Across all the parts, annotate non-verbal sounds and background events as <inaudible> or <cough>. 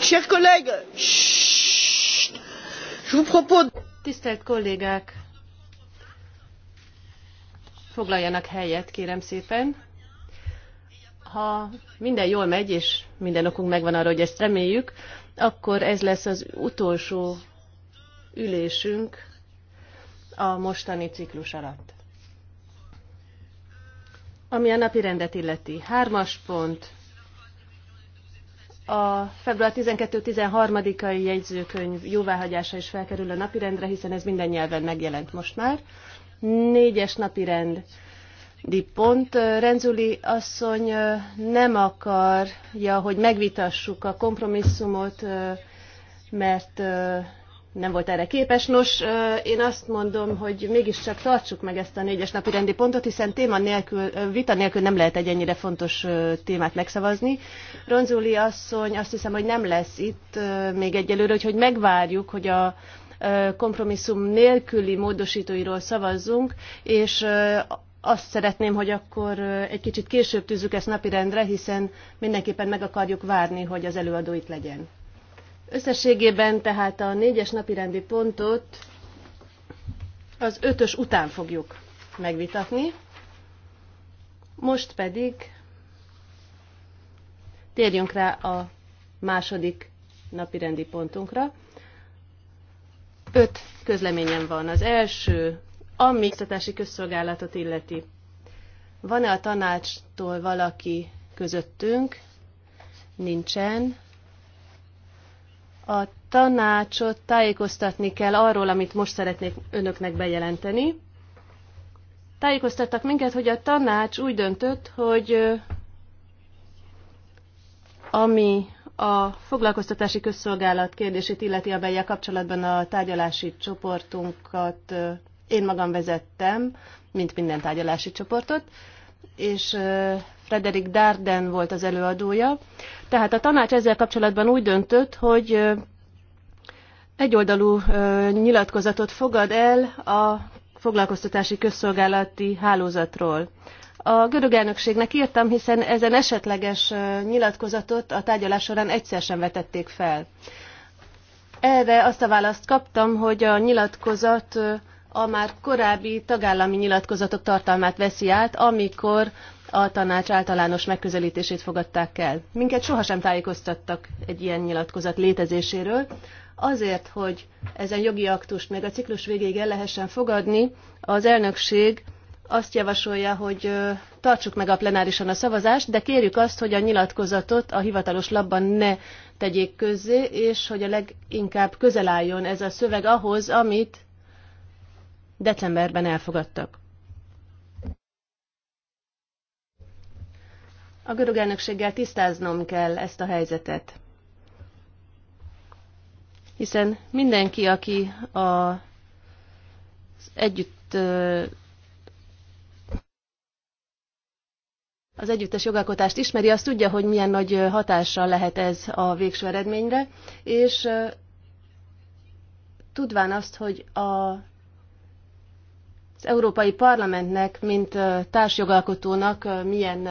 Chers collègues, je vous propose... Tisztelt kollégák, foglaljanak helyet, kérem szépen. Ha minden jól megy, és minden okunk megvan arra, hogy ezt reméljük, akkor ez lesz az utolsó ülésünk a mostani ciklus alatt. Ami a napi rendet illeti. Hármas pont, a február 12-13-ai jegyzőkönyv jóváhagyása is felkerül a napirendre, hiszen ez minden nyelven megjelent most már. Négyes napirend pont. Renzuli asszony nem akarja, hogy megvitassuk a kompromisszumot, mert nem volt erre képes. Nos, én azt mondom, hogy mégiscsak tartsuk meg ezt a négyes napi rendi pontot, hiszen téma nélkül, vita nélkül nem lehet egy ennyire fontos témát megszavazni. Ronzuli asszony azt hiszem, hogy nem lesz itt még egyelőre, hogy megvárjuk, hogy a kompromisszum nélküli módosítóiról szavazzunk, és azt szeretném, hogy akkor egy kicsit később tűzzük ezt napirendre, hiszen mindenképpen meg akarjuk várni, hogy az előadó itt legyen. Összességében tehát a négyes napirendi pontot az ötös után fogjuk megvitatni. Most pedig térjünk rá a második napirendi pontunkra. Öt közleményem van. Az első, ami oktatási közszolgálatot illeti. Van-e a tanácstól valaki közöttünk? Nincsen. A tanácsot tájékoztatni kell arról, amit most szeretnék önöknek bejelenteni. Tájékoztattak minket, hogy a tanács úgy döntött, hogy ami a foglalkoztatási közszolgálat kérdését illeti, bejel kapcsolatban a tárgyalási csoportunkat én magam vezettem, mint minden tárgyalási csoportot, és Frederik Darden volt az előadója. Tehát a tanács ezzel kapcsolatban úgy döntött, hogy egyoldalú nyilatkozatot fogad el a foglalkoztatási közszolgálati hálózatról. A görög elnökségnek írtam, hiszen ezen esetleges nyilatkozatot a tárgyalás során egyszer sem vetették fel. Erre azt a választ kaptam, hogy a nyilatkozat a már korábbi tagállami nyilatkozatok tartalmát veszi át, amikor a tanács általános megközelítését fogadták el. Minket sohasem tájékoztattak egy ilyen nyilatkozat létezéséről, azért, hogy ezen jogi aktust még a ciklus végéig el lehessen fogadni, az elnökség azt javasolja, hogy tartsuk meg a plenárisan a szavazást, de kérjük azt, hogy a nyilatkozatot a hivatalos labban ne tegyék közzé, és hogy a leginkább közel álljon ez a szöveg ahhoz, amit decemberben elfogadtak. A görög elnökséggel tisztáznom kell ezt a helyzetet. Hiszen mindenki, aki a együtt az együttes jogalkotást ismeri, azt tudja, hogy milyen nagy hatással lehet ez a végső eredményre, és tudván azt, hogy a, az Európai Parlamentnek, mint társjogalkotónak milyen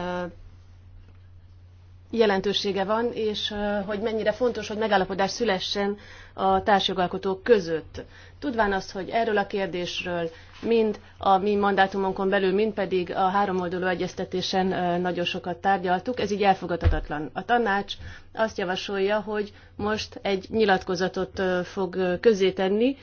jelentősége van, és hogy mennyire fontos, hogy megállapodás szülessen a társjogalkotók között. Tudván azt, hogy erről a kérdésről mind a mi mandátumunkon belül, mind pedig a háromoldalú egyeztetésen nagyon sokat tárgyaltuk, ez így elfogadhatatlan. A tanács azt javasolja, hogy most egy nyilatkozatot fog közzétenni,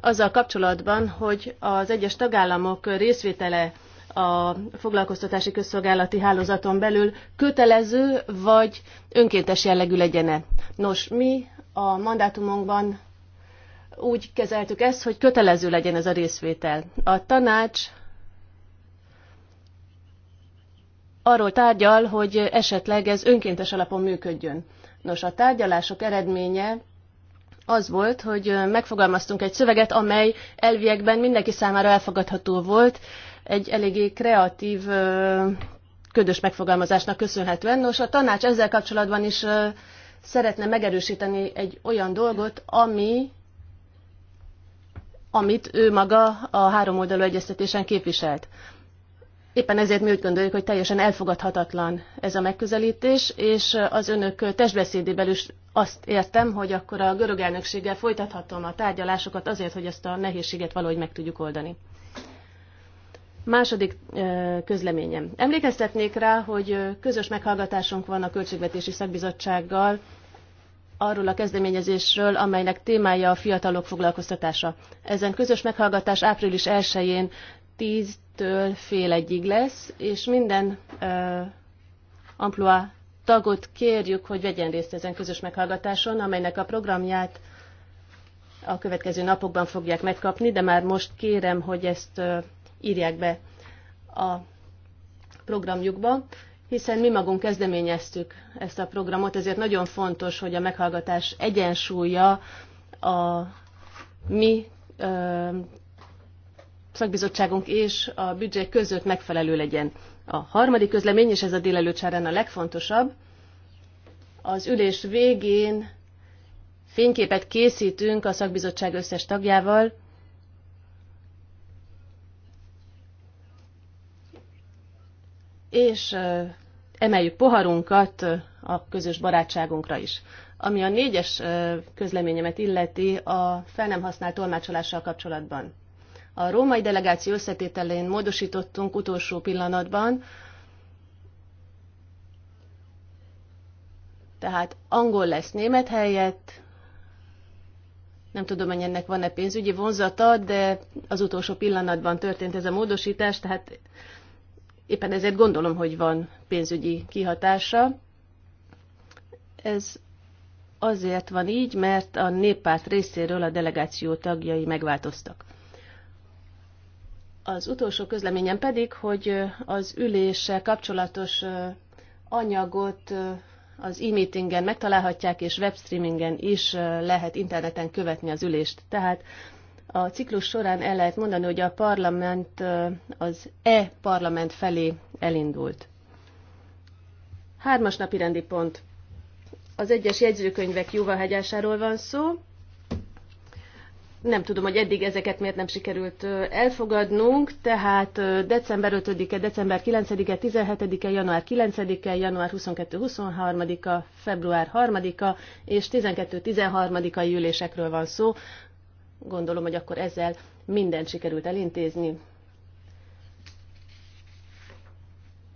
azzal kapcsolatban, hogy az egyes tagállamok részvétele a foglalkoztatási közszolgálati hálózaton belül kötelező vagy önkéntes jellegű legyene. Nos, mi a mandátumunkban úgy kezeltük ezt, hogy kötelező legyen ez a részvétel. A tanács arról tárgyal, hogy esetleg ez önkéntes alapon működjön. Nos, a tárgyalások eredménye az volt, hogy megfogalmaztunk egy szöveget, amely elviekben mindenki számára elfogadható volt, egy eléggé kreatív ködös megfogalmazásnak köszönhetően. Nos, a tanács ezzel kapcsolatban is szeretne megerősíteni egy olyan dolgot, ami amit ő maga a három oldalú egyeztetésen képviselt. Éppen ezért mi úgy gondoljuk, hogy teljesen elfogadhatatlan ez a megközelítés, és az önök testbeszédében is azt értem, hogy akkor a görög elnökséggel folytathatom a tárgyalásokat azért, hogy ezt a nehézséget valahogy meg tudjuk oldani. Második közleményem. Emlékeztetnék rá, hogy közös meghallgatásunk van a Költségvetési Szakbizottsággal arról a kezdeményezésről, amelynek témája a fiatalok foglalkoztatása. Ezen közös meghallgatás április 1-én 10-től fél egyig lesz, és minden uh, amplua tagot kérjük, hogy vegyen részt ezen közös meghallgatáson, amelynek a programját a következő napokban fogják megkapni, de már most kérem, hogy ezt írják be a programjukba, hiszen mi magunk kezdeményeztük ezt a programot, ezért nagyon fontos, hogy a meghallgatás egyensúlya a mi ö, szakbizottságunk és a büdzsé között megfelelő legyen. A harmadik közlemény, és ez a délelőtt során a legfontosabb, az ülés végén fényképet készítünk a szakbizottság összes tagjával, és emeljük poharunkat a közös barátságunkra is. Ami a négyes közleményemet illeti a fel nem használt tolmácsolással kapcsolatban. A római delegáció összetételén módosítottunk utolsó pillanatban, tehát angol lesz német helyett, nem tudom, hogy ennek van-e pénzügyi vonzata, de az utolsó pillanatban történt ez a módosítás, tehát Éppen ezért gondolom, hogy van pénzügyi kihatása. Ez azért van így, mert a néppárt részéről a delegáció tagjai megváltoztak. Az utolsó közleményem pedig, hogy az üléssel kapcsolatos anyagot az e-meetingen megtalálhatják, és webstreamingen is lehet interneten követni az ülést. Tehát a ciklus során el lehet mondani, hogy a parlament az e-parlament felé elindult. Hármas napi rendi pont. Az egyes jegyzőkönyvek jóváhagyásáról van szó. Nem tudom, hogy eddig ezeket miért nem sikerült elfogadnunk, tehát december 5-e, december 9-e, 17-e, január 9-e, január 22-23-a, február 3-a és 12-13-ai ülésekről van szó, gondolom, hogy akkor ezzel mindent sikerült elintézni.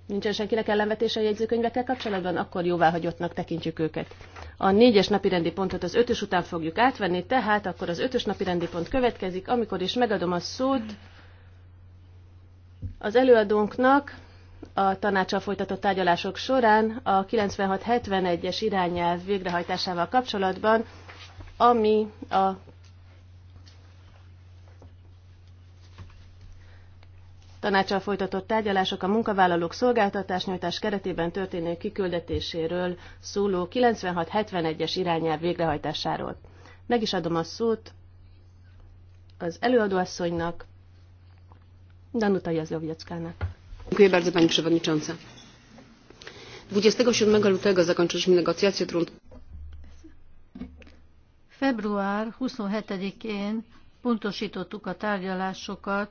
Nincsen senkinek ellenvetése a jegyzőkönyvekkel kapcsolatban, akkor jóváhagyottnak tekintjük őket. A négyes napirendi pontot az ötös után fogjuk átvenni, tehát akkor az ötös napirendi pont következik, amikor is megadom a szót az előadónknak a tanácsal folytatott tárgyalások során a 9671-es irányelv végrehajtásával kapcsolatban, ami a tanácsal folytatott tárgyalások a munkavállalók szolgáltatásnyújtás keretében történő kiküldetéséről szóló 9671-es irányelv végrehajtásáról. Meg is adom a szót az előadóasszonynak, Danuta Jazlowieckának. Dziękuję bardzo Pani Przewodnicząca. 27 lutego zakończyliśmy negocjacje trunt. Február 27-én pontosítottuk a tárgyalásokat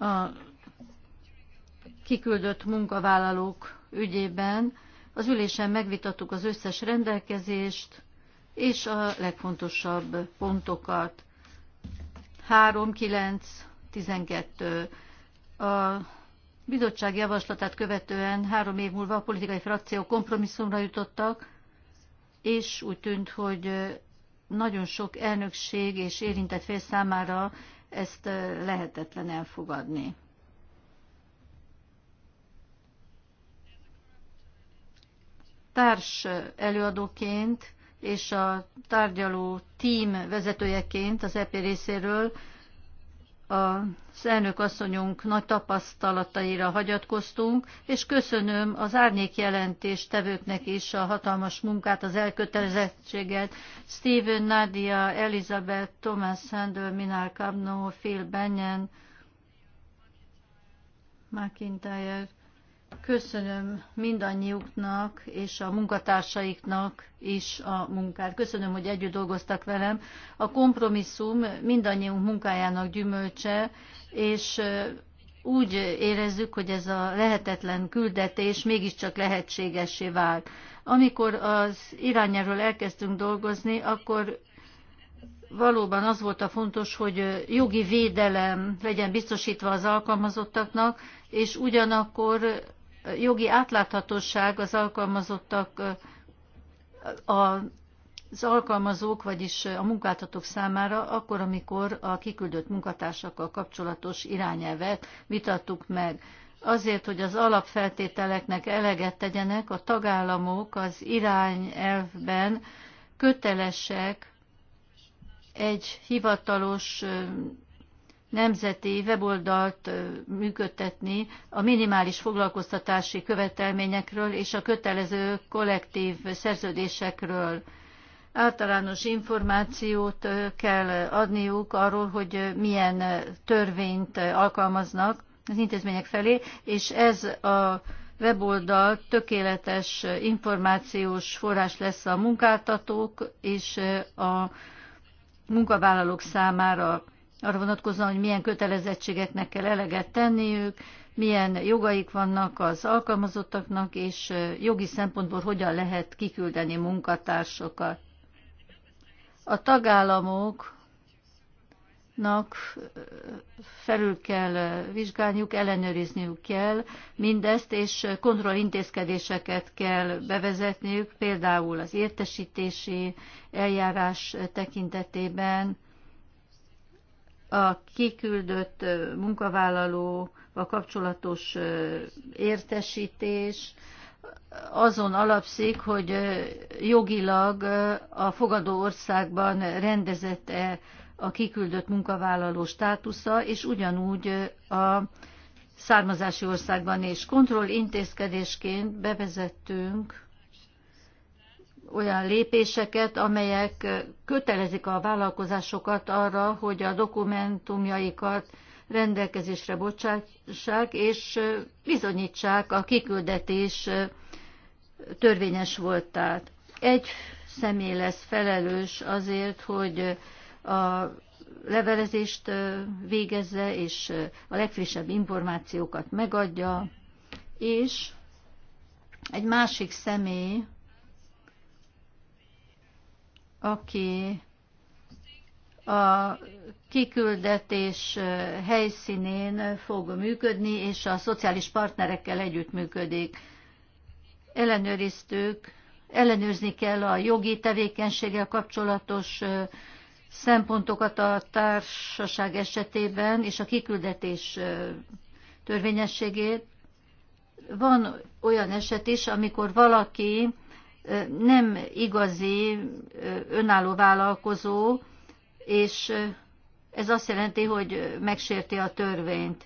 a kiküldött munkavállalók ügyében. Az ülésen megvitattuk az összes rendelkezést és a legfontosabb pontokat. 3, 9, 12. A bizottság javaslatát követően három év múlva a politikai frakciók kompromisszumra jutottak, és úgy tűnt, hogy nagyon sok elnökség és érintett fél számára ezt lehetetlen elfogadni. Társ előadóként és a tárgyaló tím vezetőjeként az EP részéről az elnök asszonyunk nagy tapasztalataira hagyatkoztunk, és köszönöm az árnyék jelentés tevőknek is a hatalmas munkát, az elkötelezettséget. Steven, Nadia, Elizabeth, Thomas Sandor, Minál Kabno, Phil Benyen, McIntyre, Köszönöm mindannyiuknak és a munkatársaiknak is a munkát. Köszönöm, hogy együtt dolgoztak velem. A kompromisszum mindannyiunk munkájának gyümölcse, és úgy érezzük, hogy ez a lehetetlen küldetés mégiscsak lehetségesé vált. Amikor az irányáról elkezdtünk dolgozni, akkor valóban az volt a fontos, hogy jogi védelem legyen biztosítva az alkalmazottaknak, és ugyanakkor jogi átláthatóság az alkalmazottak, az alkalmazók, vagyis a munkáltatók számára, akkor, amikor a kiküldött munkatársakkal kapcsolatos irányelvet vitattuk meg. Azért, hogy az alapfeltételeknek eleget tegyenek, a tagállamok az irányelvben kötelesek egy hivatalos nemzeti weboldalt működtetni a minimális foglalkoztatási követelményekről és a kötelező kollektív szerződésekről. Általános információt kell adniuk arról, hogy milyen törvényt alkalmaznak az intézmények felé, és ez a weboldal tökéletes információs forrás lesz a munkáltatók és a munkavállalók számára arra vonatkozóan, hogy milyen kötelezettségeknek kell eleget tenniük, milyen jogaik vannak az alkalmazottaknak, és jogi szempontból hogyan lehet kiküldeni munkatársokat. A tagállamoknak felül kell vizsgálniuk, ellenőrizniük kell mindezt, és kontrollintézkedéseket kell bevezetniük, például az értesítési eljárás tekintetében, a kiküldött munkavállalóval kapcsolatos értesítés azon alapszik, hogy jogilag a fogadó országban rendezett a kiküldött munkavállaló státusza, és ugyanúgy a származási országban is. kontrollintézkedésként intézkedésként bevezettünk olyan lépéseket, amelyek kötelezik a vállalkozásokat arra, hogy a dokumentumjaikat rendelkezésre bocsássák, és bizonyítsák a kiküldetés törvényes voltát. Egy személy lesz felelős azért, hogy a levelezést végezze, és a legfrissebb információkat megadja, és egy másik személy aki a kiküldetés helyszínén fog működni, és a szociális partnerekkel együttműködik. Ellenőriztük, ellenőrizni kell a jogi tevékenységgel kapcsolatos szempontokat a társaság esetében, és a kiküldetés törvényességét. Van olyan eset is, amikor valaki nem igazi önálló vállalkozó, és ez azt jelenti, hogy megsérti a törvényt.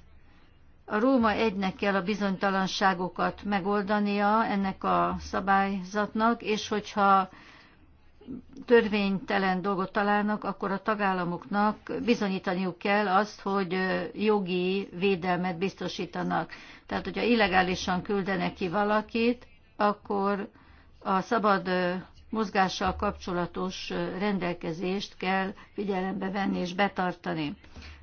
A Róma egynek kell a bizonytalanságokat megoldania ennek a szabályzatnak, és hogyha törvénytelen dolgot találnak, akkor a tagállamoknak bizonyítaniuk kell azt, hogy jogi védelmet biztosítanak. Tehát, hogyha illegálisan küldenek ki valakit, akkor a szabad mozgással kapcsolatos rendelkezést kell figyelembe venni és betartani.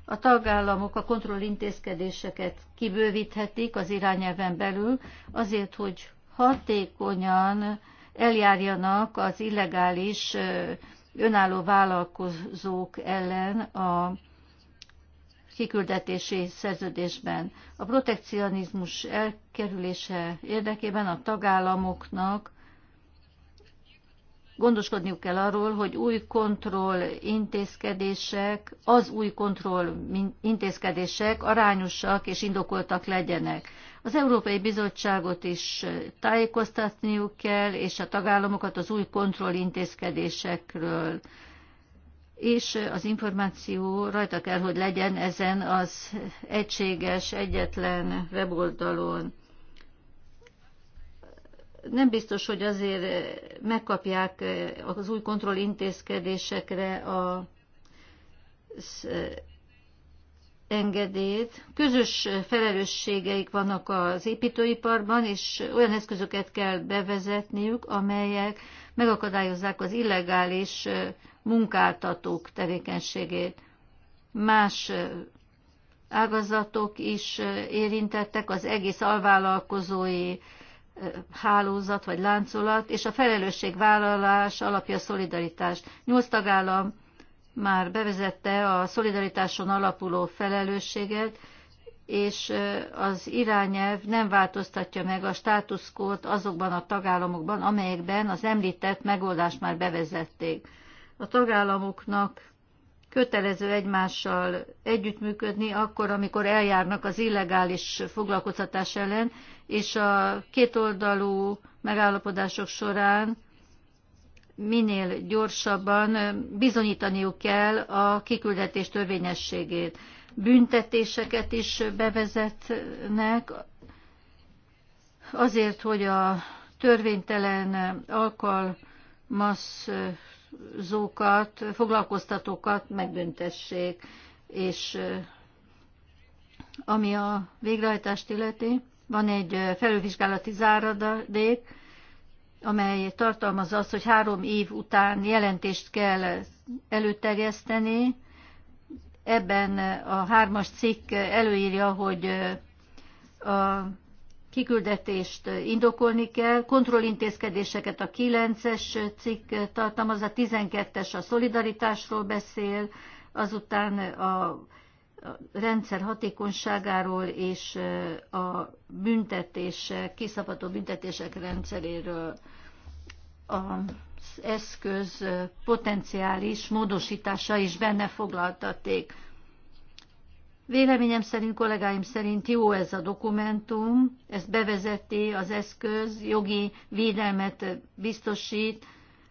A tagállamok a kontrollintézkedéseket kibővíthetik az irányelven belül, azért, hogy hatékonyan eljárjanak az illegális önálló vállalkozók ellen a kiküldetési szerződésben. A protekcionizmus elkerülése érdekében a tagállamoknak gondoskodniuk kell arról, hogy új kontroll intézkedések, az új kontroll intézkedések arányosak és indokoltak legyenek. Az Európai Bizottságot is tájékoztatniuk kell, és a tagállamokat az új kontroll intézkedésekről. És az információ rajta kell, hogy legyen ezen az egységes, egyetlen weboldalon nem biztos, hogy azért eh, megkapják eh, az új kontrollintézkedésekre a eh, engedélyt. Közös felelősségeik vannak az építőiparban, és olyan eszközöket kell bevezetniük, amelyek megakadályozzák az illegális munkáltatók tevékenységét. Más ágazatok is érintettek, az egész alvállalkozói hálózat vagy láncolat, és a felelősségvállalás alapja a szolidaritás. Nyolc tagállam már bevezette a szolidaritáson alapuló felelősséget, és az irányelv nem változtatja meg a státuszkót azokban a tagállamokban, amelyekben az említett megoldást már bevezették. A tagállamoknak kötelező egymással együttműködni akkor, amikor eljárnak az illegális foglalkoztatás ellen, és a kétoldalú megállapodások során minél gyorsabban bizonyítaniuk kell a kiküldetés törvényességét. Büntetéseket is bevezetnek azért, hogy a törvénytelen alkalmaz foglalkozókat, foglalkoztatókat megbüntessék, és ami a végrehajtást illeti, van egy felülvizsgálati záradék, amely tartalmaz azt, hogy három év után jelentést kell előterjeszteni. Ebben a hármas cikk előírja, hogy a kiküldetést indokolni kell, kontrollintézkedéseket a kilences es cikk tartalmaz, a tizenkettes es a szolidaritásról beszél, azután a rendszer hatékonyságáról és a büntetések, kiszabadó büntetések rendszeréről az eszköz potenciális módosítása is benne foglaltaték. Véleményem szerint, kollégáim szerint jó ez a dokumentum, ezt bevezeti az eszköz, jogi védelmet biztosít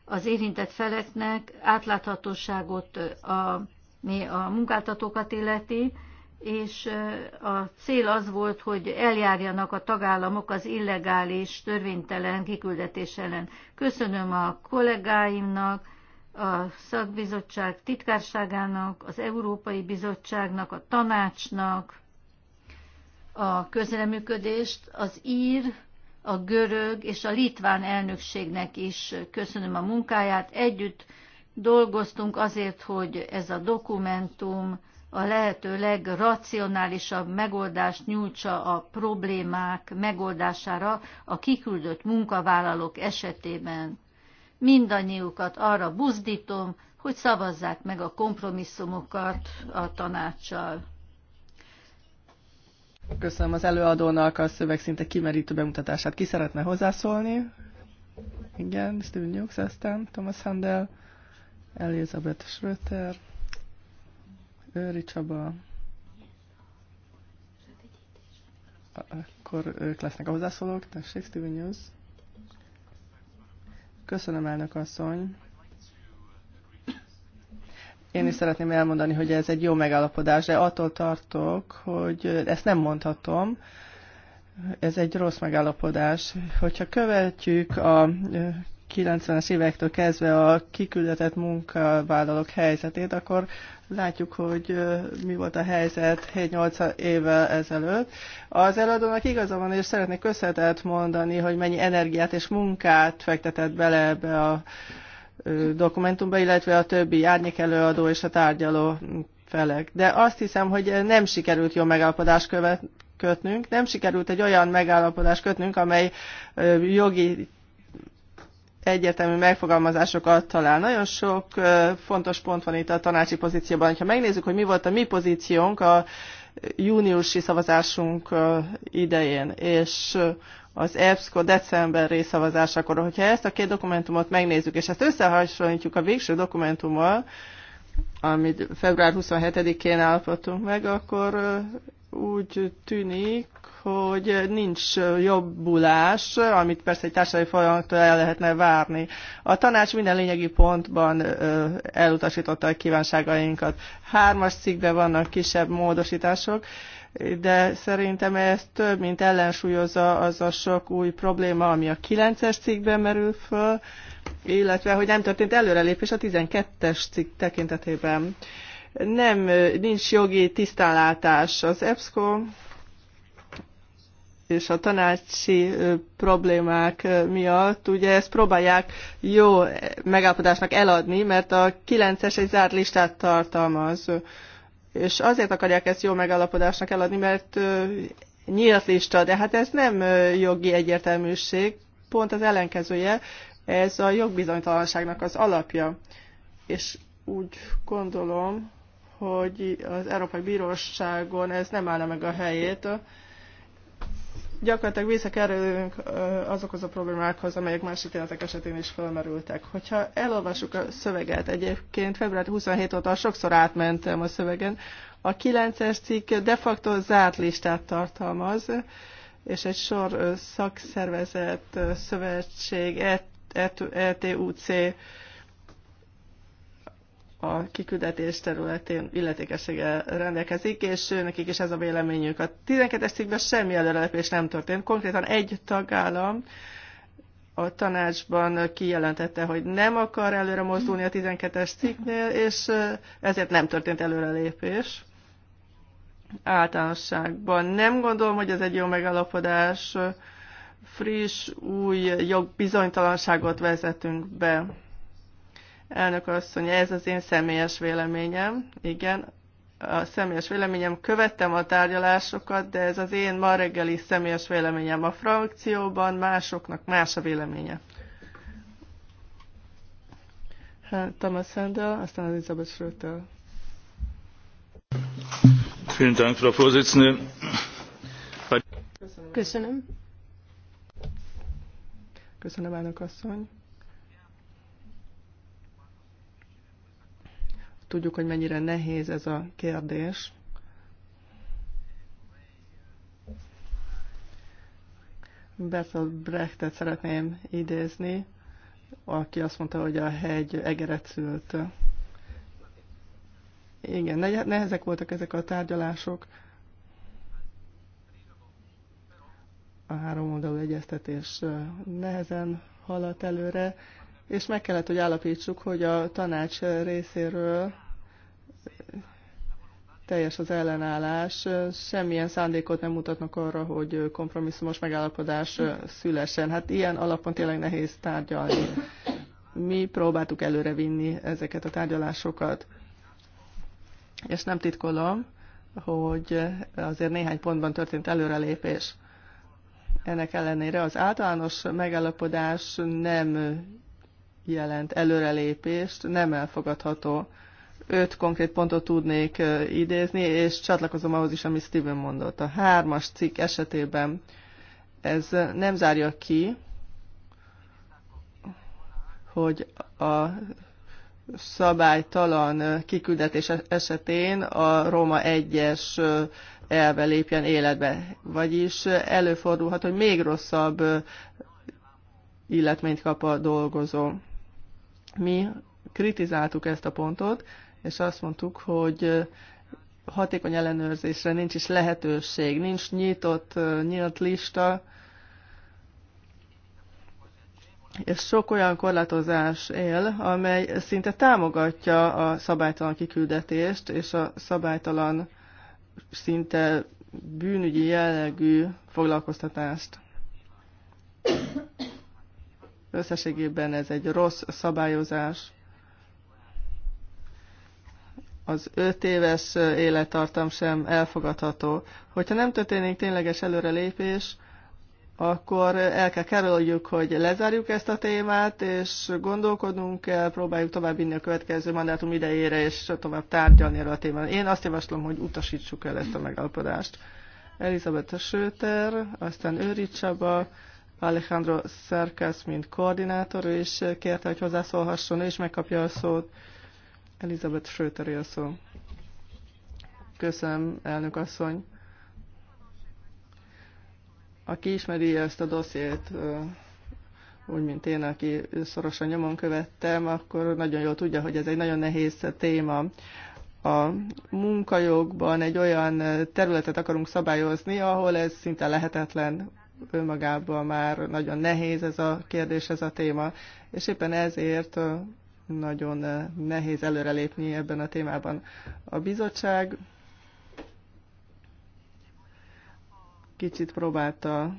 az érintett feleknek, átláthatóságot a, mi a munkáltatókat illeti, és a cél az volt, hogy eljárjanak a tagállamok az illegális, törvénytelen kiküldetés ellen. Köszönöm a kollégáimnak, a szakbizottság titkárságának, az Európai Bizottságnak, a tanácsnak a közreműködést, az ír, a görög és a litván elnökségnek is köszönöm a munkáját. Együtt dolgoztunk azért, hogy ez a dokumentum a lehető legracionálisabb megoldást nyújtsa a problémák megoldására a kiküldött munkavállalók esetében mindannyiukat arra buzdítom, hogy szavazzák meg a kompromisszumokat a tanácssal. Köszönöm az előadónak a szöveg szinte kimerítő bemutatását. Ki szeretne hozzászólni? Igen, Steven Nukes, aztán Thomas Handel, Elizabeth Schröter, Őri Csaba. Akkor ők lesznek a hozzászólók. Tessék, Steven News. Köszönöm, elnök asszony. Én is szeretném elmondani, hogy ez egy jó megállapodás, de attól tartok, hogy ezt nem mondhatom. Ez egy rossz megállapodás. Hogyha követjük a 90-es évektől kezdve a kiküldetett munkavállalók helyzetét, akkor látjuk, hogy mi volt a helyzet 7-8 évvel ezelőtt. Az előadónak igaza van, és szeretnék összetett mondani, hogy mennyi energiát és munkát fektetett bele ebbe a dokumentumba, illetve a többi árnyék előadó és a tárgyaló felek. De azt hiszem, hogy nem sikerült jó megállapodást követ, kötnünk, nem sikerült egy olyan megállapodást kötnünk, amely jogi egyértelmű megfogalmazásokat talál. Nagyon sok fontos pont van itt a tanácsi pozícióban. Ha megnézzük, hogy mi volt a mi pozíciónk a júniusi szavazásunk idején, és az EBSCO decemberi szavazásakor, hogyha ezt a két dokumentumot megnézzük, és ezt összehasonlítjuk a végső dokumentummal, amit február 27-én állapodtunk meg, akkor úgy tűnik, hogy nincs jobbulás, amit persze egy társadalmi folyamattól el lehetne várni. A tanács minden lényegi pontban elutasította a kívánságainkat. Hármas cikkben vannak kisebb módosítások, de szerintem ez több, mint ellensúlyozza az a sok új probléma, ami a 9-es cikkben merül föl, illetve hogy nem történt előrelépés a 12-es cikk tekintetében. Nem, nincs jogi tisztánlátás. Az EBSCO és a tanácsi problémák miatt, ugye ezt próbálják jó megállapodásnak eladni, mert a 9-es egy zárt listát tartalmaz. És azért akarják ezt jó megállapodásnak eladni, mert nyílt lista, de hát ez nem jogi egyértelműség, pont az ellenkezője, ez a jogbizonytalanságnak az alapja. És úgy gondolom, hogy az Európai Bíróságon ez nem állna meg a helyét, gyakorlatilag visszakerülünk azokhoz a problémákhoz, amelyek más ítéletek esetén is felmerültek. Hogyha elolvassuk a szöveget, egyébként február 27 óta sokszor átmentem a szövegen, a 9-es cikk de facto zárt listát tartalmaz, és egy sor szakszervezet, szövetség, ETUC, et, et, et, a kiküldetés területén illetékessége rendelkezik, és nekik is ez a véleményük. A 12-es cikkben semmi előrelépés nem történt. Konkrétan egy tagállam a tanácsban kijelentette, hogy nem akar előre mozdulni a 12-es cikknél, és eh, ezért nem történt előrelépés. Általánosságban nem gondolom, hogy ez egy jó megállapodás. Friss, új jogbizonytalanságot vezetünk be. Elnök asszony, ez az én személyes véleményem. Igen, a személyes véleményem, követtem a tárgyalásokat, de ez az én ma reggeli személyes véleményem a frakcióban, másoknak más a véleménye. Hát, Thomas Sandel, aztán Elizabeth Schröter. Köszönöm. Köszönöm, elnök asszony. Tudjuk, hogy mennyire nehéz ez a kérdés. Bertolt Brechtet szeretném idézni, aki azt mondta, hogy a hegy egeret szült. Igen, nehezek voltak ezek a tárgyalások. A három oldalú egyeztetés nehezen haladt előre, és meg kellett, hogy állapítsuk, hogy a tanács részéről teljes az ellenállás, semmilyen szándékot nem mutatnak arra, hogy kompromisszumos megállapodás szülessen. Hát ilyen alapon tényleg nehéz tárgyalni. Mi próbáltuk előrevinni ezeket a tárgyalásokat, és nem titkolom, hogy azért néhány pontban történt előrelépés. Ennek ellenére az általános megállapodás nem jelent előrelépést, nem elfogadható. Öt konkrét pontot tudnék idézni, és csatlakozom ahhoz is, amit Steven mondott. A hármas cikk esetében ez nem zárja ki, hogy a szabálytalan kiküldetés esetén a Róma 1-es elve lépjen életbe. Vagyis előfordulhat, hogy még rosszabb illetményt kap a dolgozó. Mi kritizáltuk ezt a pontot, és azt mondtuk, hogy hatékony ellenőrzésre nincs is lehetőség, nincs nyitott, nyílt lista, és sok olyan korlátozás él, amely szinte támogatja a szabálytalan kiküldetést és a szabálytalan szinte bűnügyi jellegű foglalkoztatást. Összességében ez egy rossz szabályozás. Az öt éves élettartam sem elfogadható. Hogyha nem történik tényleges előrelépés, akkor el kell kerüljük, hogy lezárjuk ezt a témát, és gondolkodnunk kell, próbáljuk tovább vinni a következő mandátum idejére, és tovább tárgyalni erről a témát. Én azt javaslom, hogy utasítsuk el ezt a megállapodást. Elizabeth Söter, aztán Őri Csaba, Alejandro Szerkes, mint koordinátor, és kérte, hogy hozzászólhasson, és megkapja a szót. Elizabeth Schröteri a szó. Köszönöm, elnök asszony. Aki ismeri ezt a dossziét, úgy, mint én, aki szorosan nyomon követtem, akkor nagyon jól tudja, hogy ez egy nagyon nehéz téma. A munkajogban egy olyan területet akarunk szabályozni, ahol ez szinte lehetetlen önmagában már nagyon nehéz ez a kérdés, ez a téma, és éppen ezért nagyon nehéz előrelépni ebben a témában. A bizottság kicsit próbálta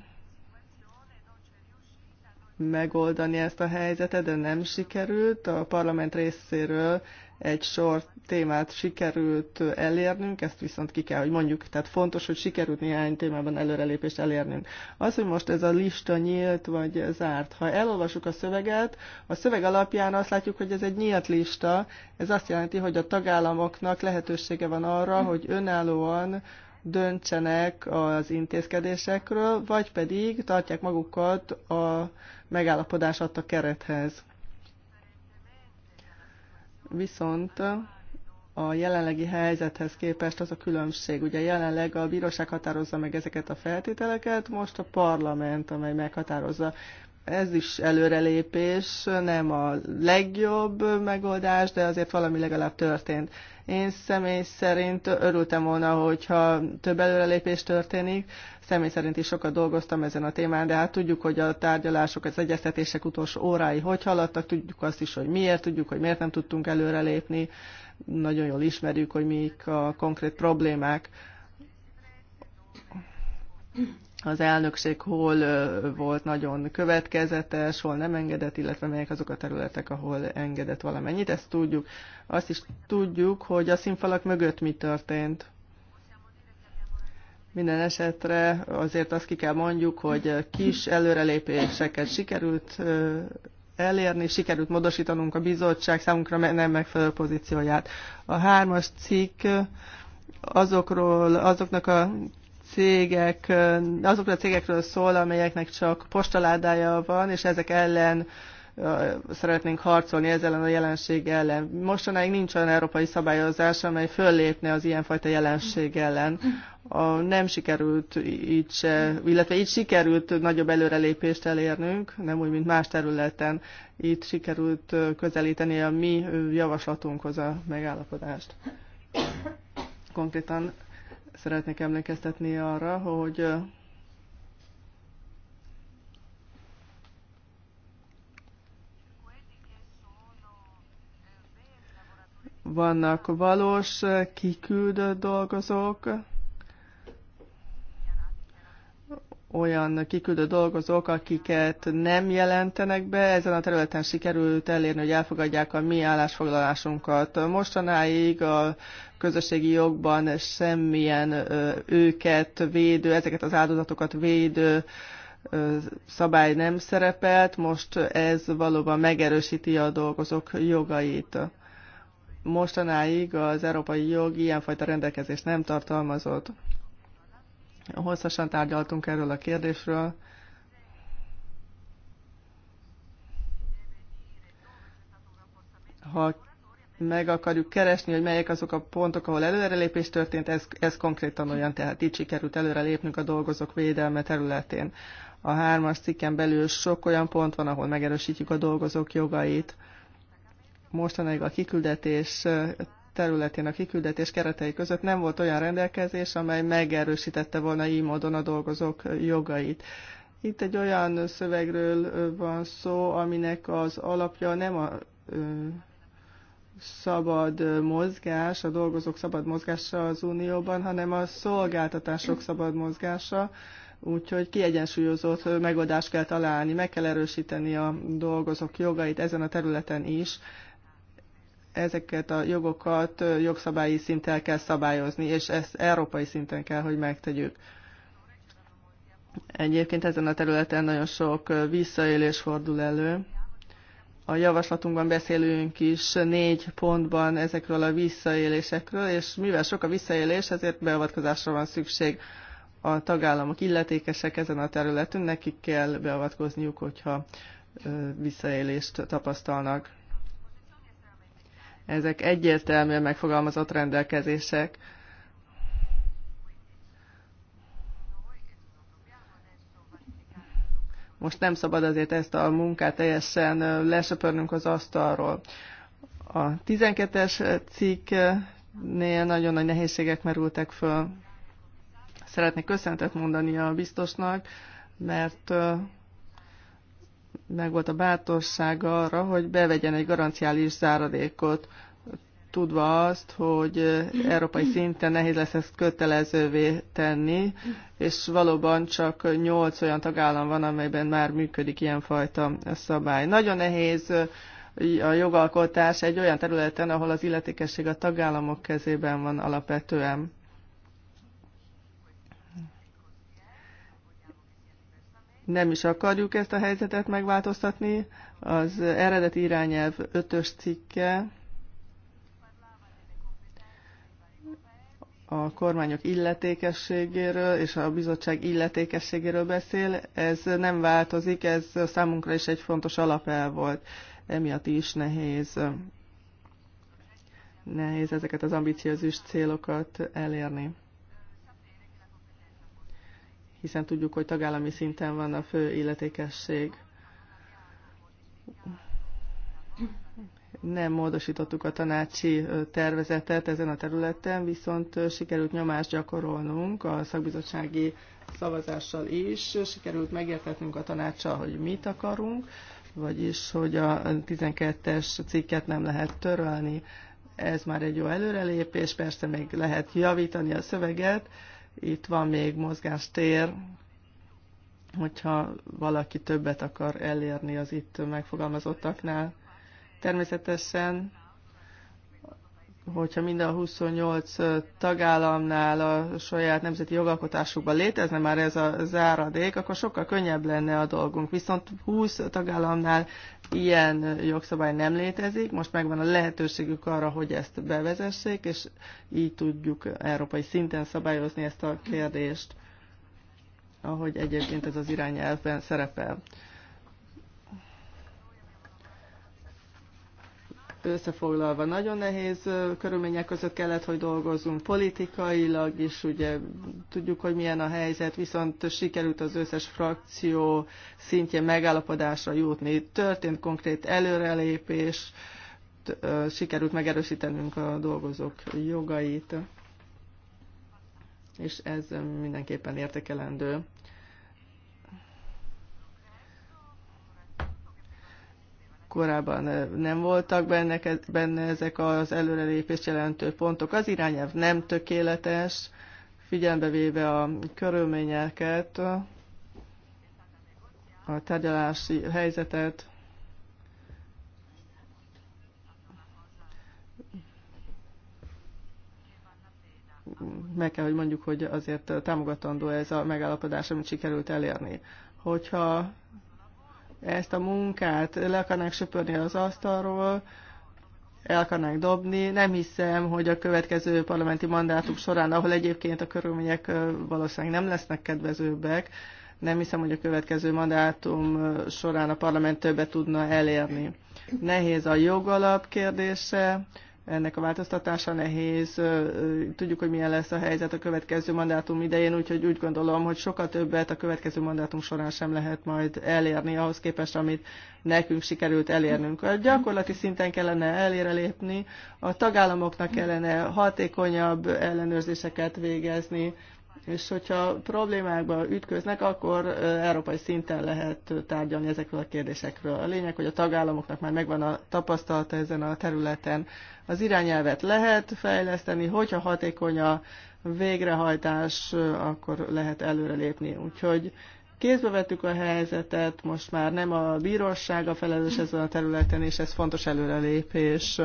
megoldani ezt a helyzetet, de nem sikerült. A parlament részéről egy sor témát sikerült elérnünk, ezt viszont ki kell, hogy mondjuk, tehát fontos, hogy sikerült néhány témában előrelépést elérnünk. Az, hogy most ez a lista nyílt vagy zárt, ha elolvasuk a szöveget, a szöveg alapján azt látjuk, hogy ez egy nyílt lista, ez azt jelenti, hogy a tagállamoknak lehetősége van arra, hogy önállóan döntsenek az intézkedésekről, vagy pedig tartják magukat a megállapodás adta kerethez viszont a jelenlegi helyzethez képest az a különbség. Ugye jelenleg a bíróság határozza meg ezeket a feltételeket, most a parlament, amely meghatározza ez is előrelépés, nem a legjobb megoldás, de azért valami legalább történt. Én személy szerint örültem volna, hogyha több előrelépés történik. Személy szerint is sokat dolgoztam ezen a témán, de hát tudjuk, hogy a tárgyalások, az egyeztetések utolsó órái hogy haladtak, tudjuk azt is, hogy miért, tudjuk, hogy miért nem tudtunk előrelépni. Nagyon jól ismerjük, hogy mik a konkrét problémák az elnökség hol volt nagyon következetes, hol nem engedett, illetve melyek azok a területek, ahol engedett valamennyit, ezt tudjuk. Azt is tudjuk, hogy a színfalak mögött mi történt. Minden esetre azért azt ki kell mondjuk, hogy kis előrelépéseket sikerült elérni, sikerült módosítanunk a bizottság számunkra nem megfelelő pozícióját. A hármas cikk azokról, azoknak a cégek, azokra a cégekről szól, amelyeknek csak postaládája van, és ezek ellen szeretnénk harcolni ezzel ellen a jelenség ellen. Mostanáig nincs olyan európai szabályozás, amely föllépne az ilyenfajta jelenség ellen. A, nem sikerült így se, illetve így sikerült nagyobb előrelépést elérnünk, nem úgy, mint más területen. Itt sikerült közelíteni a mi javaslatunkhoz a megállapodást. Konkrétan szeretnék emlékeztetni arra, hogy vannak valós kiküldött dolgozók, olyan kiküldő dolgozók, akiket nem jelentenek be. Ezen a területen sikerült elérni, hogy elfogadják a mi állásfoglalásunkat. Mostanáig a közösségi jogban semmilyen őket védő, ezeket az áldozatokat védő szabály nem szerepelt, most ez valóban megerősíti a dolgozók jogait. Mostanáig az európai jog ilyenfajta rendelkezést nem tartalmazott. Hosszasan tárgyaltunk erről a kérdésről. Ha meg akarjuk keresni, hogy melyek azok a pontok, ahol előrelépés történt, ez, ez konkrétan olyan, tehát így sikerült előrelépnünk a dolgozók védelme területén. A hármas cikken belül sok olyan pont van, ahol megerősítjük a dolgozók jogait. Mostanáig a kiküldetés területén a kiküldetés keretei között nem volt olyan rendelkezés, amely megerősítette volna így módon a dolgozók jogait. Itt egy olyan szövegről van szó, aminek az alapja nem a szabad mozgás, a dolgozók szabad mozgása az Unióban, hanem a szolgáltatások szabad mozgása, úgyhogy kiegyensúlyozott megoldást kell találni, meg kell erősíteni a dolgozók jogait ezen a területen is, ezeket a jogokat jogszabályi szinten kell szabályozni, és ezt európai szinten kell, hogy megtegyük. Egyébként ezen a területen nagyon sok visszaélés fordul elő. A javaslatunkban beszélünk is négy pontban ezekről a visszaélésekről, és mivel sok a visszaélés, ezért beavatkozásra van szükség a tagállamok illetékesek ezen a területen, nekik kell beavatkozniuk, hogyha visszaélést tapasztalnak. Ezek egyértelműen megfogalmazott rendelkezések. Most nem szabad azért ezt a munkát teljesen lesöpörnünk az asztalról. A 12-es cikknél nagyon nagy nehézségek merültek föl. Szeretnék köszöntet mondani a biztosnak, mert megvolt a bátorsága arra, hogy bevegyen egy garanciális záradékot, tudva azt, hogy európai szinten nehéz lesz ezt kötelezővé tenni, és valóban csak nyolc olyan tagállam van, amelyben már működik ilyenfajta szabály. Nagyon nehéz a jogalkotás egy olyan területen, ahol az illetékesség a tagállamok kezében van alapvetően. nem is akarjuk ezt a helyzetet megváltoztatni. Az eredeti irányelv ötös cikke a kormányok illetékességéről és a bizottság illetékességéről beszél. Ez nem változik, ez számunkra is egy fontos alapel volt. Emiatt is nehéz, nehéz ezeket az ambiciózus célokat elérni hiszen tudjuk, hogy tagállami szinten van a fő illetékesség. Nem módosítottuk a tanácsi tervezetet ezen a területen, viszont sikerült nyomást gyakorolnunk a szakbizottsági szavazással is, sikerült megértetnünk a tanácssal, hogy mit akarunk, vagyis hogy a 12-es cikket nem lehet törölni. Ez már egy jó előrelépés, persze még lehet javítani a szöveget, itt van még mozgástér, hogyha valaki többet akar elérni az itt megfogalmazottaknál. Természetesen hogyha minden a 28 tagállamnál a saját nemzeti jogalkotásukban létezne már ez a záradék, akkor sokkal könnyebb lenne a dolgunk. Viszont 20 tagállamnál ilyen jogszabály nem létezik, most megvan a lehetőségük arra, hogy ezt bevezessék, és így tudjuk európai szinten szabályozni ezt a kérdést, ahogy egyébként ez az irányelvben szerepel. összefoglalva nagyon nehéz körülmények között kellett, hogy dolgozzunk politikailag is, ugye tudjuk, hogy milyen a helyzet, viszont sikerült az összes frakció szintjén megállapodásra jutni. Történt konkrét előrelépés, sikerült megerősítenünk a dolgozók jogait, és ez mindenképpen értékelendő. korábban nem voltak benne, benne ezek az előrelépés jelentő pontok. Az irányelv nem tökéletes, figyelembe véve a körülményeket, a tárgyalási helyzetet, meg kell, hogy mondjuk, hogy azért támogatandó ez a megállapodás, amit sikerült elérni. Hogyha ezt a munkát le akarnák söpörni az asztalról, el akarnák dobni. Nem hiszem, hogy a következő parlamenti mandátum során, ahol egyébként a körülmények valószínűleg nem lesznek kedvezőbbek, nem hiszem, hogy a következő mandátum során a parlament többet tudna elérni. Nehéz a jogalap kérdése, ennek a változtatása nehéz. Tudjuk, hogy milyen lesz a helyzet a következő mandátum idején, úgyhogy úgy gondolom, hogy sokkal többet a következő mandátum során sem lehet majd elérni ahhoz képest, amit nekünk sikerült elérnünk. A gyakorlati szinten kellene elére lépni, a tagállamoknak kellene hatékonyabb ellenőrzéseket végezni, és hogyha problémákba ütköznek, akkor európai szinten lehet tárgyalni ezekről a kérdésekről. A lényeg, hogy a tagállamoknak már megvan a tapasztalata ezen a területen. Az irányelvet lehet fejleszteni, hogyha hatékony a végrehajtás, akkor lehet előrelépni. Úgyhogy Kézbe vettük a helyzetet, most már nem a bíróság a felelős ezen a területen, és ez fontos előrelépés.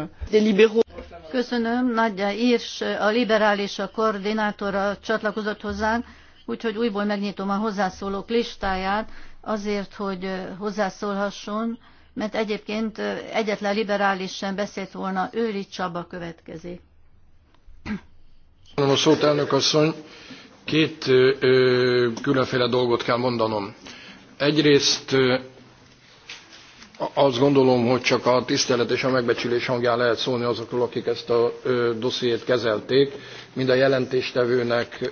Köszönöm, Nagyja Írs, a liberális a koordinátora csatlakozott hozzánk, úgyhogy újból megnyitom a hozzászólók listáját, azért, hogy hozzászólhasson, mert egyébként egyetlen liberális sem beszélt volna, Őri Csaba következik. Köszönöm a szót, elnök asszony Két ö, különféle dolgot kell mondanom. Egyrészt ö, azt gondolom, hogy csak a tisztelet és a megbecsülés hangján lehet szólni azokról, akik ezt a dossziét kezelték. Mind a jelentéstevőnek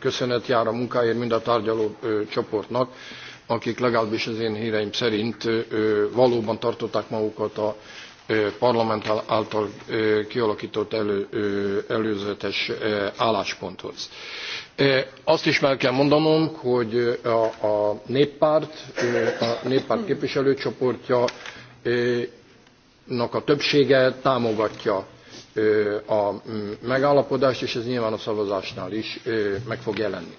köszönet jár a munkáért, mind a tárgyaló csoportnak, akik legalábbis az én híreim szerint valóban tartották magukat a parlament által kialakított elő, előzetes állásponthoz azt is meg kell mondanom hogy a, néppárt a néppárt hmm. képviselőcsoportjának a többsége támogatja a megállapodást és ez nyilván a szavazásnál is meg fog jelenni.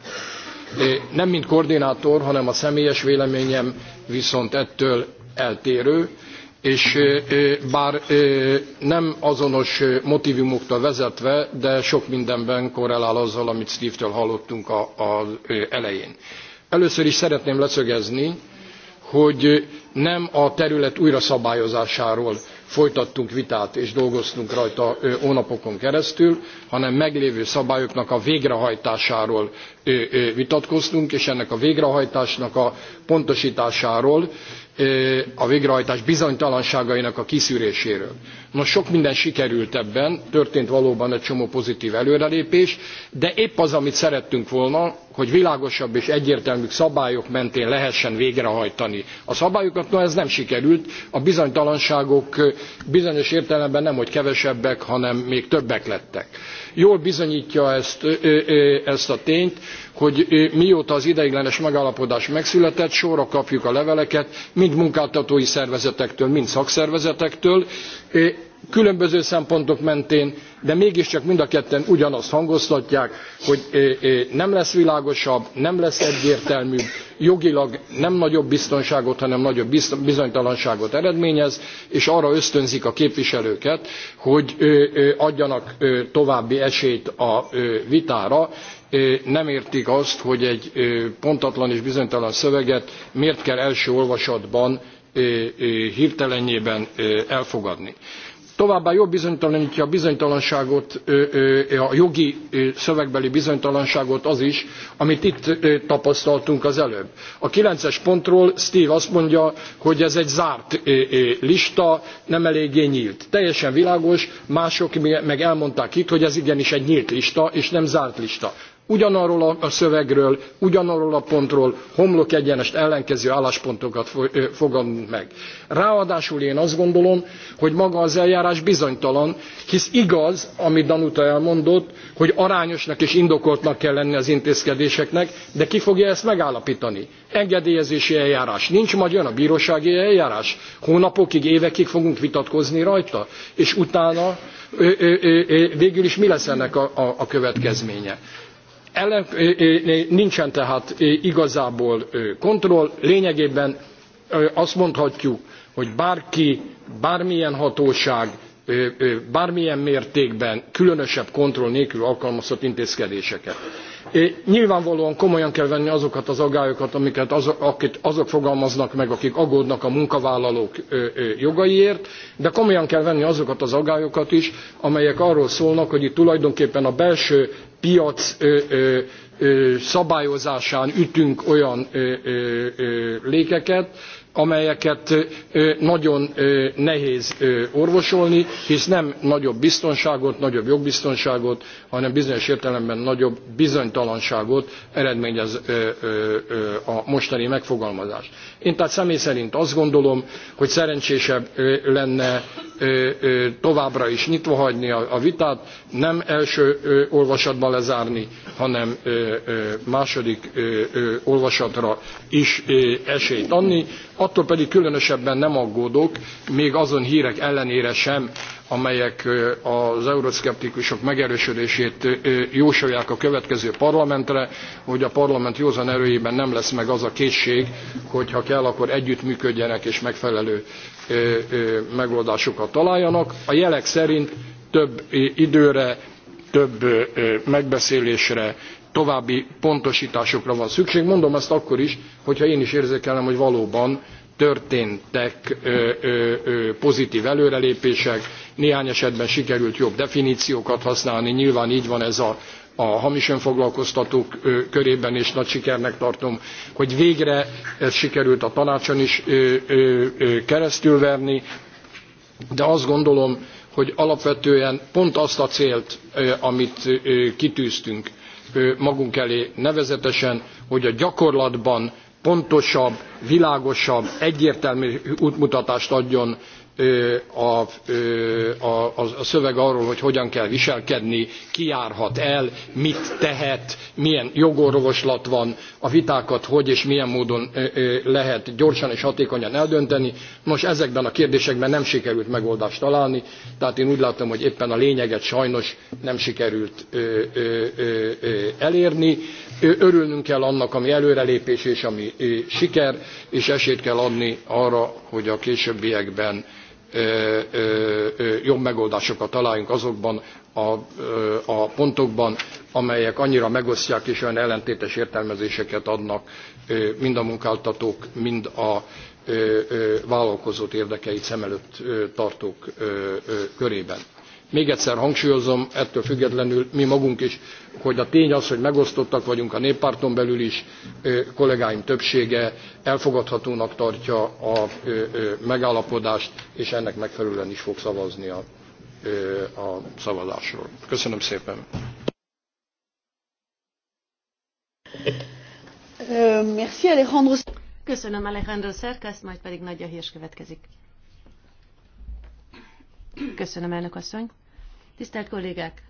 nem mint koordinátor hanem a személyes véleményem viszont ettől eltérő és bár nem azonos motivumoktól vezetve, de sok mindenben korrelál azzal, amit Steve-től hallottunk az elején. Először is szeretném leszögezni, hogy nem a terület újraszabályozásáról folytattunk vitát és dolgoztunk rajta hónapokon keresztül hanem meglévő szabályoknak a végrehajtásáról vitatkoztunk és ennek a végrehajtásnak a pontostásáról a végrehajtás bizonytalanságainak a kiszűréséről. Nos, sok minden sikerült ebben, történt valóban egy csomó pozitív előrelépés, de épp az, amit szerettünk volna, hogy világosabb és egyértelmű szabályok mentén lehessen végrehajtani. A szabályokat no, ez nem sikerült, a bizonytalanságok bizonyos értelemben nem, hogy kevesebbek, hanem még többek lettek. Jól bizonyítja ezt, ezt a tényt, hogy mióta az ideiglenes megállapodás megszületett, sorra kapjuk a leveleket, mind munkáltatói szervezetektől, mind szakszervezetektől, különböző szempontok mentén de mégiscsak mind a ketten ugyanazt hangoztatják hogy nem lesz világosabb nem lesz egyértelműbb jogilag nem nagyobb biztonságot hanem nagyobb bizonytalanságot eredményez és arra ösztönzik a képviselőket hogy adjanak további esélyt a vitára nem értik azt hogy egy pontatlan és bizonytalan szöveget miért kell első olvasatban hirtelenjében elfogadni. Továbbá jobb bizonytalanítja a bizonytalanságot, a jogi szövegbeli bizonytalanságot az is, amit itt tapasztaltunk az előbb. A kilences es pontról Steve azt mondja, hogy ez egy zárt lista, nem eléggé nyílt. Teljesen világos, mások meg elmondták itt, hogy ez igenis egy nyílt lista, és nem zárt lista ugyanarról a szövegről, ugyanarról a pontról homlok egyenest ellenkező álláspontokat fogadunk meg. Ráadásul én azt gondolom, hogy maga az eljárás bizonytalan, hisz igaz, amit Danuta elmondott, hogy arányosnak és indokoltnak kell lenni az intézkedéseknek, de ki fogja ezt megállapítani? Engedélyezési eljárás. Nincs majd jön a bírósági eljárás. Hónapokig, évekig fogunk vitatkozni rajta, és utána ö, ö, ö, végül is mi lesz ennek a, a, a következménye. Ele, nincsen tehát igazából kontroll, lényegében azt mondhatjuk, hogy bárki, bármilyen hatóság, bármilyen mértékben, különösebb kontroll nélkül alkalmazhat intézkedéseket nyilvánvalóan komolyan kell venni azokat az aggályokat amiket azok fogalmaznak meg akik aggódnak a munkavállalók jogaiért de komolyan kell venni azokat az aggályokat is amelyek arról szólnak hogy itt tulajdonképpen a belső piac szabályozásán ütünk olyan lékeket amelyeket nagyon nehéz orvosolni hisz nem nagyobb biztonságot nagyobb jogbiztonságot hanem bizonyos értelemben nagyobb bizonytalanságot eredményez a mostani megfogalmazás. én tehát személy szerint azt gondolom hogy szerencsésebb lenne továbbra is nyitva hagyni a vitát nem első olvasatban lezárni, hanem második olvasatra is esélyt adni. Attól pedig különösebben nem aggódok, még azon hírek ellenére sem, amelyek az euroszkeptikusok megerősödését jósolják a következő parlamentre, hogy a parlament józan erőjében nem lesz meg az a készség, hogy ha kell, akkor együttműködjenek és megfelelő megoldásokat találjanak. A jelek szerint több időre, több megbeszélésre, további pontosításokra van szükség. Mondom ezt akkor is, hogyha én is érzékelem, hogy valóban történtek pozitív előrelépések, néhány esetben sikerült jobb definíciókat használni, nyilván így van ez a, a hamis önfoglalkoztatók körében, és nagy sikernek tartom, hogy végre ez sikerült a tanácson is keresztülverni, de azt gondolom, hogy alapvetően pont azt a célt, amit kitűztünk magunk elé, nevezetesen, hogy a gyakorlatban pontosabb, világosabb, egyértelmű útmutatást adjon a, a, a szöveg arról, hogy hogyan kell viselkedni, ki járhat el, mit tehet, milyen jogorvoslat van, a vitákat hogy és milyen módon lehet gyorsan és hatékonyan eldönteni. Nos, ezekben a kérdésekben nem sikerült megoldást találni, tehát én úgy látom, hogy éppen a lényeget sajnos nem sikerült elérni. Örülnünk kell annak, ami előrelépés és ami siker, és esélyt kell adni arra, hogy a későbbiekben jobb megoldásokat találjunk azokban a, a pontokban, amelyek annyira megosztják és olyan ellentétes értelmezéseket adnak mind a munkáltatók, mind a vállalkozót érdekeit szem előtt tartók körében. Még egyszer hangsúlyozom, ettől függetlenül mi magunk is hogy a tény az, hogy megosztottak vagyunk a néppárton belül is, kollégáim többsége elfogadhatónak tartja a megállapodást, és ennek megfelelően is fog szavazni a, a szavazásról. Köszönöm szépen! Merci Alejandro. Köszönöm Alejandro Szerkesz, majd pedig nagy Hirs következik. Köszönöm, elnök asszony. Tisztelt kollégák!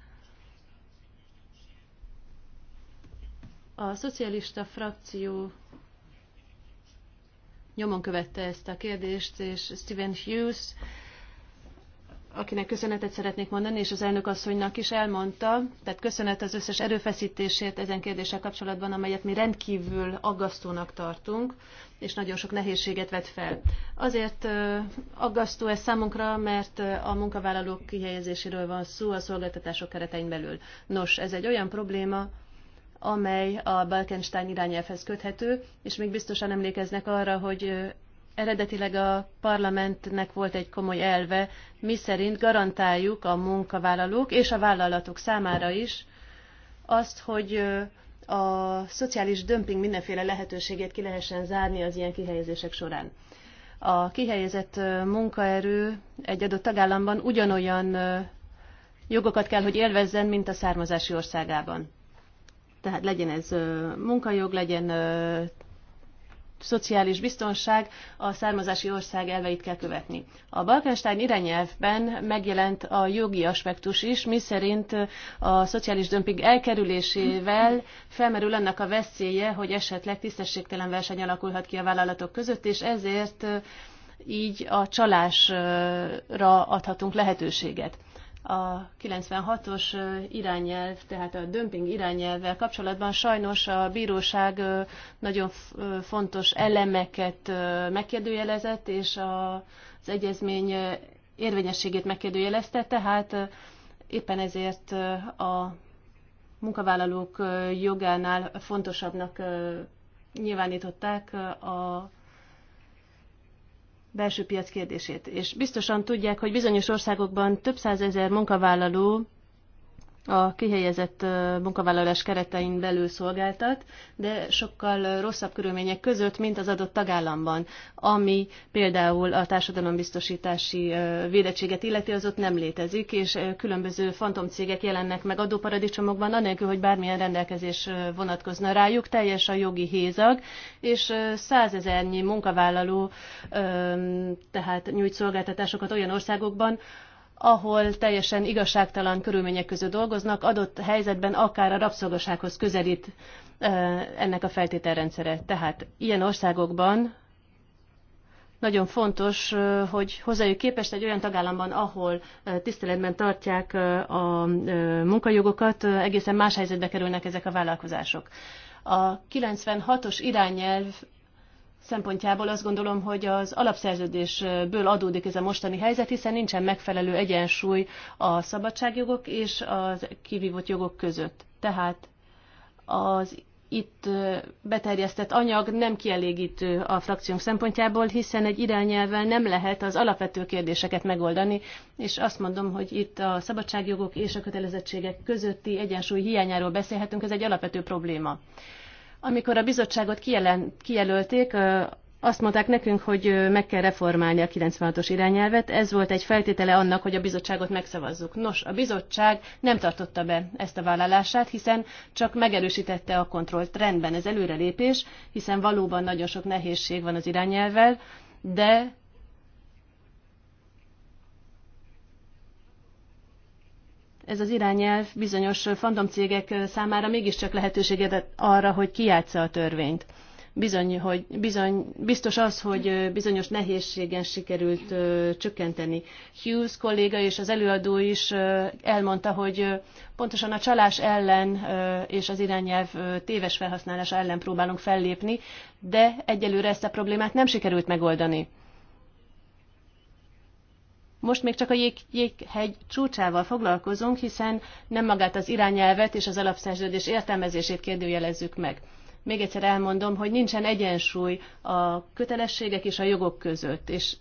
A szocialista frakció nyomon követte ezt a kérdést, és Stephen Hughes, akinek köszönetet szeretnék mondani, és az elnök asszonynak is elmondta, tehát köszönet az összes erőfeszítésért ezen kérdéssel kapcsolatban, amelyet mi rendkívül aggasztónak tartunk, és nagyon sok nehézséget vet fel. Azért aggasztó ez számunkra, mert a munkavállalók kihelyezéséről van szó a szolgáltatások keretein belül. Nos, ez egy olyan probléma, amely a Balkenstein irányelvhez köthető, és még biztosan emlékeznek arra, hogy eredetileg a parlamentnek volt egy komoly elve, mi szerint garantáljuk a munkavállalók és a vállalatok számára is azt, hogy a szociális dömping mindenféle lehetőségét ki lehessen zárni az ilyen kihelyezések során. A kihelyezett munkaerő egy adott tagállamban ugyanolyan jogokat kell, hogy élvezzen, mint a származási országában. Tehát legyen ez munkajog, legyen szociális biztonság, a származási ország elveit kell követni. A Balkánstein irányelvben megjelent a jogi aspektus is, miszerint a szociális dömping elkerülésével felmerül annak a veszélye, hogy esetleg tisztességtelen verseny alakulhat ki a vállalatok között, és ezért így a csalásra adhatunk lehetőséget a 96-os irányelv, tehát a dömping irányelvvel kapcsolatban sajnos a bíróság nagyon fontos elemeket megkérdőjelezett, és az egyezmény érvényességét megkérdőjelezte, tehát éppen ezért a munkavállalók jogánál fontosabbnak nyilvánították a belső piac kérdését. És biztosan tudják, hogy bizonyos országokban több százezer munkavállaló a kihelyezett munkavállalás keretein belül szolgáltat, de sokkal rosszabb körülmények között, mint az adott tagállamban, ami például a társadalombiztosítási védettséget illeti, az ott nem létezik, és különböző fantomcégek jelennek meg adóparadicsomokban, anélkül, hogy bármilyen rendelkezés vonatkozna rájuk, teljes a jogi hézag, és százezernyi munkavállaló tehát nyújt szolgáltatásokat olyan országokban, ahol teljesen igazságtalan körülmények között dolgoznak, adott helyzetben akár a rabszolgasághoz közelít ennek a feltételrendszere. Tehát ilyen országokban nagyon fontos, hogy hozzájuk képest egy olyan tagállamban, ahol tiszteletben tartják a munkajogokat, egészen más helyzetbe kerülnek ezek a vállalkozások. A 96-os irányelv szempontjából azt gondolom, hogy az alapszerződésből adódik ez a mostani helyzet, hiszen nincsen megfelelő egyensúly a szabadságjogok és a kivívott jogok között. Tehát az itt beterjesztett anyag nem kielégítő a frakciónk szempontjából, hiszen egy irányelvvel nem lehet az alapvető kérdéseket megoldani, és azt mondom, hogy itt a szabadságjogok és a kötelezettségek közötti egyensúly hiányáról beszélhetünk, ez egy alapvető probléma. Amikor a bizottságot kijelen, kijelölték, azt mondták nekünk, hogy meg kell reformálni a 96-os irányelvet. Ez volt egy feltétele annak, hogy a bizottságot megszavazzuk. Nos, a bizottság nem tartotta be ezt a vállalását, hiszen csak megerősítette a kontrollt. Rendben, ez előrelépés, hiszen valóban nagyon sok nehézség van az irányelvel, de ez az irányelv bizonyos fandomcégek számára mégiscsak lehetőséget arra, hogy kiátsza a törvényt. Bizony, hogy, bizony, biztos az, hogy bizonyos nehézségen sikerült ö, csökkenteni. Hughes kolléga és az előadó is ö, elmondta, hogy ö, pontosan a csalás ellen ö, és az irányelv ö, téves felhasználása ellen próbálunk fellépni, de egyelőre ezt a problémát nem sikerült megoldani most még csak a jég, jéghegy csúcsával foglalkozunk, hiszen nem magát az irányelvet és az alapszerződés értelmezését kérdőjelezzük meg. Még egyszer elmondom, hogy nincsen egyensúly a kötelességek és a jogok között, és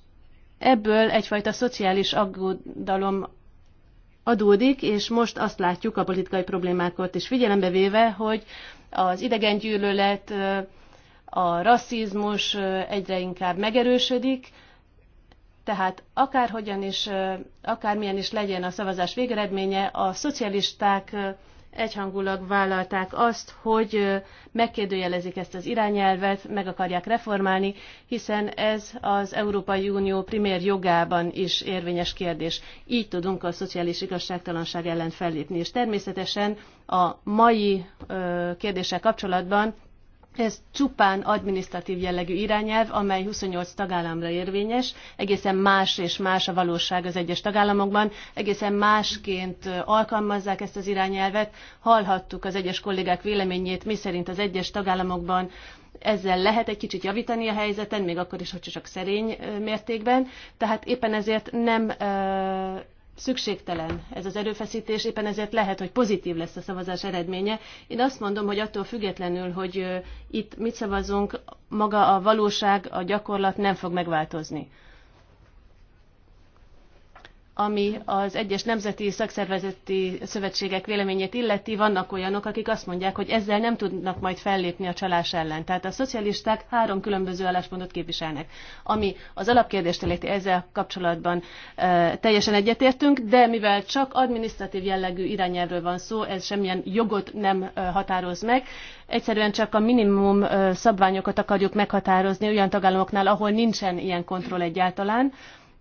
ebből egyfajta szociális aggodalom adódik, és most azt látjuk a politikai problémákat is figyelembe véve, hogy az idegengyűlölet, a rasszizmus egyre inkább megerősödik, tehát akárhogyan is, akármilyen is legyen a szavazás végeredménye, a szocialisták egyhangulag vállalták azt, hogy megkérdőjelezik ezt az irányelvet, meg akarják reformálni, hiszen ez az Európai Unió primér jogában is érvényes kérdés. Így tudunk a szociális igazságtalanság ellen fellépni. És természetesen a mai kérdéssel kapcsolatban ez csupán adminisztratív jellegű irányelv, amely 28 tagállamra érvényes, egészen más és más a valóság az egyes tagállamokban, egészen másként alkalmazzák ezt az irányelvet. Hallhattuk az egyes kollégák véleményét, miszerint az egyes tagállamokban ezzel lehet egy kicsit javítani a helyzeten, még akkor is, hogy csak szerény mértékben. Tehát éppen ezért nem szükségtelen ez az erőfeszítés, éppen ezért lehet, hogy pozitív lesz a szavazás eredménye. Én azt mondom, hogy attól függetlenül, hogy itt mit szavazunk, maga a valóság, a gyakorlat nem fog megváltozni ami az egyes nemzeti szakszervezeti szövetségek véleményét illeti, vannak olyanok, akik azt mondják, hogy ezzel nem tudnak majd fellépni a csalás ellen. Tehát a szocialisták három különböző álláspontot képviselnek. Ami az alapkérdést illeti ezzel kapcsolatban e, teljesen egyetértünk, de mivel csak adminisztratív jellegű irányelvről van szó, ez semmilyen jogot nem határoz meg, egyszerűen csak a minimum szabványokat akarjuk meghatározni olyan tagállamoknál, ahol nincsen ilyen kontroll egyáltalán,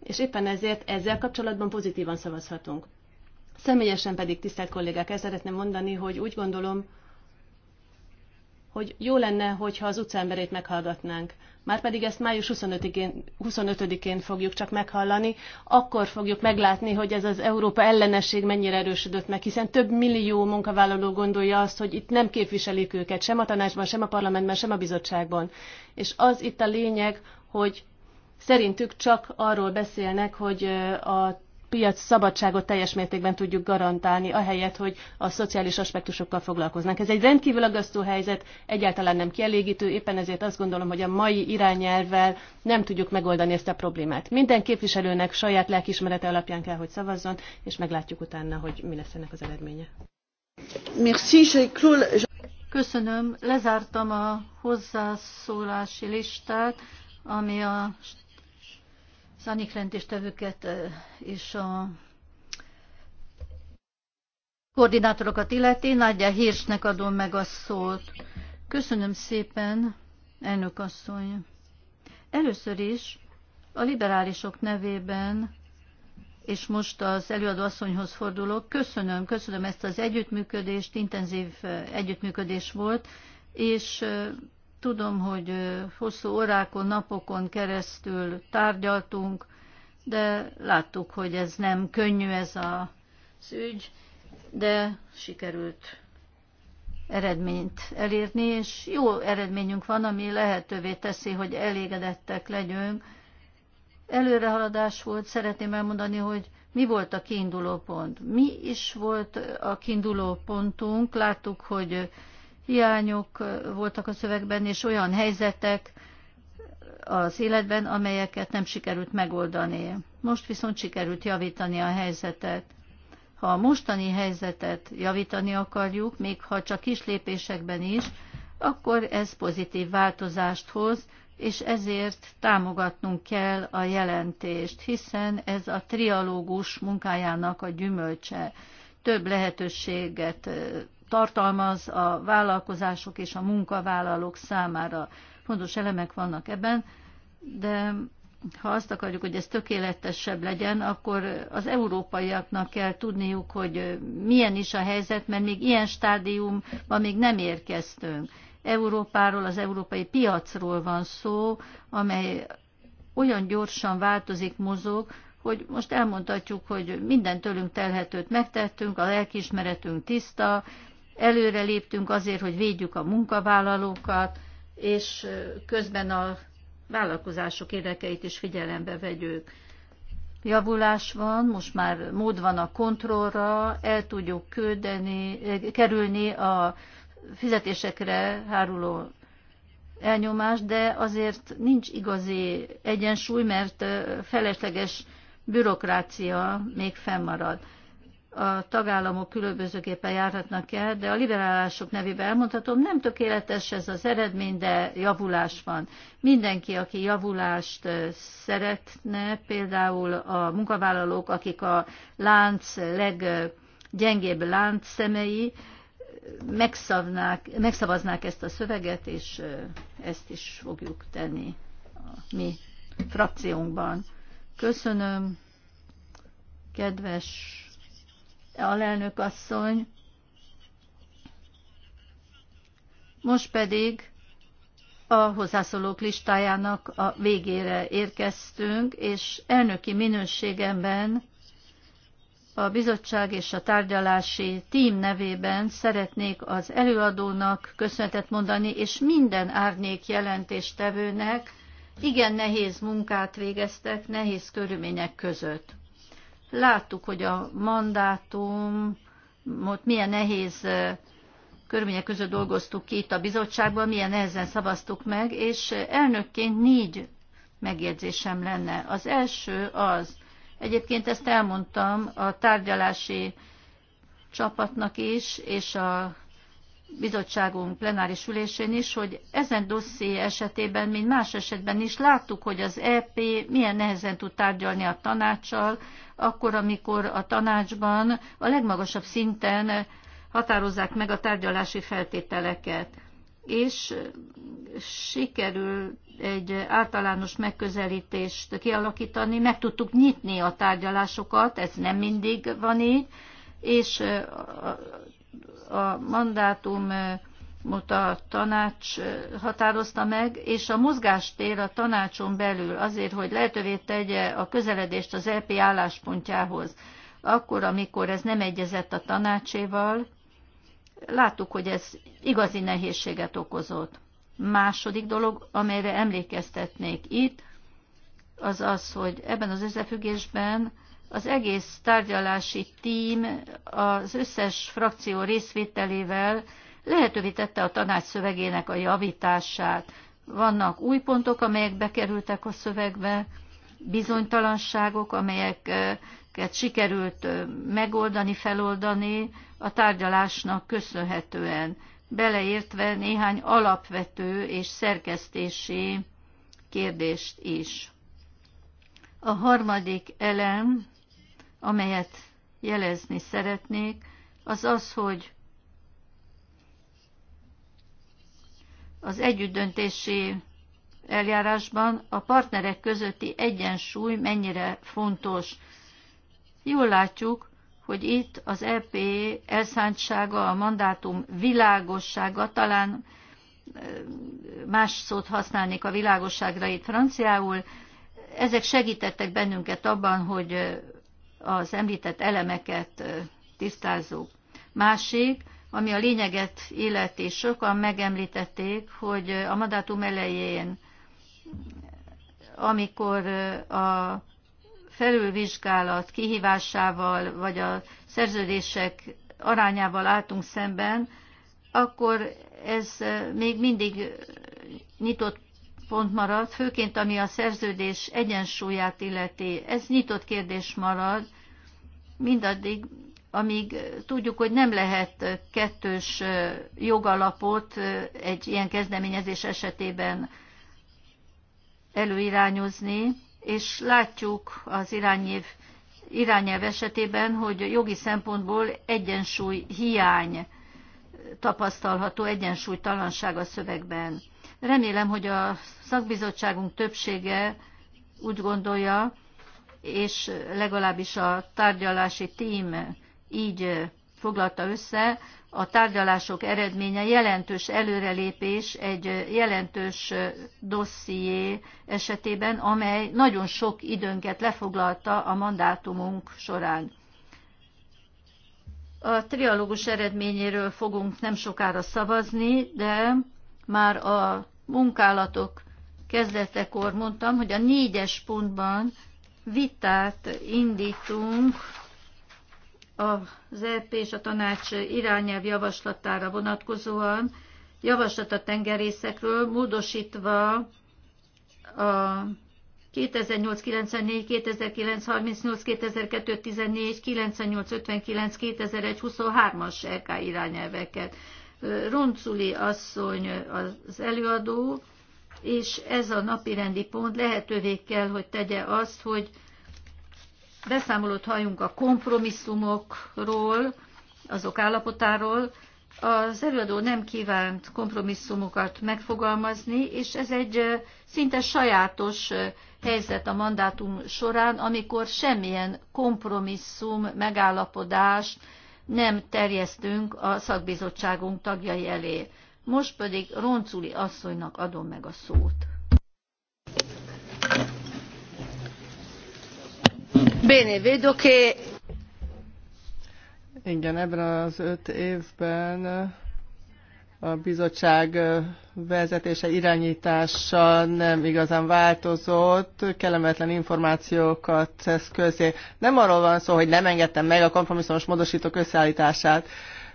és éppen ezért ezzel kapcsolatban pozitívan szavazhatunk. Személyesen pedig, tisztelt kollégák, ezt szeretném mondani, hogy úgy gondolom, hogy jó lenne, hogyha az utcaemberét meghallgatnánk. Márpedig ezt május 25-én, 25-én fogjuk csak meghallani, akkor fogjuk meglátni, hogy ez az Európa ellenesség mennyire erősödött meg, hiszen több millió munkavállaló gondolja azt, hogy itt nem képviselik őket, sem a tanácsban, sem a parlamentben, sem a bizottságban. És az itt a lényeg, hogy Szerintük csak arról beszélnek, hogy a piac szabadságot teljes mértékben tudjuk garantálni, ahelyett, hogy a szociális aspektusokkal foglalkoznak. Ez egy rendkívül aggasztó helyzet, egyáltalán nem kielégítő, éppen ezért azt gondolom, hogy a mai irányelvvel nem tudjuk megoldani ezt a problémát. Minden képviselőnek saját lelkismerete alapján kell, hogy szavazzon, és meglátjuk utána, hogy mi lesz ennek az eredménye. Köszönöm, lezártam a hozzászólási listát, ami a az tevőket és a koordinátorokat illeti. Nagyja Hirsnek adom meg a szót. Köszönöm szépen, elnök asszony. Először is a liberálisok nevében, és most az előadó asszonyhoz fordulok, köszönöm, köszönöm ezt az együttműködést, intenzív együttműködés volt, és Tudom, hogy hosszú órákon, napokon keresztül tárgyaltunk, de láttuk, hogy ez nem könnyű ez a, az ügy, de sikerült eredményt elérni, és jó eredményünk van, ami lehetővé teszi, hogy elégedettek legyünk. Előrehaladás volt, szeretném elmondani, hogy mi volt a kiinduló pont. Mi is volt a kiinduló pontunk, láttuk, hogy hiányok voltak a szövegben, és olyan helyzetek az életben, amelyeket nem sikerült megoldani. Most viszont sikerült javítani a helyzetet. Ha a mostani helyzetet javítani akarjuk, még ha csak kis lépésekben is, akkor ez pozitív változást hoz, és ezért támogatnunk kell a jelentést, hiszen ez a trialógus munkájának a gyümölcse. Több lehetőséget tartalmaz a vállalkozások és a munkavállalók számára. Fontos elemek vannak ebben, de ha azt akarjuk, hogy ez tökéletesebb legyen, akkor az európaiaknak kell tudniuk, hogy milyen is a helyzet, mert még ilyen stádiumban még nem érkeztünk. Európáról, az európai piacról van szó, amely olyan gyorsan változik, mozog, hogy most elmondhatjuk, hogy minden tőlünk telhetőt megtettünk, a lelkiismeretünk tiszta, előre léptünk azért, hogy védjük a munkavállalókat, és közben a vállalkozások érdekeit is figyelembe vegyük. Javulás van, most már mód van a kontrollra, el tudjuk küldeni, kerülni a fizetésekre háruló elnyomás, de azért nincs igazi egyensúly, mert felesleges bürokrácia még fennmarad a tagállamok különbözőképpen járhatnak el, de a liberálások nevében elmondhatom, nem tökéletes ez az eredmény, de javulás van. Mindenki, aki javulást szeretne, például a munkavállalók, akik a lánc leggyengébb lánc szemei, megszavnák, megszavaznák ezt a szöveget, és ezt is fogjuk tenni a mi frakciónkban. Köszönöm, kedves alelnök asszony. Most pedig a hozzászólók listájának a végére érkeztünk, és elnöki minőségemben a bizottság és a tárgyalási tím nevében szeretnék az előadónak köszönetet mondani, és minden árnyék jelentéstevőnek igen nehéz munkát végeztek, nehéz körülmények között. Láttuk, hogy a mandátum, ott milyen nehéz körülmények között dolgoztuk ki itt a bizottságban, milyen nehezen szavaztuk meg, és elnökként négy megjegyzésem lenne. Az első az, egyébként ezt elmondtam a tárgyalási csapatnak is, és a bizottságunk plenáris ülésén is, hogy ezen dosszié esetében, mint más esetben is láttuk, hogy az EP milyen nehezen tud tárgyalni a tanácssal, akkor, amikor a tanácsban a legmagasabb szinten határozzák meg a tárgyalási feltételeket. És sikerül egy általános megközelítést kialakítani, meg tudtuk nyitni a tárgyalásokat, ez nem mindig van így, és a mandátumot eh, a tanács eh, határozta meg, és a mozgástér a tanácson belül azért, hogy lehetővé tegye a közeledést az EP álláspontjához, akkor, amikor ez nem egyezett a tanácséval, láttuk, hogy ez igazi nehézséget okozott. Második dolog, amelyre emlékeztetnék itt, az az, hogy ebben az összefüggésben az egész tárgyalási tím az összes frakció részvételével lehetővé tette a tanács szövegének a javítását. Vannak új pontok, amelyek bekerültek a szövegbe, bizonytalanságok, amelyeket sikerült megoldani, feloldani a tárgyalásnak köszönhetően, beleértve néhány alapvető és szerkesztési kérdést is. A harmadik elem amelyet jelezni szeretnék, az az, hogy az együttdöntési eljárásban a partnerek közötti egyensúly mennyire fontos. Jól látjuk, hogy itt az EP elszántsága, a mandátum világossága, talán más szót használnék a világosságra itt franciául, ezek segítettek bennünket abban, hogy az említett elemeket tisztázzuk. Másik, ami a lényeget illeti, sokan megemlítették, hogy a mandátum elején, amikor a felülvizsgálat kihívásával, vagy a szerződések arányával álltunk szemben, akkor ez még mindig nyitott pont marad, főként ami a szerződés egyensúlyát illeti. Ez nyitott kérdés marad, mindaddig, amíg tudjuk, hogy nem lehet kettős jogalapot egy ilyen kezdeményezés esetében előirányozni, és látjuk az irányév, irányelv esetében, hogy jogi szempontból egyensúly hiány tapasztalható, egyensúlytalanság a szövegben. Remélem, hogy a szakbizottságunk többsége úgy gondolja, és legalábbis a tárgyalási tím így foglalta össze, a tárgyalások eredménye jelentős előrelépés egy jelentős dosszié esetében, amely nagyon sok időnket lefoglalta a mandátumunk során. A trialógus eredményéről fogunk nem sokára szavazni, de már a munkálatok kezdetekor mondtam, hogy a négyes pontban vitát indítunk az EP és a tanács irányelv javaslatára vonatkozóan, javaslat a tengerészekről, módosítva a 2008-94, 2009-38, 2002-14, 98-59, 2001-23-as LK irányelveket. Ronculi asszony az előadó, és ez a napirendi pont lehetővé kell, hogy tegye azt, hogy beszámolót halljunk a kompromisszumokról, azok állapotáról. Az előadó nem kívánt kompromisszumokat megfogalmazni, és ez egy szinte sajátos helyzet a mandátum során, amikor semmilyen kompromisszum, megállapodást, nem terjesztünk a szakbizottságunk tagjai elé. Most pedig Ronculi asszonynak adom meg a szót. Bene, Védoké. Igen, ebben az öt évben a bizottság vezetése, irányítása nem igazán változott, kellemetlen információkat tesz közé. Nem arról van szó, hogy nem engedtem meg a kompromisszumos módosítók összeállítását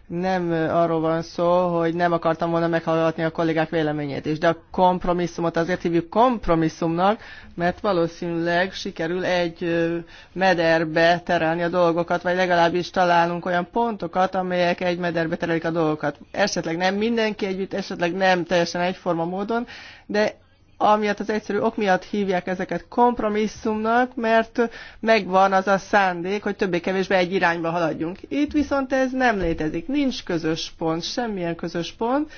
nem arról van szó, hogy nem akartam volna meghallgatni a kollégák véleményét is, de a kompromisszumot azért hívjuk kompromisszumnak, mert valószínűleg sikerül egy mederbe terelni a dolgokat, vagy legalábbis találunk olyan pontokat, amelyek egy mederbe terelik a dolgokat. Esetleg nem mindenki együtt, esetleg nem teljesen egyforma módon, de amiatt az egyszerű ok miatt hívják ezeket kompromisszumnak, mert megvan az a szándék, hogy többé-kevésbé egy irányba haladjunk. Itt viszont ez nem létezik, nincs közös pont, semmilyen közös pont.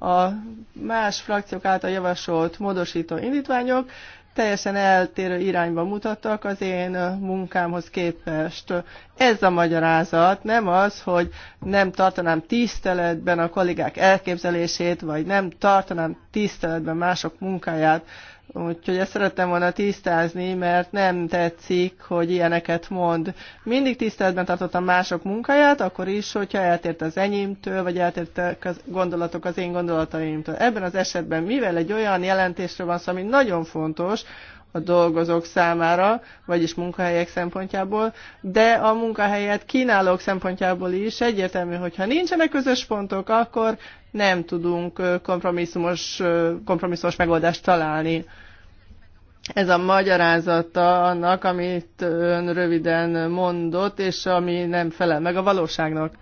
A más frakciók által javasolt módosító indítványok teljesen eltérő irányba mutattak az én munkámhoz képest. Ez a magyarázat, nem az, hogy nem tartanám tiszteletben a kollégák elképzelését, vagy nem tartanám tiszteletben mások munkáját. Úgyhogy ezt szerettem volna tisztázni, mert nem tetszik, hogy ilyeneket mond. Mindig tiszteletben tartottam mások munkáját, akkor is, hogyha eltért az enyémtől, vagy eltért a gondolatok az én gondolataimtól. Ebben az esetben, mivel egy olyan jelentésről van szó, ami nagyon fontos, a dolgozók számára, vagyis munkahelyek szempontjából, de a munkahelyet kínálók szempontjából is egyértelmű, hogyha nincsenek közös pontok, akkor nem tudunk kompromisszumos, kompromisszumos megoldást találni. Ez a magyarázata annak, amit ön röviden mondott, és ami nem felel meg a valóságnak.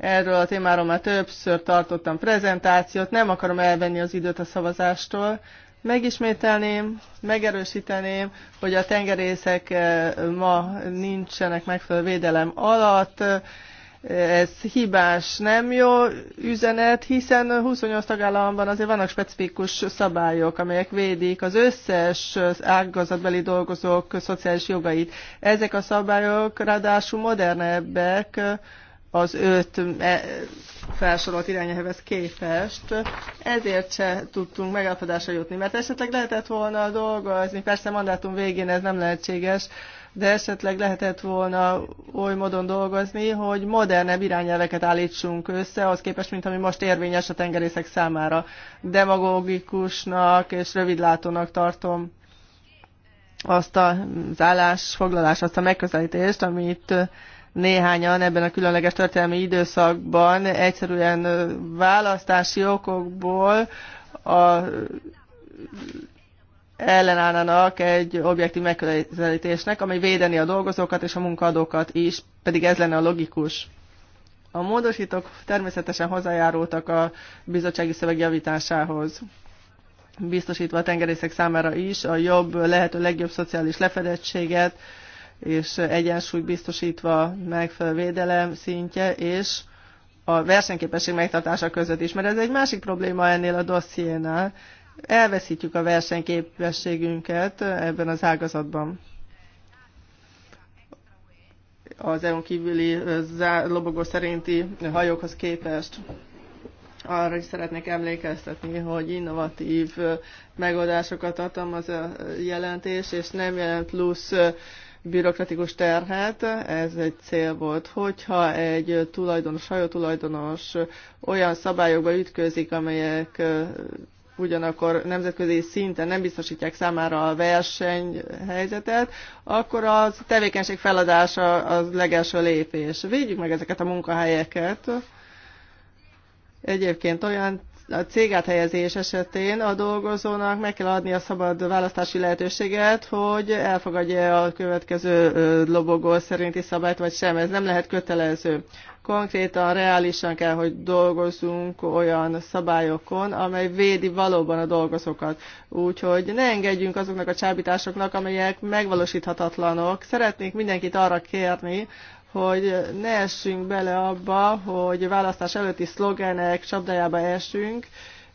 Erről a témáról már többször tartottam prezentációt, nem akarom elvenni az időt a szavazástól. Megismételném, megerősíteném, hogy a tengerészek eh, ma nincsenek megfelelő védelem alatt. Ez hibás, nem jó üzenet, hiszen 28 tagállamban azért vannak specifikus szabályok, amelyek védik az összes ágazatbeli dolgozók szociális jogait. Ezek a szabályok ráadásul modernebbek, az öt e, felsorolt irányelvhez képest. Ezért se tudtunk megállapodásra jutni, mert esetleg lehetett volna dolgozni, persze mandátum végén ez nem lehetséges, de esetleg lehetett volna oly módon dolgozni, hogy modernebb irányelveket állítsunk össze, az képest, mint ami most érvényes a tengerészek számára. Demagogikusnak és rövidlátónak tartom azt az állásfoglalást, azt a megközelítést, amit néhányan ebben a különleges történelmi időszakban egyszerűen választási okokból a ellenállnának egy objektív megközelítésnek, ami védeni a dolgozókat és a munkaadókat is, pedig ez lenne a logikus. A módosítók természetesen hozzájárultak a bizottsági szöveg javításához, biztosítva a tengerészek számára is a jobb, lehető legjobb szociális lefedettséget, és egyensúly biztosítva megfelelő védelem szintje, és a versenyképesség megtartása között is, mert ez egy másik probléma ennél a dossziénál. Elveszítjük a versenyképességünket ebben az ágazatban. Az EU kívüli lobogó szerinti hajókhoz képest arra is szeretnék emlékeztetni, hogy innovatív megoldásokat adtam az a jelentés, és nem jelent plusz bürokratikus terhet, ez egy cél volt. Hogyha egy tulajdonos, hajótulajdonos olyan szabályokba ütközik, amelyek ugyanakkor nemzetközi szinten nem biztosítják számára a versenyhelyzetet, akkor az tevékenység feladása az legelső lépés. Védjük meg ezeket a munkahelyeket. Egyébként olyan a cég áthelyezés esetén a dolgozónak meg kell adni a szabad választási lehetőséget, hogy elfogadja a következő lobogó szerinti szabályt, vagy sem. Ez nem lehet kötelező. Konkrétan, reálisan kell, hogy dolgozunk olyan szabályokon, amely védi valóban a dolgozókat. Úgyhogy ne engedjünk azoknak a csábításoknak, amelyek megvalósíthatatlanok. Szeretnék mindenkit arra kérni, hogy ne essünk bele abba, hogy választás előtti szlogenek csapdájába esünk,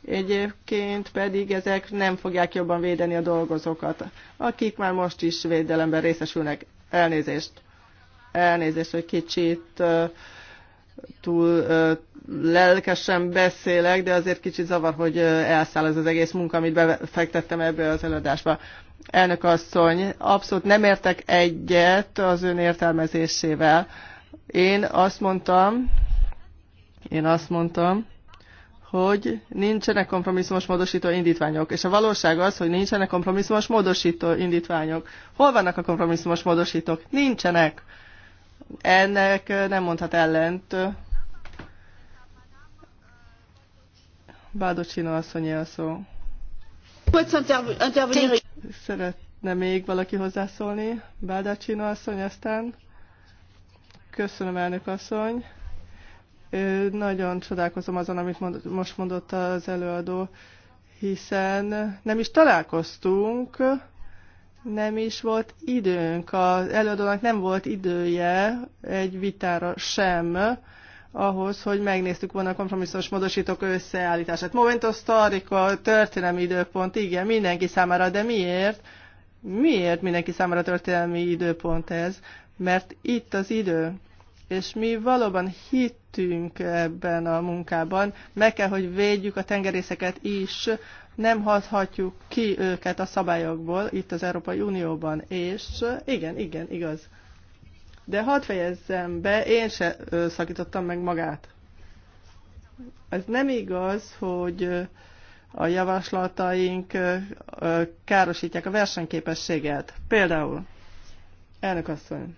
egyébként pedig ezek nem fogják jobban védeni a dolgozókat, akik már most is védelemben részesülnek. Elnézést, elnézést, hogy kicsit túl lelkesen beszélek, de azért kicsit zavar, hogy elszáll ez az egész munka, amit befektettem ebbe az előadásba. Elnök asszony, abszolút nem értek egyet az ön értelmezésével. Én azt mondtam, én azt mondtam, hogy nincsenek kompromisszumos módosító indítványok. És a valóság az, hogy nincsenek kompromisszumos módosító indítványok. Hol vannak a kompromisszumos módosítók? Nincsenek. Ennek nem mondhat ellent. Bádocsina asszonyé a szó. Szeretne még valaki hozzászólni? Bádácsina asszony, aztán. Köszönöm, elnök asszony. Nagyon csodálkozom azon, amit most mondott az előadó, hiszen nem is találkoztunk, nem is volt időnk. Az előadónak nem volt idője egy vitára sem ahhoz, hogy megnéztük volna a kompromisszós módosítók összeállítását. Momentos Starikor, történelmi időpont, igen, mindenki számára, de miért? Miért mindenki számára történelmi időpont ez? Mert itt az idő, és mi valóban hittünk ebben a munkában, meg kell, hogy védjük a tengerészeket is, nem hathatjuk ki őket a szabályokból itt az Európai Unióban, és igen, igen, igaz. De hadd fejezzem be, én se szakítottam meg magát. Ez nem igaz, hogy a javaslataink károsítják a versenyképességet. Például, elnök asszony,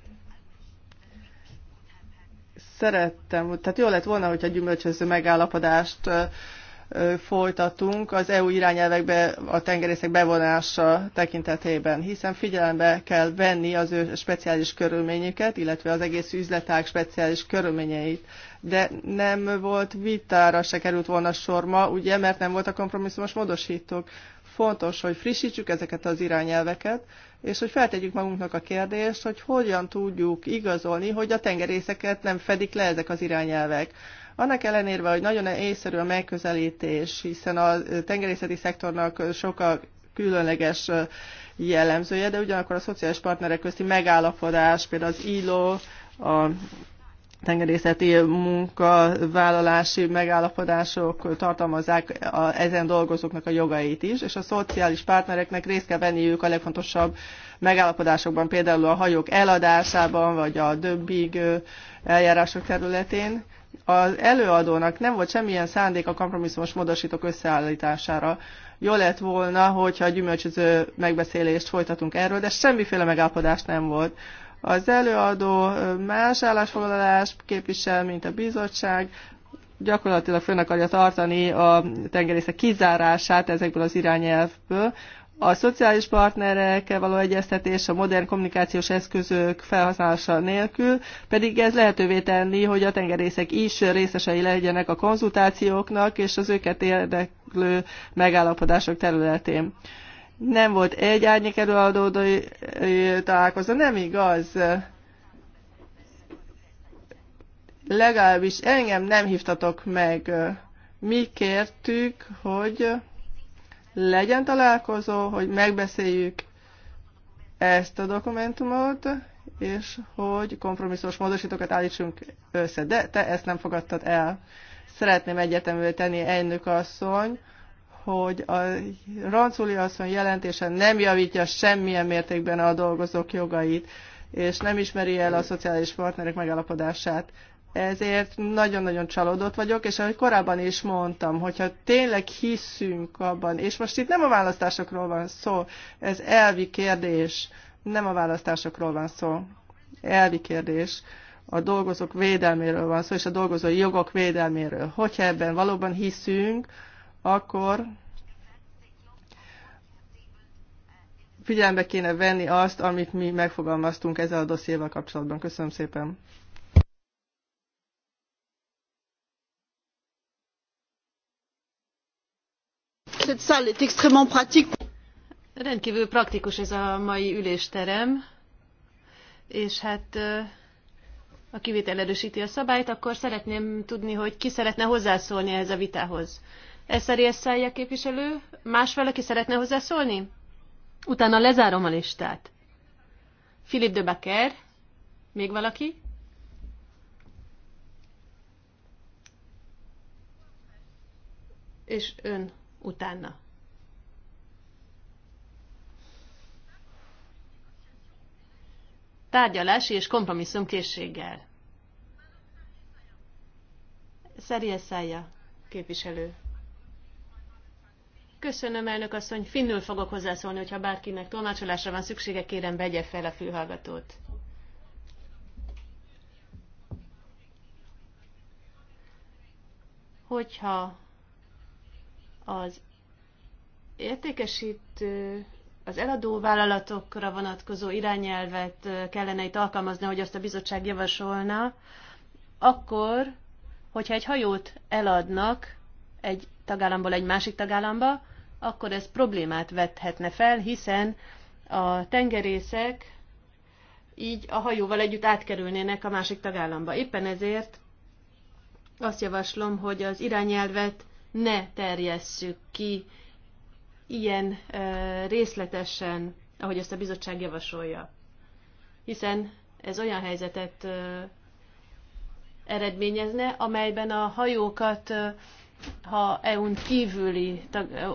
szerettem, tehát jó lett volna, hogyha gyümölcsöző megállapodást folytatunk az EU irányelvekbe a tengerészek bevonása tekintetében, hiszen figyelembe kell venni az ő speciális körülményüket, illetve az egész üzletág speciális körülményeit. De nem volt vitára se került volna sor ma, ugye, mert nem voltak kompromisszumos módosítók. Fontos, hogy frissítsük ezeket az irányelveket, és hogy feltegyük magunknak a kérdést, hogy hogyan tudjuk igazolni, hogy a tengerészeket nem fedik le ezek az irányelvek annak ellenérve, hogy nagyon észszerű a megközelítés, hiszen a tengerészeti szektornak sokkal különleges jellemzője, de ugyanakkor a szociális partnerek közti megállapodás, például az ILO, a tengerészeti munkavállalási megállapodások tartalmazzák a, ezen dolgozóknak a jogait is, és a szociális partnereknek részt kell venniük a legfontosabb megállapodásokban, például a hajók eladásában, vagy a döbbig eljárások területén, az előadónak nem volt semmilyen szándék a kompromisszumos módosítók összeállítására. Jó lett volna, hogyha a gyümölcsöző megbeszélést folytatunk erről, de semmiféle megállapodás nem volt. Az előadó más állásfoglalás képvisel, mint a bizottság, gyakorlatilag fönn akarja tartani a tengerészek kizárását ezekből az irányelvből, a szociális partnerekkel való egyeztetés a modern kommunikációs eszközök felhasználása nélkül, pedig ez lehetővé tenni, hogy a tengerészek is részesei legyenek a konzultációknak és az őket érdeklő megállapodások területén. Nem volt egy árnyék előadó találkozó, nem igaz? Legalábbis engem nem hívtatok meg. Mi kértük, hogy legyen találkozó, hogy megbeszéljük ezt a dokumentumot, és hogy kompromisszós módosítókat állítsunk össze. De te ezt nem fogadtad el. Szeretném egyetemül tenni elnök asszony, hogy a Ranculi asszony jelentése nem javítja semmilyen mértékben a dolgozók jogait, és nem ismeri el a szociális partnerek megállapodását. Ezért nagyon-nagyon csalódott vagyok, és ahogy korábban is mondtam, hogyha tényleg hiszünk abban, és most itt nem a választásokról van szó, ez elvi kérdés, nem a választásokról van szó, elvi kérdés, a dolgozók védelméről van szó, és a dolgozói jogok védelméről. Hogyha ebben valóban hiszünk, akkor figyelembe kéne venni azt, amit mi megfogalmaztunk ezzel a dossziéval kapcsolatban. Köszönöm szépen! rendkvül praktikus ez a mai ülésterem, és hát a kivétel erősíti a szabályt, akkor szeretném tudni, hogy ki szeretne hozzászólni ehhez a vitához. Eszeri Eszelje képviselő, más valaki szeretne hozzászólni? Utána lezárom a listát. Philip de Becker, még valaki? És ön utána. Tárgyalási és kompromisszum készséggel. Szerje szája, képviselő. Köszönöm, elnök asszony. Finnül fogok hozzászólni, hogyha bárkinek tolmácsolásra van szüksége, kérem, vegye fel a fülhallgatót. Hogyha az értékesítő az eladó vállalatokra vonatkozó irányelvet kellene itt alkalmazni, hogy azt a bizottság javasolna, akkor, hogyha egy hajót eladnak egy tagállamból egy másik tagállamba, akkor ez problémát vethetne fel, hiszen a tengerészek így a hajóval együtt átkerülnének a másik tagállamba. Éppen ezért azt javaslom, hogy az irányelvet ne terjesszük ki ilyen részletesen, ahogy ezt a bizottság javasolja. Hiszen ez olyan helyzetet eredményezne, amelyben a hajókat, ha EU-n kívüli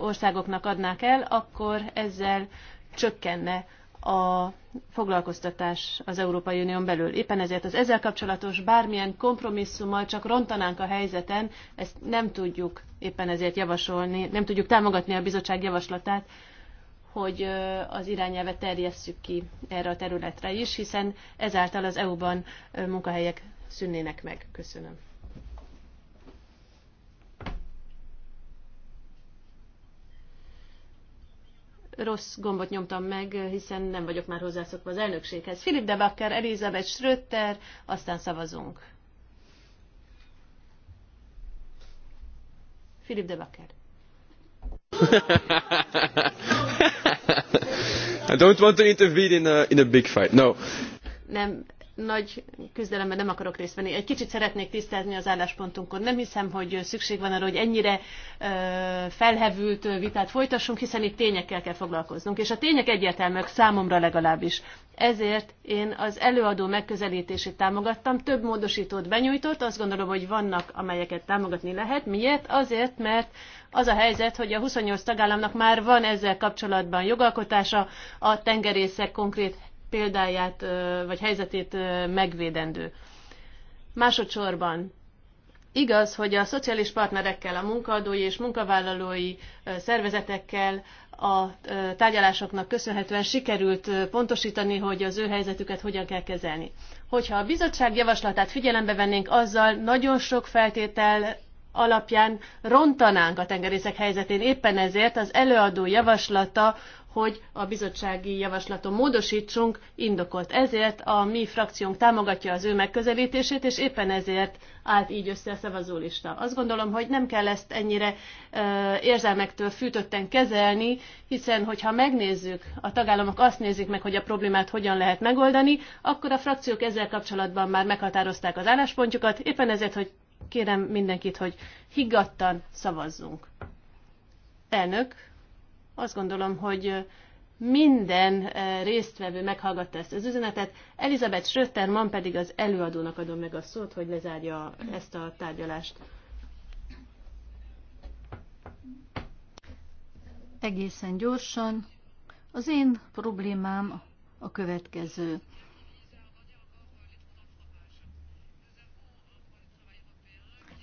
országoknak adnák el, akkor ezzel csökkenne a foglalkoztatás az Európai Unión belül. Éppen ezért az ezzel kapcsolatos bármilyen kompromisszummal csak rontanánk a helyzeten, ezt nem tudjuk éppen ezért javasolni, nem tudjuk támogatni a bizottság javaslatát, hogy az irányelvet terjesszük ki erre a területre is, hiszen ezáltal az EU-ban munkahelyek szűnnének meg. Köszönöm. Rossz gombot nyomtam meg, hiszen nem vagyok már hozzászokva az elnökséghez. Philip de Bakker, Elizabeth Schröter, aztán szavazunk. Philip de Bakker. <laughs> I don't want to intervene in a, in a big fight. No. Nem nagy küzdelemben nem akarok részt venni. Egy kicsit szeretnék tisztázni az álláspontunkon. Nem hiszem, hogy szükség van arra, hogy ennyire felhevült vitát folytassunk, hiszen itt tényekkel kell foglalkoznunk. És a tények egyértelműek számomra legalábbis. Ezért én az előadó megközelítését támogattam, több módosítót benyújtott, azt gondolom, hogy vannak, amelyeket támogatni lehet. Miért? Azért, mert az a helyzet, hogy a 28 tagállamnak már van ezzel kapcsolatban jogalkotása, a tengerészek konkrét példáját vagy helyzetét megvédendő. Másodszorban igaz, hogy a szociális partnerekkel, a munkaadói és munkavállalói szervezetekkel a tárgyalásoknak köszönhetően sikerült pontosítani, hogy az ő helyzetüket hogyan kell kezelni. Hogyha a bizottság javaslatát figyelembe vennénk, azzal nagyon sok feltétel alapján rontanánk a tengerészek helyzetén. Éppen ezért az előadó javaslata hogy a bizottsági javaslaton módosítsunk, indokolt. Ezért a mi frakciónk támogatja az ő megközelítését, és éppen ezért állt így össze a szavazólista. Azt gondolom, hogy nem kell ezt ennyire ö, érzelmektől fűtötten kezelni, hiszen hogyha megnézzük, a tagállamok azt nézik meg, hogy a problémát hogyan lehet megoldani, akkor a frakciók ezzel kapcsolatban már meghatározták az álláspontjukat, éppen ezért, hogy kérem mindenkit, hogy higgadtan szavazzunk. Elnök, azt gondolom, hogy minden résztvevő meghallgatta ezt az üzenetet. Elizabeth Schröter, man pedig az előadónak adom meg a szót, hogy lezárja ezt a tárgyalást. Egészen gyorsan. Az én problémám a következő.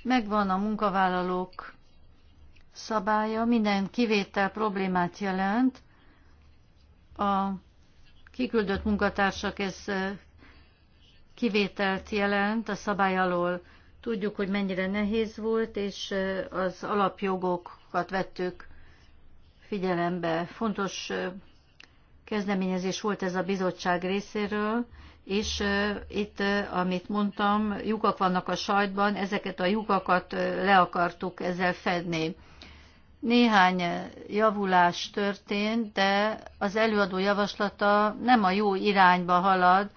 Megvan a munkavállalók szabálya minden kivétel problémát jelent. A kiküldött munkatársak ez kivételt jelent a szabály alól. Tudjuk, hogy mennyire nehéz volt, és az alapjogokat vettük figyelembe. Fontos kezdeményezés volt ez a bizottság részéről, és itt, amit mondtam, lyukak vannak a sajtban, ezeket a lyukakat le akartuk ezzel fedni. Néhány eh, javulás történt, de az előadó javaslata nem a jó irányba halad,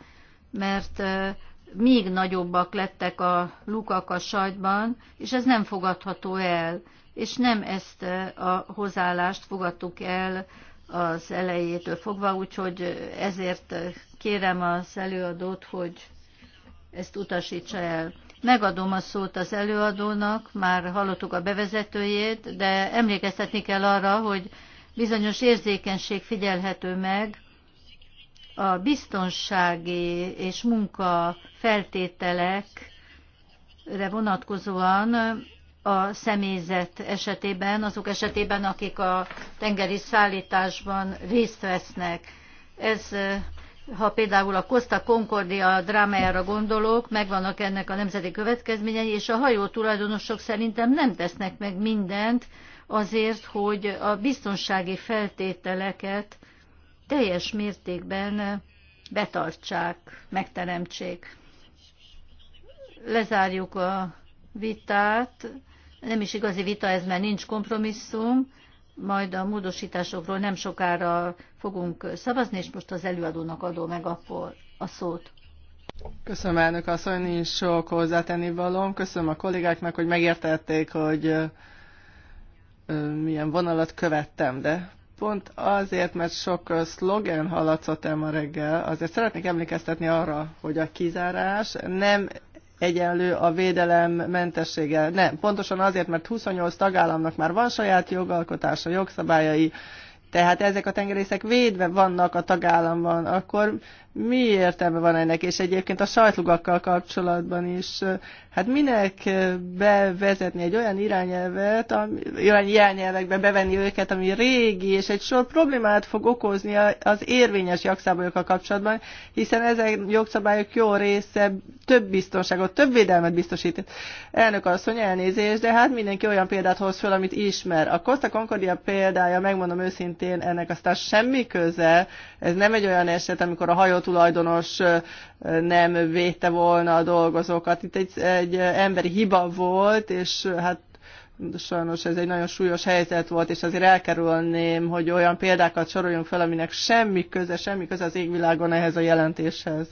mert eh, még nagyobbak lettek a lukak a sajtban, és ez nem fogadható el, és nem ezt eh, a hozzáállást fogadtuk el az elejétől fogva, úgyhogy ezért kérem az előadót, hogy ezt utasítsa el. Megadom a szót az előadónak, már hallottuk a bevezetőjét, de emlékeztetni kell arra, hogy bizonyos érzékenység figyelhető meg a biztonsági és munka feltételekre vonatkozóan a személyzet esetében, azok esetében, akik a tengeri szállításban részt vesznek. Ez ha például a Costa Concordia drámájára gondolok, megvannak ennek a nemzeti következményei, és a hajó tulajdonosok szerintem nem tesznek meg mindent azért, hogy a biztonsági feltételeket teljes mértékben betartsák, megteremtsék. Lezárjuk a vitát. Nem is igazi vita ez, mert nincs kompromisszum majd a módosításokról nem sokára fogunk szavazni, és most az előadónak adom meg akkor a szót. Köszönöm elnök asszony, nincs sok hozzátenni valóm. Köszönöm a kollégáknak, hogy megértették, hogy milyen vonalat követtem, de pont azért, mert sok szlogen hallatszott el ma reggel, azért szeretnék emlékeztetni arra, hogy a kizárás nem egyenlő a védelem mentessége. Nem, pontosan azért, mert 28 tagállamnak már van saját jogalkotása, jogszabályai, tehát ezek a tengerészek védve vannak a tagállamban, akkor mi értelme van ennek? És egyébként a sajtlugakkal kapcsolatban is, hát minek bevezetni egy olyan irányelvet, olyan irányelvekbe bevenni őket, ami régi, és egy sor problémát fog okozni az érvényes jogszabályokkal kapcsolatban, hiszen ezek jogszabályok jó része több biztonságot, több védelmet biztosít. Elnök asszony, elnézést, de hát mindenki olyan példát hoz föl, amit ismer. A Costa Concordia példája, megmondom őszintén, szintén ennek aztán semmi köze. Ez nem egy olyan eset, amikor a hajótulajdonos nem védte volna a dolgozókat. Itt egy, egy emberi hiba volt, és hát sajnos ez egy nagyon súlyos helyzet volt, és azért elkerülném, hogy olyan példákat soroljunk fel, aminek semmi köze, semmi köze az égvilágon ehhez a jelentéshez.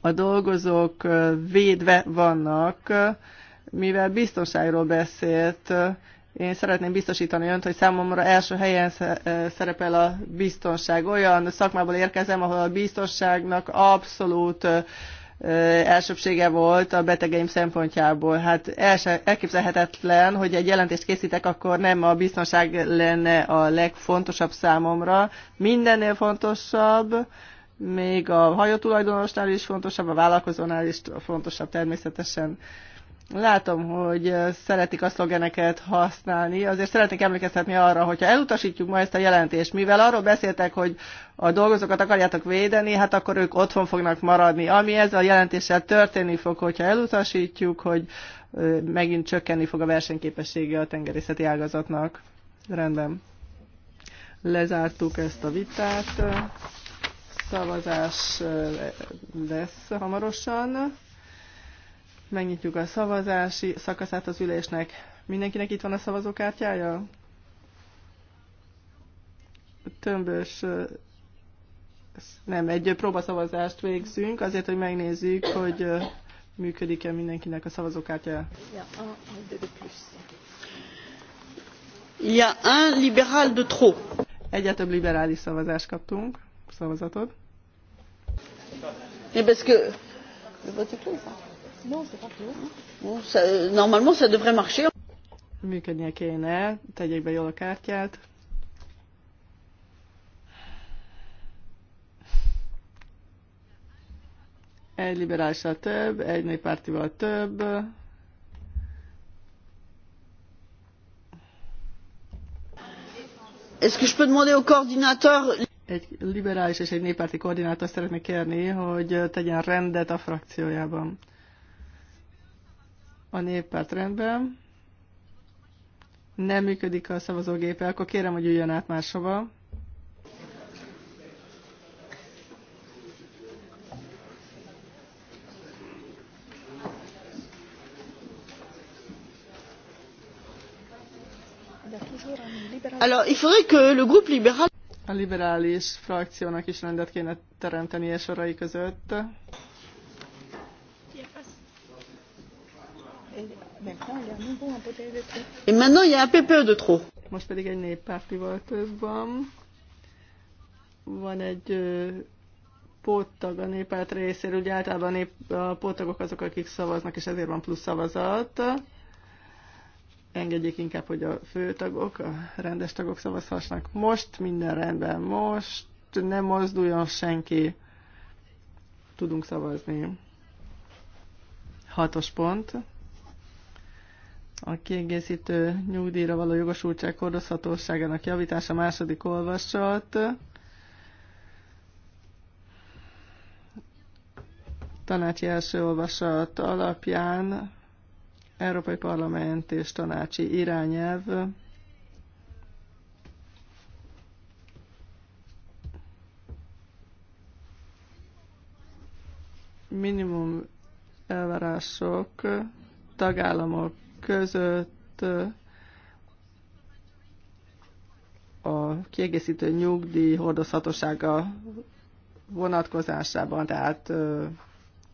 A dolgozók védve vannak, mivel biztonságról beszélt, én szeretném biztosítani önt, hogy számomra első helyen szerepel a biztonság. Olyan szakmából érkezem, ahol a biztonságnak abszolút elsőbsége volt a betegeim szempontjából. Hát elképzelhetetlen, hogy egy jelentést készítek, akkor nem a biztonság lenne a legfontosabb számomra. Mindennél fontosabb, még a hajótulajdonosnál is fontosabb, a vállalkozónál is fontosabb természetesen. Látom, hogy szeretik a szlogeneket használni, azért szeretnék emlékeztetni arra, hogyha elutasítjuk ma ezt a jelentést, mivel arról beszéltek, hogy a dolgozókat akarjátok védeni, hát akkor ők otthon fognak maradni. Ami ezzel a jelentéssel történni fog, hogyha elutasítjuk, hogy megint csökkenni fog a versenyképessége a tengerészeti ágazatnak. Rendben. Lezártuk ezt a vitát. Szavazás lesz hamarosan. Megnyitjuk a szavazási szakaszát az ülésnek. Mindenkinek itt van a szavazókártyája? Tömbös nem, egy próbaszavazást végzünk, azért, hogy megnézzük, hogy működik-e mindenkinek a szavazókártya. Ja, un liberal de trop. Egyre több liberális szavazást kaptunk, szavazatod. Et eh, parce que le vote est clos, normalement, ça devrait marcher. Működnie kéne, tegyék be jól a kártyát. Egy liberálisra több, egy néppártival több. Est-ce que je peux demander au coordinateur egy liberális és egy néppárti koordinátor szeretnék kérni, hogy tegyen rendet a frakciójában. A néppárt rendben. Nem működik a szavazógépe, akkor kérem, hogy üljön át máshova. A liberális frakciónak is rendet kéne teremteni a sorai között. Et maintenant, il y a un PPE de trop. van. egy pottag a néppárt részéről, ugye általában nép, a pottagok azok, akik szavaznak, és ezért van plusz szavazat. Engedjék inkább, hogy a főtagok, a rendes tagok szavazhassanak. Most minden rendben, most nem mozduljon senki. Tudunk szavazni. Hatos pont a kiegészítő nyugdíjra való jogosultság hordozhatóságának javítása második olvasat. Tanácsi első olvasat alapján Európai Parlament és Tanácsi irányelv minimum elvárások tagállamok között a kiegészítő nyugdíj hordozhatósága vonatkozásában, tehát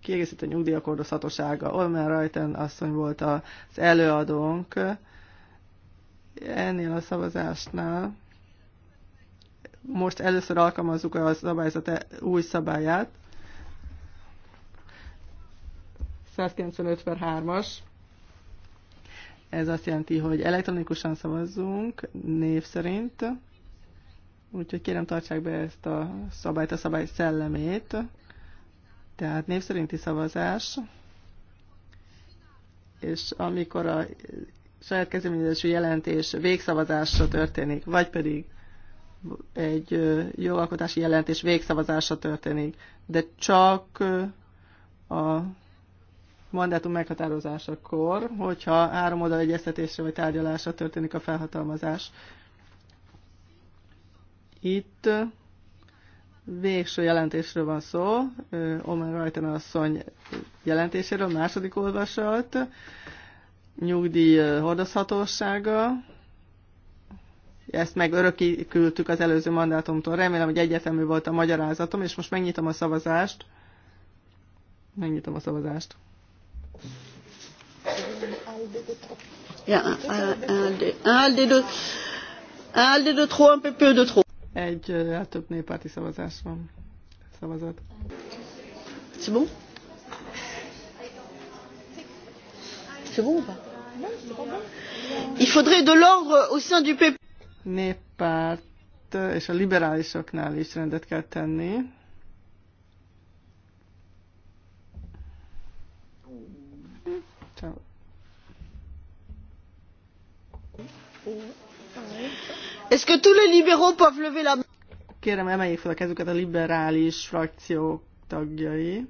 kiegészítő nyugdíjak hordozhatósága. Olmer Rajten asszony volt az előadónk ennél a szavazásnál. Most először alkalmazzuk a szabályzat e- új szabályát. 195 per 3-as ez azt jelenti, hogy elektronikusan szavazzunk név szerint. Úgyhogy kérem tartsák be ezt a szabályt, a szabály szellemét. Tehát név szerinti szavazás. És amikor a saját kezdeményezésű jelentés végszavazásra történik, vagy pedig egy jogalkotási jelentés végszavazása történik, de csak a mandátum meghatározásakor, hogyha három oldal egyeztetésre vagy tárgyalásra történik a felhatalmazás. Itt végső jelentésről van szó, Omen Rajten asszony jelentéséről, második olvasat, nyugdíj hordozhatósága, ezt meg örökítettük az előző mandátumtól. Remélem, hogy egyetemű volt a magyarázatom, és most megnyitom a szavazást. Megnyitom a szavazást. Egy el több néppárti szavazás van. Szavazat. C'est bon? C'est bon ou pas? Il faudrait de l'ordre au sein du PP. Néppárt és a liberálisoknál is rendet kell tenni. Est-ce que tous les libéraux peuvent lever la main? Kérem, emeljék fel a kezüket a liberális frakció tagjai.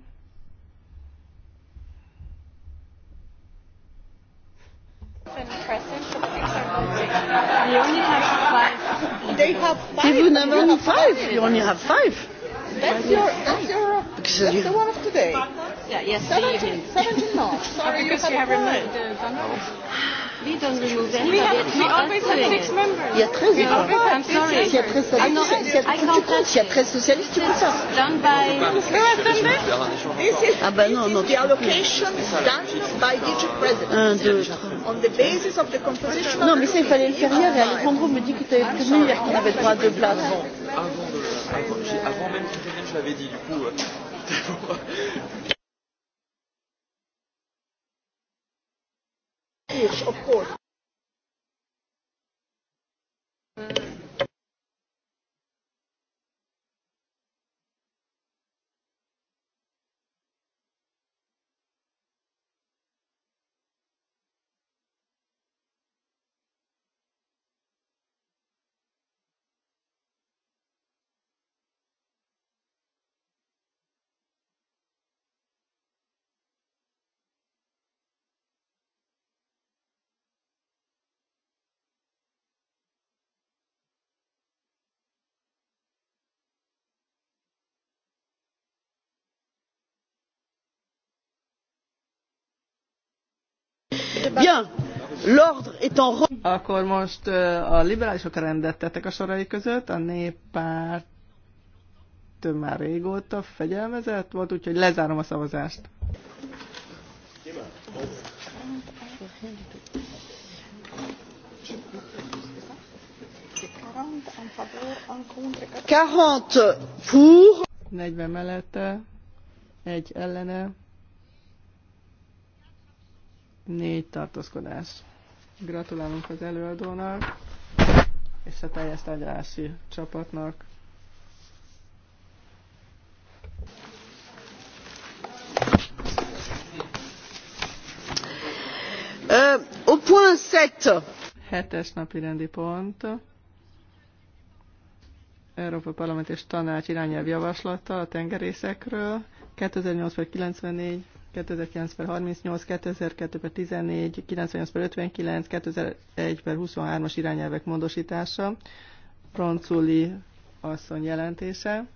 You only have five. You have only five. You only have five. That's your, that's your, that's the one of today. Yeah, yesterday 17, 17 Sorry, because you have removed the oh. We don't remove any. We, have, we always have six members. Il y a 13 membres. I'm sorry. Il y a 13 socialistes. Tu comptes, il y 13 socialistes, tu comptes ça. Done by... No, attendez. This is, ah bah non, non, the allocation done by DG President. Un, deux, trois. On the basis of the composition... Non, mais ça, il fallait le faire hier. Et Alejandro me dit que tu avais prévenu hier qu'il avait droit à deux Avant, même qu'il je l'avais dit, du coup... Euh, <laughs> Yes, of course. Bien, l'ordre est en... Akkor most a liberálisok rendet tettek a sorai között, a néppárt már régóta fegyelmezett volt, úgyhogy lezárom a szavazást. Kárhant pour. 40 mellette, egy ellene négy tartózkodás. Gratulálunk az előadónak és a teljes tárgyalási csapatnak. Uh, au point Hetes napi rendi pont. Európa Parlament és Tanács irányelv javaslata a tengerészekről 2008-94 2009 per 38, 2002 per 14, 98 per 59, 2001 per 23-as irányelvek módosítása, Franculi asszony jelentése.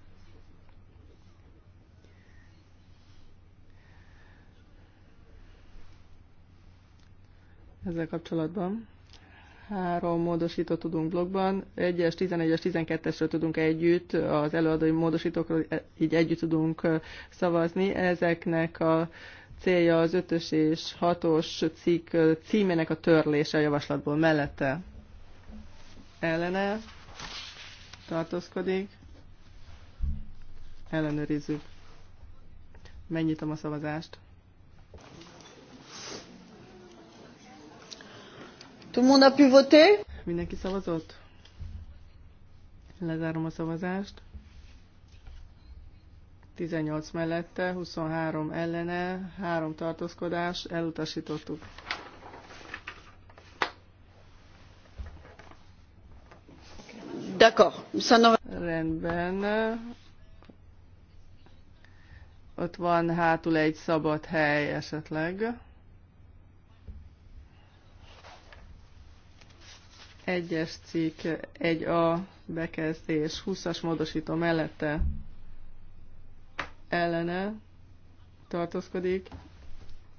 Ezzel kapcsolatban három módosítót tudunk blogban, 1-es, 11-es, 12-esről tudunk együtt, az előadói módosítókról e- így együtt tudunk szavazni. Ezeknek a célja az 5-ös és 6-os cikk címének a törlése a javaslatból mellette. Ellene tartózkodik. Ellenőrizzük. Megnyitom a szavazást. Tout le monde a pu voter? Mindenki szavazott? Lezárom a szavazást. 18 mellette, 23 ellene, 3 tartózkodás, elutasítottuk. D'accord. Rendben. Ott van hátul egy szabad hely esetleg. 1-es cikk 1A bekezdés 20-as módosító mellette ellene tartózkodik,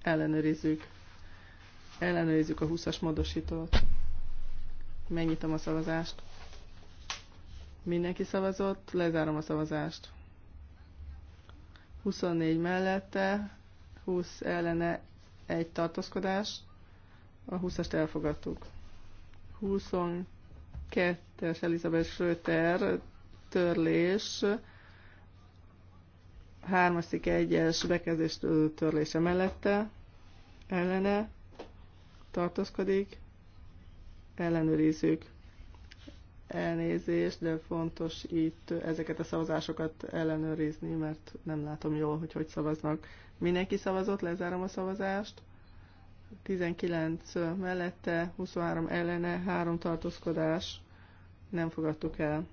ellenőrizzük. Ellenőrizzük a 20-as módosítót. Megnyitom a szavazást. Mindenki szavazott, lezárom a szavazást. 24 mellette, 20 ellene, egy tartózkodás. A 20-ast elfogadtuk. 22-es Elizabeth Schröter törlés, 3-szik 1-es bekezdés törlése mellette, ellene tartózkodik, ellenőrizzük elnézést, de fontos itt ezeket a szavazásokat ellenőrizni, mert nem látom jól, hogy hogy szavaznak. Mindenki szavazott, lezárom a szavazást. 19 mellette, 23 ellene, 3 tartózkodás. Nem fogadtuk el.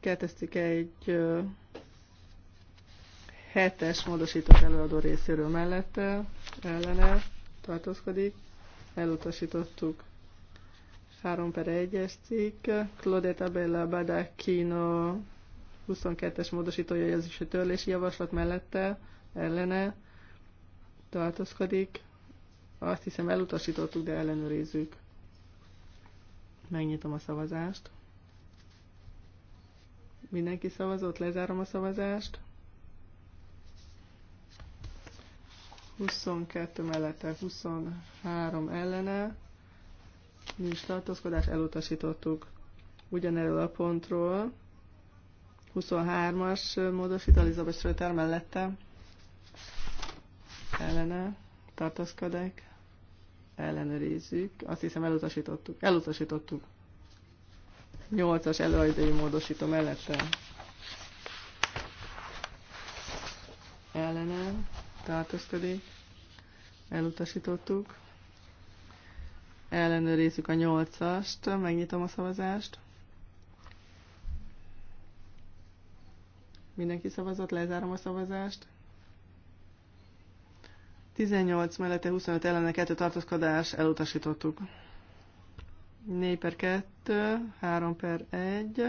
Ketteztik egy hetes módosított előadó részéről mellette, ellene tartózkodik, elutasítottuk. 3 per 1-es cikk, Claudette Bella Badacchino 22-es módosítója, ez is a törlési javaslat mellette, ellene tartózkodik. Azt hiszem elutasítottuk, de ellenőrizzük. Megnyitom a szavazást. Mindenki szavazott, lezárom a szavazást. 22 mellette, 23 ellene. Nincs tartózkodás, elutasítottuk. Ugyanerről a pontról. 23-as módosít Elizabeth Schröter mellette ellene tartózkodik, ellenőrizzük. Azt hiszem elutasítottuk. Elutasítottuk. Nyolcas előadói előaidei módosító mellette Ellene tartózkodik, elutasítottuk. Ellenőrizzük a nyolcast. megnyitom a szavazást. Mindenki szavazott, lezárom a szavazást. 18 mellette 25 ellene 2 tartózkodás elutasítottuk. 4 per 2, 3 per 1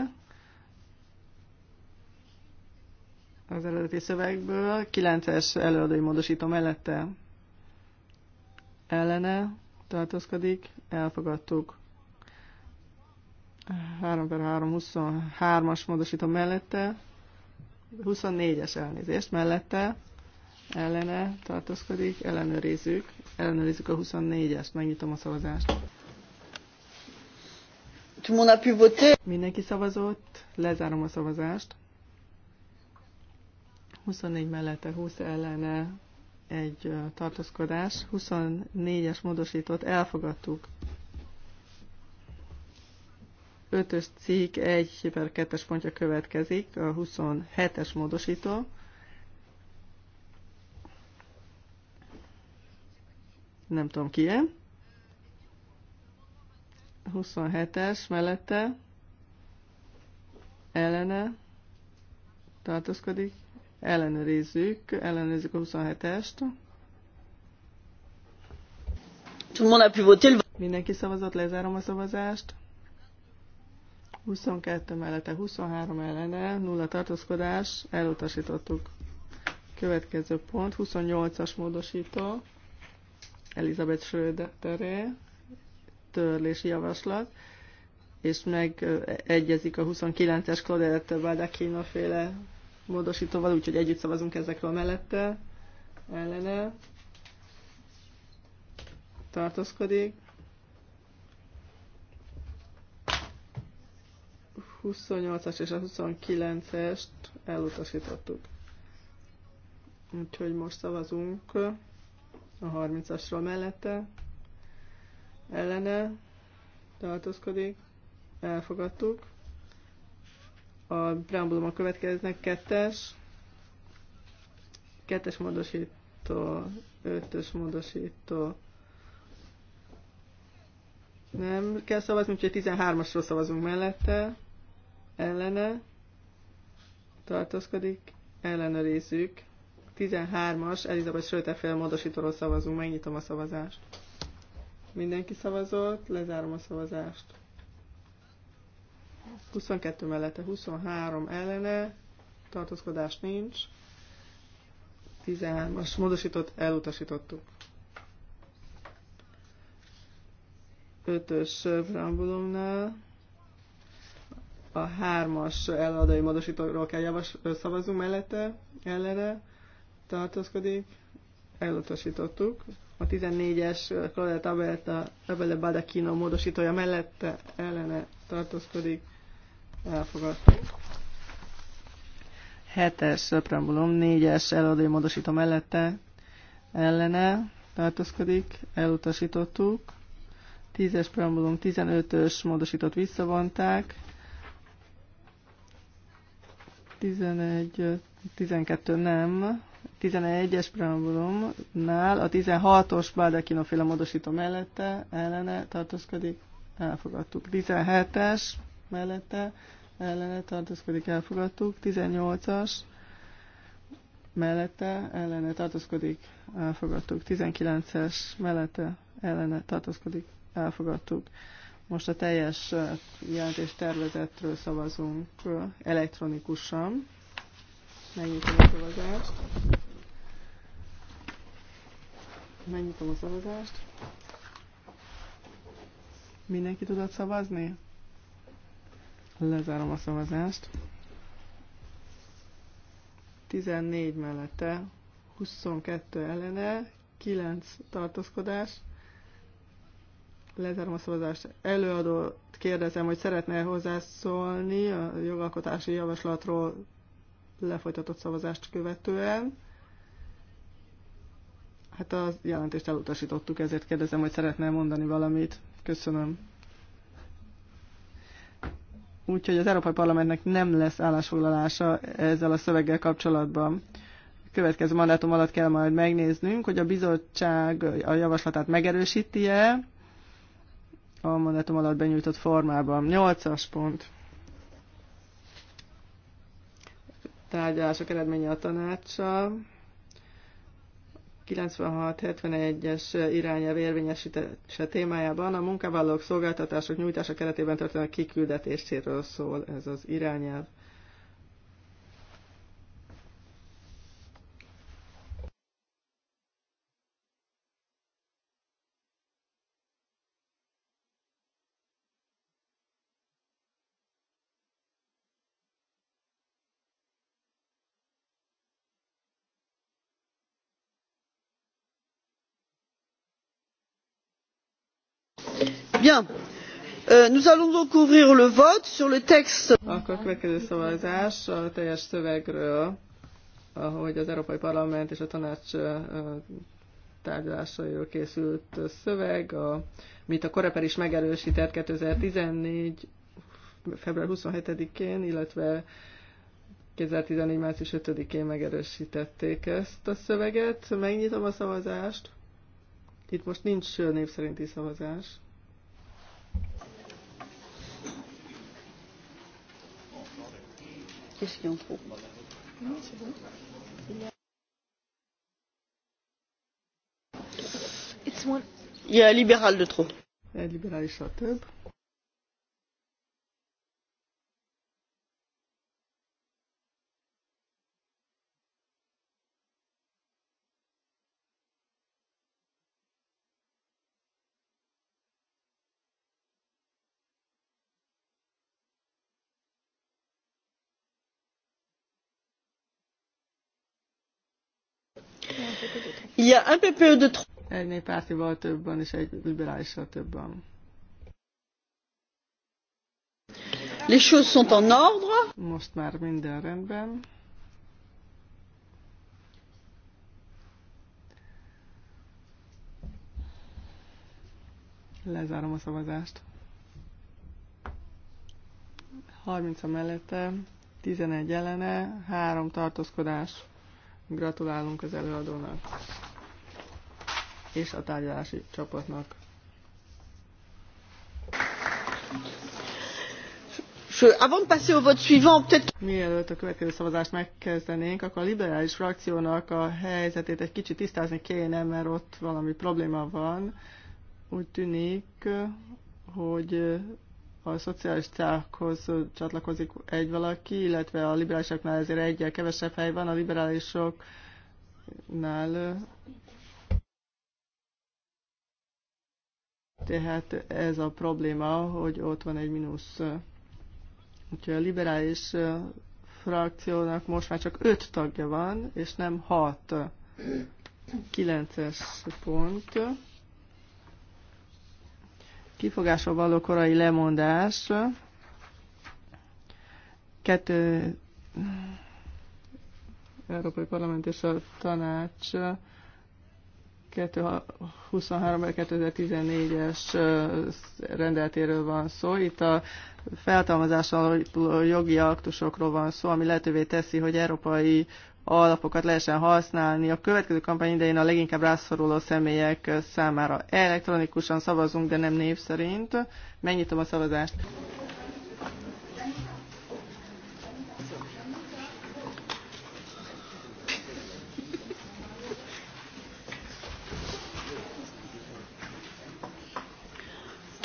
az eredeti szövegből, 9-es előadói módosító mellette ellene tartózkodik, elfogadtuk. 3 per 3, 23-as módosító mellette, 24-es elnézést mellette, ellene tartózkodik, ellenőrizzük, ellenőrizzük a 24-est, megnyitom a szavazást. Mindenki szavazott, lezárom a szavazást. 24 mellette 20 ellene egy tartózkodás, 24-es módosított, elfogadtuk. 5-ös cikk 1 per 2-es pontja következik, a 27-es módosító nem tudom ki -e. 27-es mellette ellene tartózkodik, ellenőrizzük, ellenőrizzük a 27-est. Mindenki szavazott, lezárom a szavazást. 22 mellette, 23 ellene, nulla tartózkodás, elutasítottuk. Következő pont, 28-as módosító Elizabeth Schröderé törlési javaslat, és meg egyezik a 29-es Claudette Baldacchino féle módosítóval, úgyhogy együtt szavazunk ezekről mellette, ellene tartózkodik. 28-as és a 29-est elutasítottuk. Úgyhogy most szavazunk a 30-asról mellette, ellene tartózkodik, elfogadtuk. A a következnek kettes, kettes módosító, ötös módosító. Nem kell szavazni, úgyhogy 13-asról szavazunk mellette, ellene tartózkodik, ellenőrizzük. 13-as Elizabeth Schröterféle módosítóról szavazunk. Megnyitom a szavazást. Mindenki szavazott, lezárom a szavazást. 22 mellette, 23 ellene, tartózkodás nincs. 13-as módosított, elutasítottuk. 5-ös preambulumnál a 3-as eladói módosítóról kell javas, szavazunk mellette, ellene tartózkodik, elutasítottuk. A 14-es Claudia Tabelta, Ebele Badakino módosítója mellette ellene tartózkodik, elfogadtuk. 7-es Söprambulum, 4-es eladói módosító mellette ellene tartózkodik, elutasítottuk. 10-es preambulum, 15-ös módosított visszavonták. 11, 12 nem, 11-es preambulumnál a 16-os Baldekino féle módosító mellette ellene tartózkodik, elfogadtuk. 17-es mellette ellene tartózkodik, elfogadtuk. 18-as mellette ellene tartózkodik, elfogadtuk. 19-es mellette ellene tartózkodik, elfogadtuk. Most a teljes jelentés tervezetről szavazunk elektronikusan. Megnyitom a szavazást. Megnyitom a szavazást. Mindenki tudott szavazni? Lezárom a szavazást. 14 mellette, 22 ellene, 9 tartózkodás. Lezárom a szavazást. Előadót kérdezem, hogy szeretne -e hozzászólni a jogalkotási javaslatról lefolytatott szavazást követően. Hát a jelentést elutasítottuk, ezért kérdezem, hogy szeretnél mondani valamit. Köszönöm. Úgyhogy az Európai Parlamentnek nem lesz állásfoglalása ezzel a szöveggel kapcsolatban. A következő mandátum alatt kell majd megnéznünk, hogy a bizottság a javaslatát megerősíti-e a mandátum alatt benyújtott formában. Nyolcas pont. Tárgyalások eredménye a tanácssal. 96-71-es irányelv érvényesítése témájában a munkavállalók szolgáltatások nyújtása keretében történő kiküldetéséről szól ez az irányelv. Bien. Euh, nous allons donc ouvrir le vote sur le texte. Akkor következő szavazás a teljes szövegről, ahogy az Európai Parlament és a Tanács tárgyalásairól készült szöveg, a, mint a Koreper is megerősített 2014. február 27-én, illetve 2014. március 5-én megerősítették ezt a szöveget. Megnyitom a szavazást. Itt most nincs név szerinti szavazás. question. y a un liberal de trop. y a un peu PPE de trop. Egy néppártival többen és egy liberálissal többen. Les choses sont en ordre. Most már minden rendben. Lezárom a szavazást. 30 a mellette, 11 ellene, 3 tartózkodás. Gratulálunk az előadónak és a tárgyalási csapatnak. Mielőtt a következő szavazást megkezdenénk, akkor a liberális frakciónak a helyzetét egy kicsit tisztázni kéne, mert ott valami probléma van. Úgy tűnik, hogy a szocialistákhoz csatlakozik egy valaki, illetve a liberálisoknál ezért egyel kevesebb hely van, a liberálisoknál Tehát ez a probléma, hogy ott van egy mínusz. Úgyhogy a liberális frakciónak most már csak öt tagja van, és nem hat. Kilences pont. Kifogásra való korai lemondás. Kettő Európai Parlament és a Tanács 2023-2014-es rendeltéről van szó. Itt a feltalmazással jogi aktusokról van szó, ami lehetővé teszi, hogy európai alapokat lehessen használni. A következő kampány idején a leginkább rászoruló személyek számára elektronikusan szavazunk, de nem név szerint. Megnyitom a szavazást.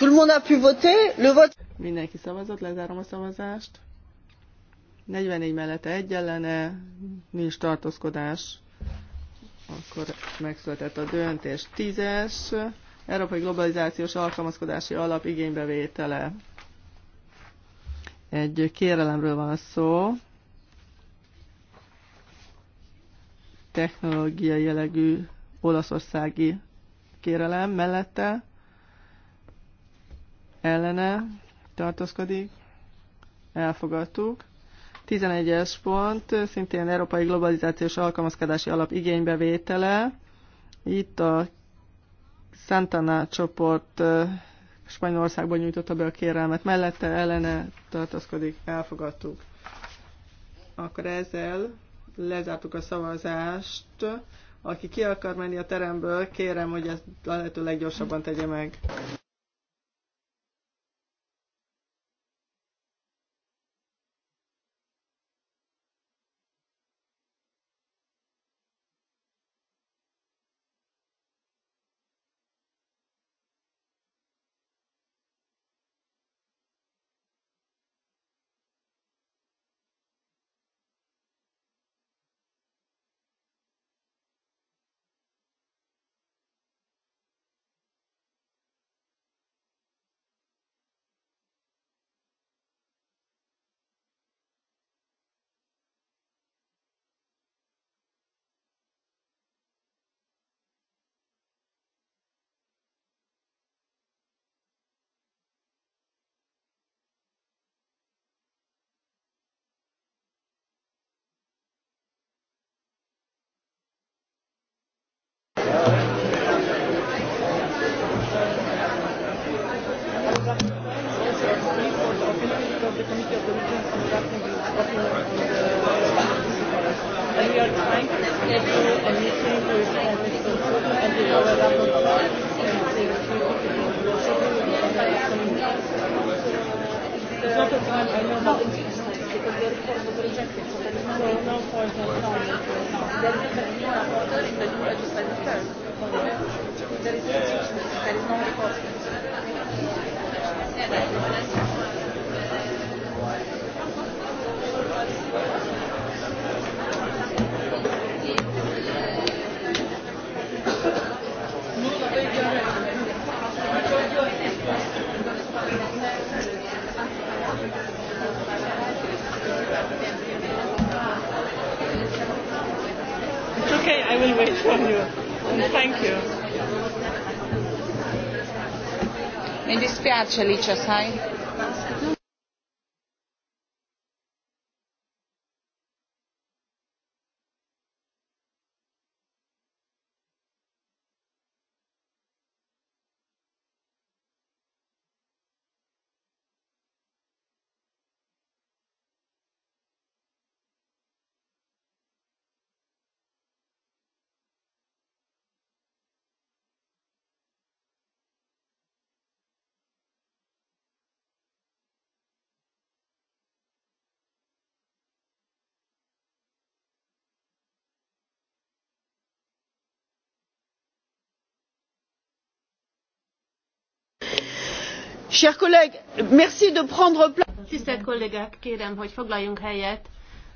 Tout le monde a pu voter, le vote... Mindenki szavazott, lezárom a szavazást. 44 mellette egy ellene, nincs tartózkodás. Akkor megszületett a döntés. Tízes, Európai Globalizációs Alkalmazkodási Alap igénybevétele. Egy kérelemről van szó. Technológiai jellegű olaszországi kérelem mellette ellene tartózkodik, elfogadtuk. 11-es pont, szintén Európai Globalizációs Alkalmazkodási Alap igénybevétele. Itt a Santana csoport Spanyolországban nyújtotta be a kérelmet, mellette ellene tartózkodik, elfogadtuk. Akkor ezzel lezártuk a szavazást. Aki ki akar menni a teremből, kérem, hogy ezt a lehető leggyorsabban tegye meg. Because not the Thank you. It's okay, I will wait for you. And thank you. Mi dispiace Licia, sai? Chers collègues, merci de prendre place. Tisztelt kollégák, kérem, hogy foglaljunk helyet.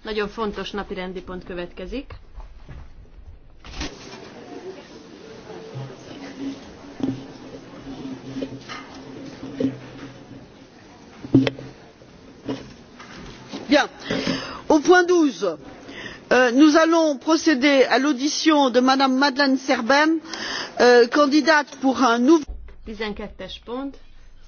Nagyon fontos napirendi pont következik. Bien. Au point 12, euh, nous allons procéder à l'audition de Mme Madeleine Serbem, euh, candidate pour un nouveau. 12 pont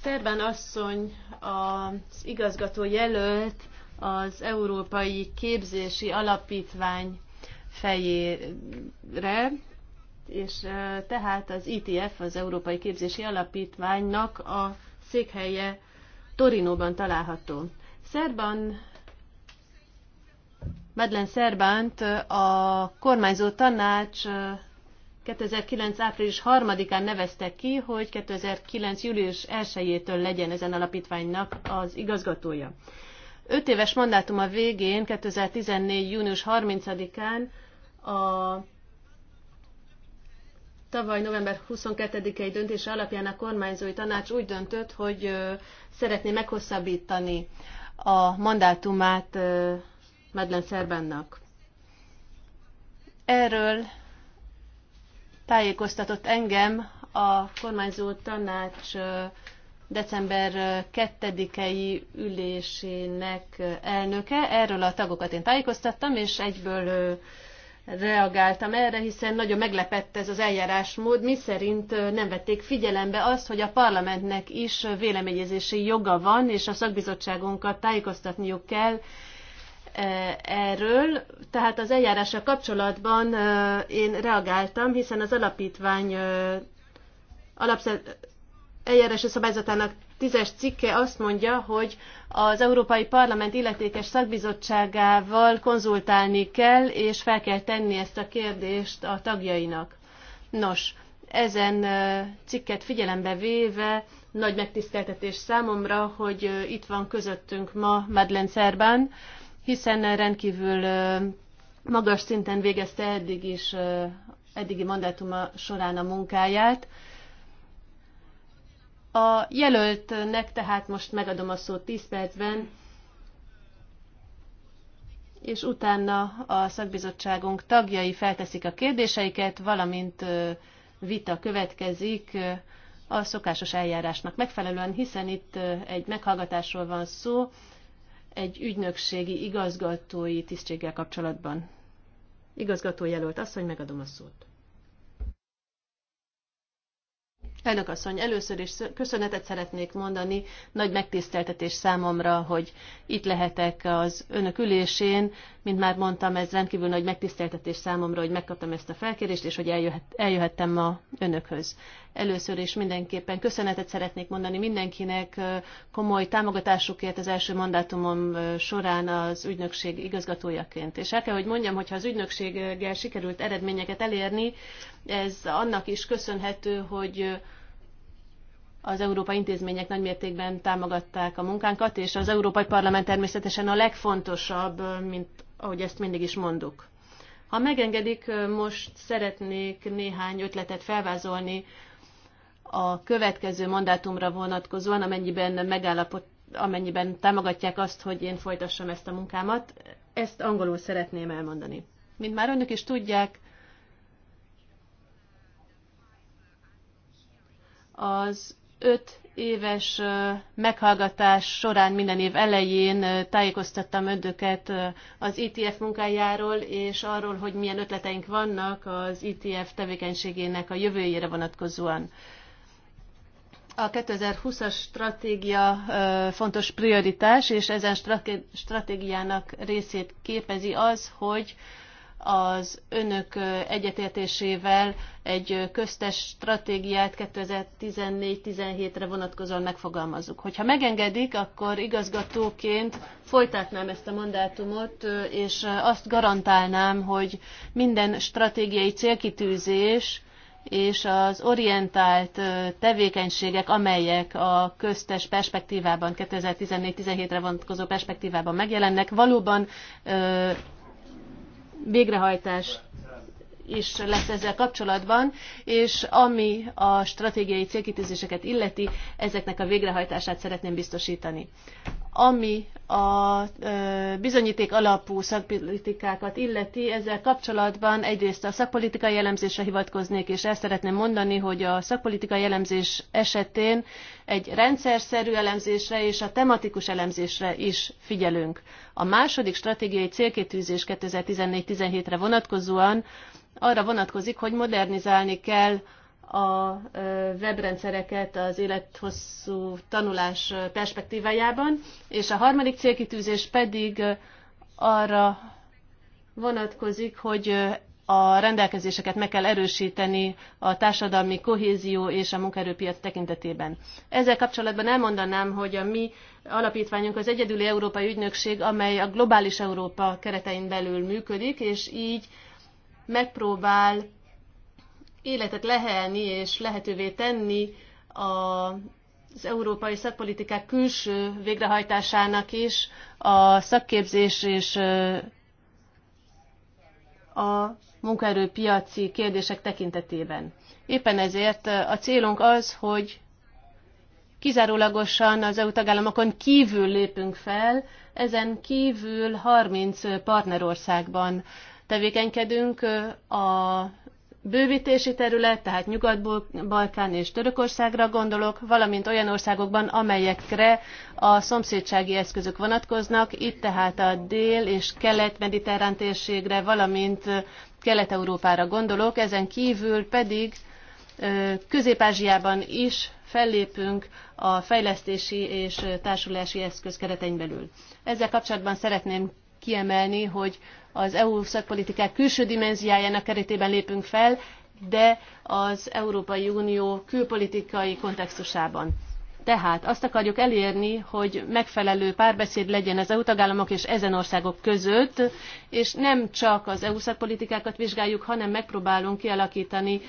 Szerben asszony az igazgató jelölt az Európai Képzési Alapítvány fejére, és tehát az ITF, e az Európai Képzési Alapítványnak a székhelye Torinóban található. Szerban, Madlen Szerbánt a kormányzó tanács 2009. április 3-án neveztek ki, hogy 2009. július 1-től legyen ezen alapítványnak az igazgatója. Öt éves mandátum a végén, 2014. június 30-án a tavaly november 22-i döntése alapján a kormányzói tanács úgy döntött, hogy szeretné meghosszabbítani a mandátumát Medlen Szerbennak. Erről tájékoztatott engem a kormányzó tanács december 2-i ülésének elnöke. Erről a tagokat én tájékoztattam, és egyből reagáltam erre, hiszen nagyon meglepett ez az eljárásmód, mi szerint nem vették figyelembe azt, hogy a parlamentnek is véleményezési joga van, és a szakbizottságunkat tájékoztatniuk kell E, erről, tehát az eljárása kapcsolatban e, én reagáltam, hiszen az alapítvány e, eljárása szabályzatának tízes cikke azt mondja, hogy az Európai Parlament illetékes szakbizottságával konzultálni kell, és fel kell tenni ezt a kérdést a tagjainak. Nos, ezen cikket figyelembe véve nagy megtiszteltetés számomra, hogy itt van közöttünk ma Madeleine Szerbán, hiszen rendkívül magas szinten végezte eddig is, eddigi mandátuma során a munkáját. A jelöltnek tehát most megadom a szót 10 percben, és utána a szakbizottságunk tagjai felteszik a kérdéseiket, valamint vita következik a szokásos eljárásnak megfelelően, hiszen itt egy meghallgatásról van szó, egy ügynökségi igazgatói tisztséggel kapcsolatban. Igazgatójelölt asszony, megadom a szót. Elnök asszony, először is köszönetet szeretnék mondani. Nagy megtiszteltetés számomra, hogy itt lehetek az önök ülésén. Mint már mondtam, ez rendkívül nagy megtiszteltetés számomra, hogy megkaptam ezt a felkérést, és hogy eljöhet, eljöhettem ma önökhöz. Először is mindenképpen köszönetet szeretnék mondani mindenkinek komoly támogatásukért az első mandátumom során az ügynökség igazgatójaként. És el kell, hogy mondjam, hogyha az ügynökséggel sikerült eredményeket elérni, ez annak is köszönhető, hogy az európai intézmények nagymértékben támogatták a munkánkat, és az Európai Parlament természetesen a legfontosabb, mint ahogy ezt mindig is mondjuk. Ha megengedik, most szeretnék néhány ötletet felvázolni a következő mandátumra vonatkozóan, amennyiben megállapot, amennyiben támogatják azt, hogy én folytassam ezt a munkámat. Ezt angolul szeretném elmondani. Mint már önök is tudják, az öt éves meghallgatás során minden év elején tájékoztattam önöket az ETF munkájáról, és arról, hogy milyen ötleteink vannak az ETF tevékenységének a jövőjére vonatkozóan a 2020-as stratégia fontos prioritás, és ezen stratégiának részét képezi az, hogy az önök egyetértésével egy köztes stratégiát 2014-17-re vonatkozóan megfogalmazzuk. Hogyha megengedik, akkor igazgatóként folytatnám ezt a mandátumot, és azt garantálnám, hogy minden stratégiai célkitűzés és az orientált tevékenységek, amelyek a köztes perspektívában, 2014-17-re vonatkozó perspektívában megjelennek, valóban végrehajtás is lesz ezzel kapcsolatban, és ami a stratégiai célkitűzéseket illeti, ezeknek a végrehajtását szeretném biztosítani. Ami a bizonyíték alapú szakpolitikákat illeti, ezzel kapcsolatban egyrészt a szakpolitikai elemzésre hivatkoznék, és ezt szeretném mondani, hogy a szakpolitikai elemzés esetén egy rendszerszerű elemzésre és a tematikus elemzésre is figyelünk. A második stratégiai célkitűzés 2014-17-re vonatkozóan arra vonatkozik, hogy modernizálni kell a webrendszereket az élethosszú tanulás perspektívájában, és a harmadik célkitűzés pedig arra vonatkozik, hogy a rendelkezéseket meg kell erősíteni a társadalmi kohézió és a munkaerőpiac tekintetében. Ezzel kapcsolatban elmondanám, hogy a mi alapítványunk az egyedüli európai ügynökség, amely a globális Európa keretein belül működik, és így megpróbál életet lehelni és lehetővé tenni a az európai szakpolitikák külső végrehajtásának is a szakképzés és a munkaerőpiaci kérdések tekintetében. Éppen ezért a célunk az, hogy kizárólagosan az EU tagállamokon kívül lépünk fel, ezen kívül 30 partnerországban tevékenykedünk a bővítési terület, tehát Nyugat-Balkán és Törökországra gondolok, valamint olyan országokban, amelyekre a szomszédsági eszközök vonatkoznak, itt tehát a dél- és kelet-mediterrán térségre, valamint Kelet-Európára gondolok, ezen kívül pedig Közép-Ázsiában is fellépünk a fejlesztési és társulási eszköz keretein belül. Ezzel kapcsolatban szeretném kiemelni, hogy az EU szakpolitikák külső dimenziájának keretében lépünk fel, de az Európai Unió külpolitikai kontextusában. Tehát azt akarjuk elérni, hogy megfelelő párbeszéd legyen az EU tagállamok és ezen országok között, és nem csak az EU szakpolitikákat vizsgáljuk, hanem megpróbálunk kialakítani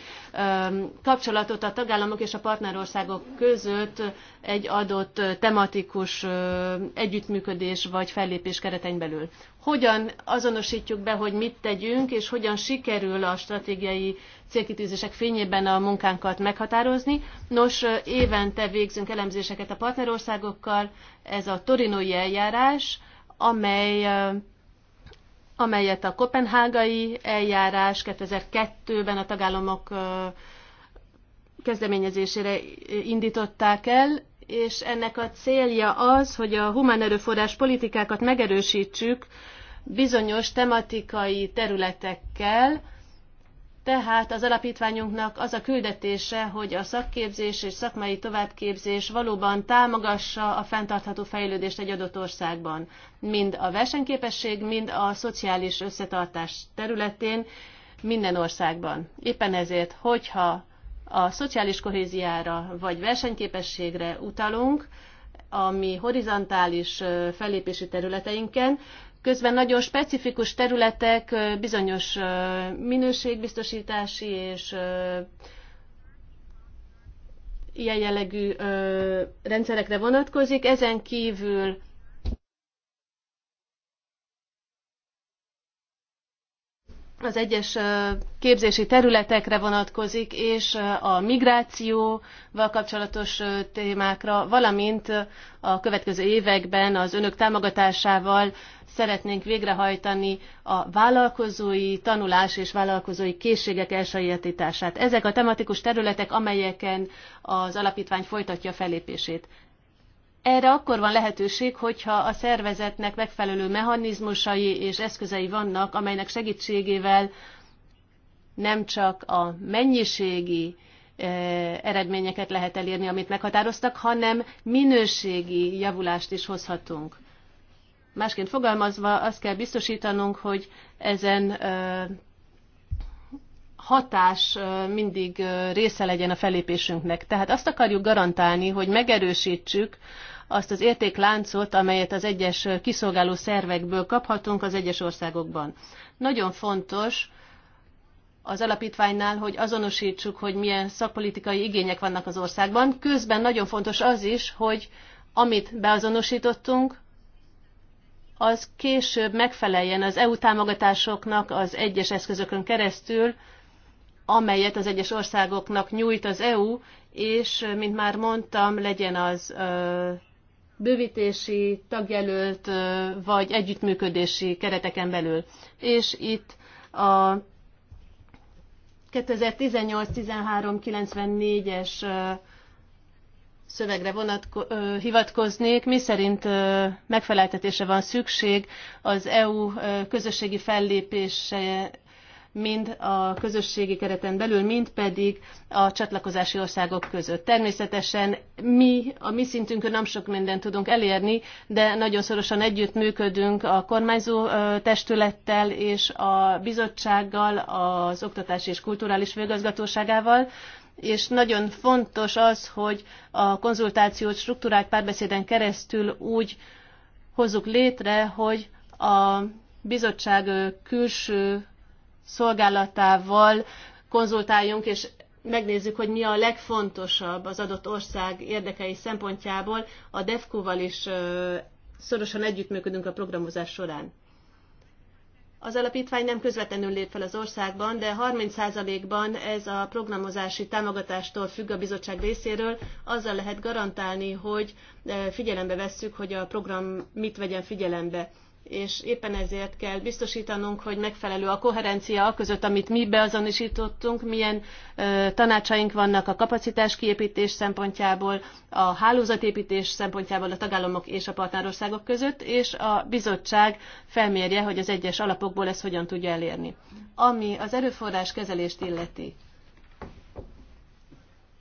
kapcsolatot a tagállamok és a partnerországok között egy adott tematikus együttműködés vagy fellépés keretein belül hogyan azonosítjuk be, hogy mit tegyünk, és hogyan sikerül a stratégiai célkitűzések fényében a munkánkat meghatározni. Nos, évente végzünk elemzéseket a partnerországokkal, ez a torinói eljárás, amely amelyet a kopenhágai eljárás 2002-ben a tagállamok kezdeményezésére indították el, és ennek a célja az, hogy a humán erőforrás politikákat megerősítsük bizonyos tematikai területekkel, tehát az alapítványunknak az a küldetése, hogy a szakképzés és szakmai továbbképzés valóban támogassa a fenntartható fejlődést egy adott országban, mind a versenyképesség, mind a szociális összetartás területén, minden országban. Éppen ezért, hogyha a szociális kohéziára vagy versenyképességre utalunk, ami horizontális fellépési területeinken, Közben nagyon specifikus területek bizonyos minőségbiztosítási és ilyen jellegű rendszerekre vonatkozik. Ezen kívül az egyes képzési területekre vonatkozik, és a migrációval kapcsolatos témákra, valamint a következő években az önök támogatásával szeretnénk végrehajtani a vállalkozói tanulás és vállalkozói készségek elsajátítását. Ezek a tematikus területek, amelyeken az alapítvány folytatja felépését. Erre akkor van lehetőség, hogyha a szervezetnek megfelelő mechanizmusai és eszközei vannak, amelynek segítségével nem csak a mennyiségi e, eredményeket lehet elérni, amit meghatároztak, hanem minőségi javulást is hozhatunk. Másként fogalmazva, azt kell biztosítanunk, hogy ezen e, hatás mindig része legyen a felépésünknek. Tehát azt akarjuk garantálni, hogy megerősítsük azt az értékláncot, amelyet az egyes kiszolgáló szervekből kaphatunk az egyes országokban. Nagyon fontos az alapítványnál, hogy azonosítsuk, hogy milyen szakpolitikai igények vannak az országban. Közben nagyon fontos az is, hogy amit beazonosítottunk, az később megfeleljen az EU támogatásoknak az egyes eszközökön keresztül, amelyet az egyes országoknak nyújt az EU, és, mint már mondtam, legyen az bővítési, tagjelölt vagy együttműködési kereteken belül. És itt a 2018-13-94-es szövegre vonatko- hivatkoznék, mi szerint megfeleltetése van szükség az EU közösségi fellépése mind a közösségi kereten belül, mind pedig a csatlakozási országok között. Természetesen mi a mi szintünkön nem sok mindent tudunk elérni, de nagyon szorosan együttműködünk a kormányzó testülettel és a bizottsággal, az Oktatási és Kulturális Főgazgatóságával, és nagyon fontos az, hogy a konzultációt struktúrák párbeszéden keresztül úgy hozzuk létre, hogy a bizottság külső szolgálatával konzultáljunk, és megnézzük, hogy mi a legfontosabb az adott ország érdekei szempontjából. A DEFCO-val is szorosan együttműködünk a programozás során. Az alapítvány nem közvetlenül lép fel az országban, de 30%-ban ez a programozási támogatástól függ a bizottság részéről. Azzal lehet garantálni, hogy figyelembe vesszük, hogy a program mit vegyen figyelembe és éppen ezért kell biztosítanunk, hogy megfelelő a koherencia között, amit mi beazonosítottunk, milyen tanácsaink vannak a kapacitás kiépítés szempontjából, a hálózatépítés szempontjából a tagállamok és a partnerországok között, és a bizottság felmérje, hogy az egyes alapokból ezt hogyan tudja elérni. Ami az erőforrás kezelést illeti.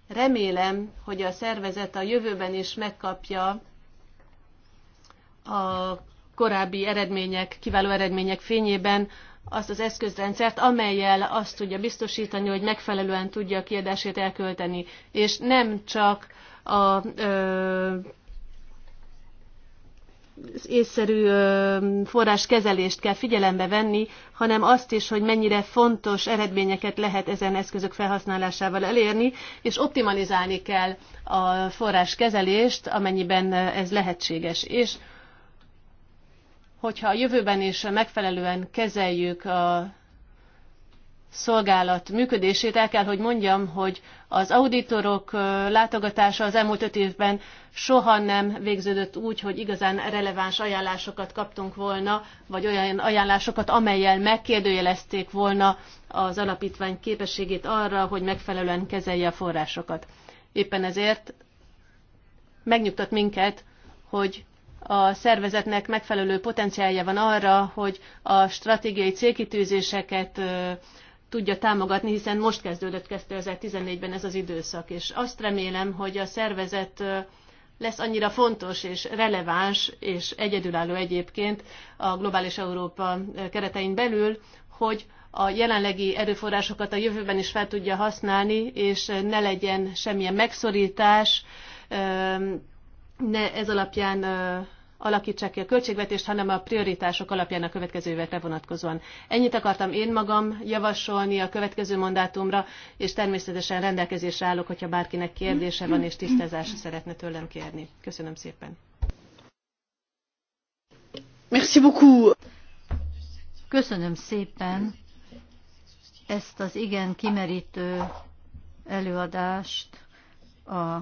Remélem, hogy a szervezet a jövőben is megkapja a korábbi eredmények, kiváló eredmények fényében azt az eszközrendszert, amelyel azt tudja biztosítani, hogy megfelelően tudja a kiadásét elkölteni, és nem csak a ö, az észszerű forráskezelést kell figyelembe venni, hanem azt is, hogy mennyire fontos eredményeket lehet ezen eszközök felhasználásával elérni, és optimalizálni kell a forráskezelést, amennyiben ez lehetséges. És hogyha a jövőben is megfelelően kezeljük a szolgálat működését, el kell, hogy mondjam, hogy az auditorok látogatása az elmúlt öt évben soha nem végződött úgy, hogy igazán releváns ajánlásokat kaptunk volna, vagy olyan ajánlásokat, amelyel megkérdőjelezték volna az alapítvány képességét arra, hogy megfelelően kezelje a forrásokat. Éppen ezért megnyugtat minket, hogy a szervezetnek megfelelő potenciálja van arra, hogy a stratégiai célkitűzéseket tudja támogatni, hiszen most kezdődött 2014-ben ez az időszak, és azt remélem, hogy a szervezet lesz annyira fontos és releváns és egyedülálló egyébként a globális Európa keretein belül, hogy a jelenlegi erőforrásokat a jövőben is fel tudja használni, és ne legyen semmilyen megszorítás, ne ez alapján alakítsák ki a költségvetést, hanem a prioritások alapján a következő évekre vonatkozóan. Ennyit akartam én magam javasolni a következő mandátumra, és természetesen rendelkezésre állok, hogyha bárkinek kérdése van és tisztázása szeretne tőlem kérni. Köszönöm szépen. Merci beaucoup. Köszönöm szépen ezt az igen kimerítő előadást a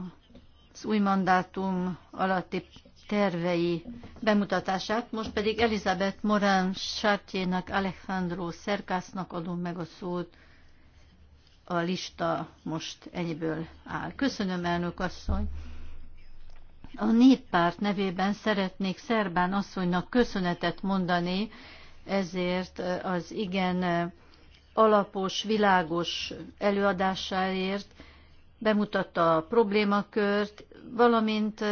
az új mandátum alatti tervei bemutatását. Most pedig Elizabeth Morán Sártjénak, Alejandro Szerkásznak adom meg a szót. A lista most ennyiből áll. Köszönöm, elnök asszony! A néppárt nevében szeretnék Szerbán asszonynak köszönetet mondani ezért az igen alapos, világos előadásáért, bemutatta a problémakört, valamint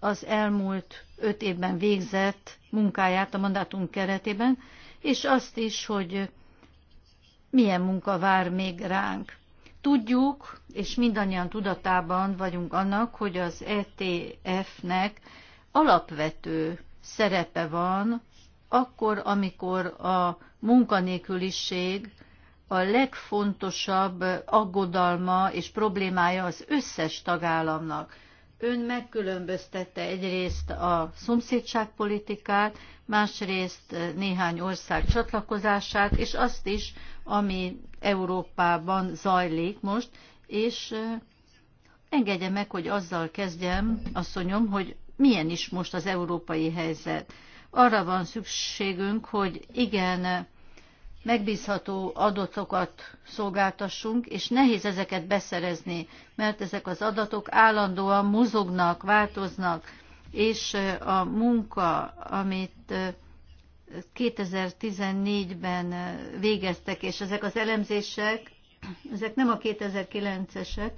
az elmúlt öt évben végzett munkáját a mandátum keretében, és azt is, hogy milyen munka vár még ránk. Tudjuk, és mindannyian tudatában vagyunk annak, hogy az ETF-nek alapvető szerepe van akkor, amikor a munkanélküliség a legfontosabb aggodalma és problémája az összes tagállamnak Ön megkülönböztette egyrészt a szomszédságpolitikát, másrészt néhány ország csatlakozását, és azt is, ami Európában zajlik most, és engedje meg, hogy azzal kezdjem, asszonyom, hogy milyen is most az európai helyzet. Arra van szükségünk, hogy igen megbízható adatokat szolgáltassunk, és nehéz ezeket beszerezni, mert ezek az adatok állandóan mozognak, változnak, és a munka, amit 2014-ben végeztek, és ezek az elemzések, ezek nem a 2009-esek.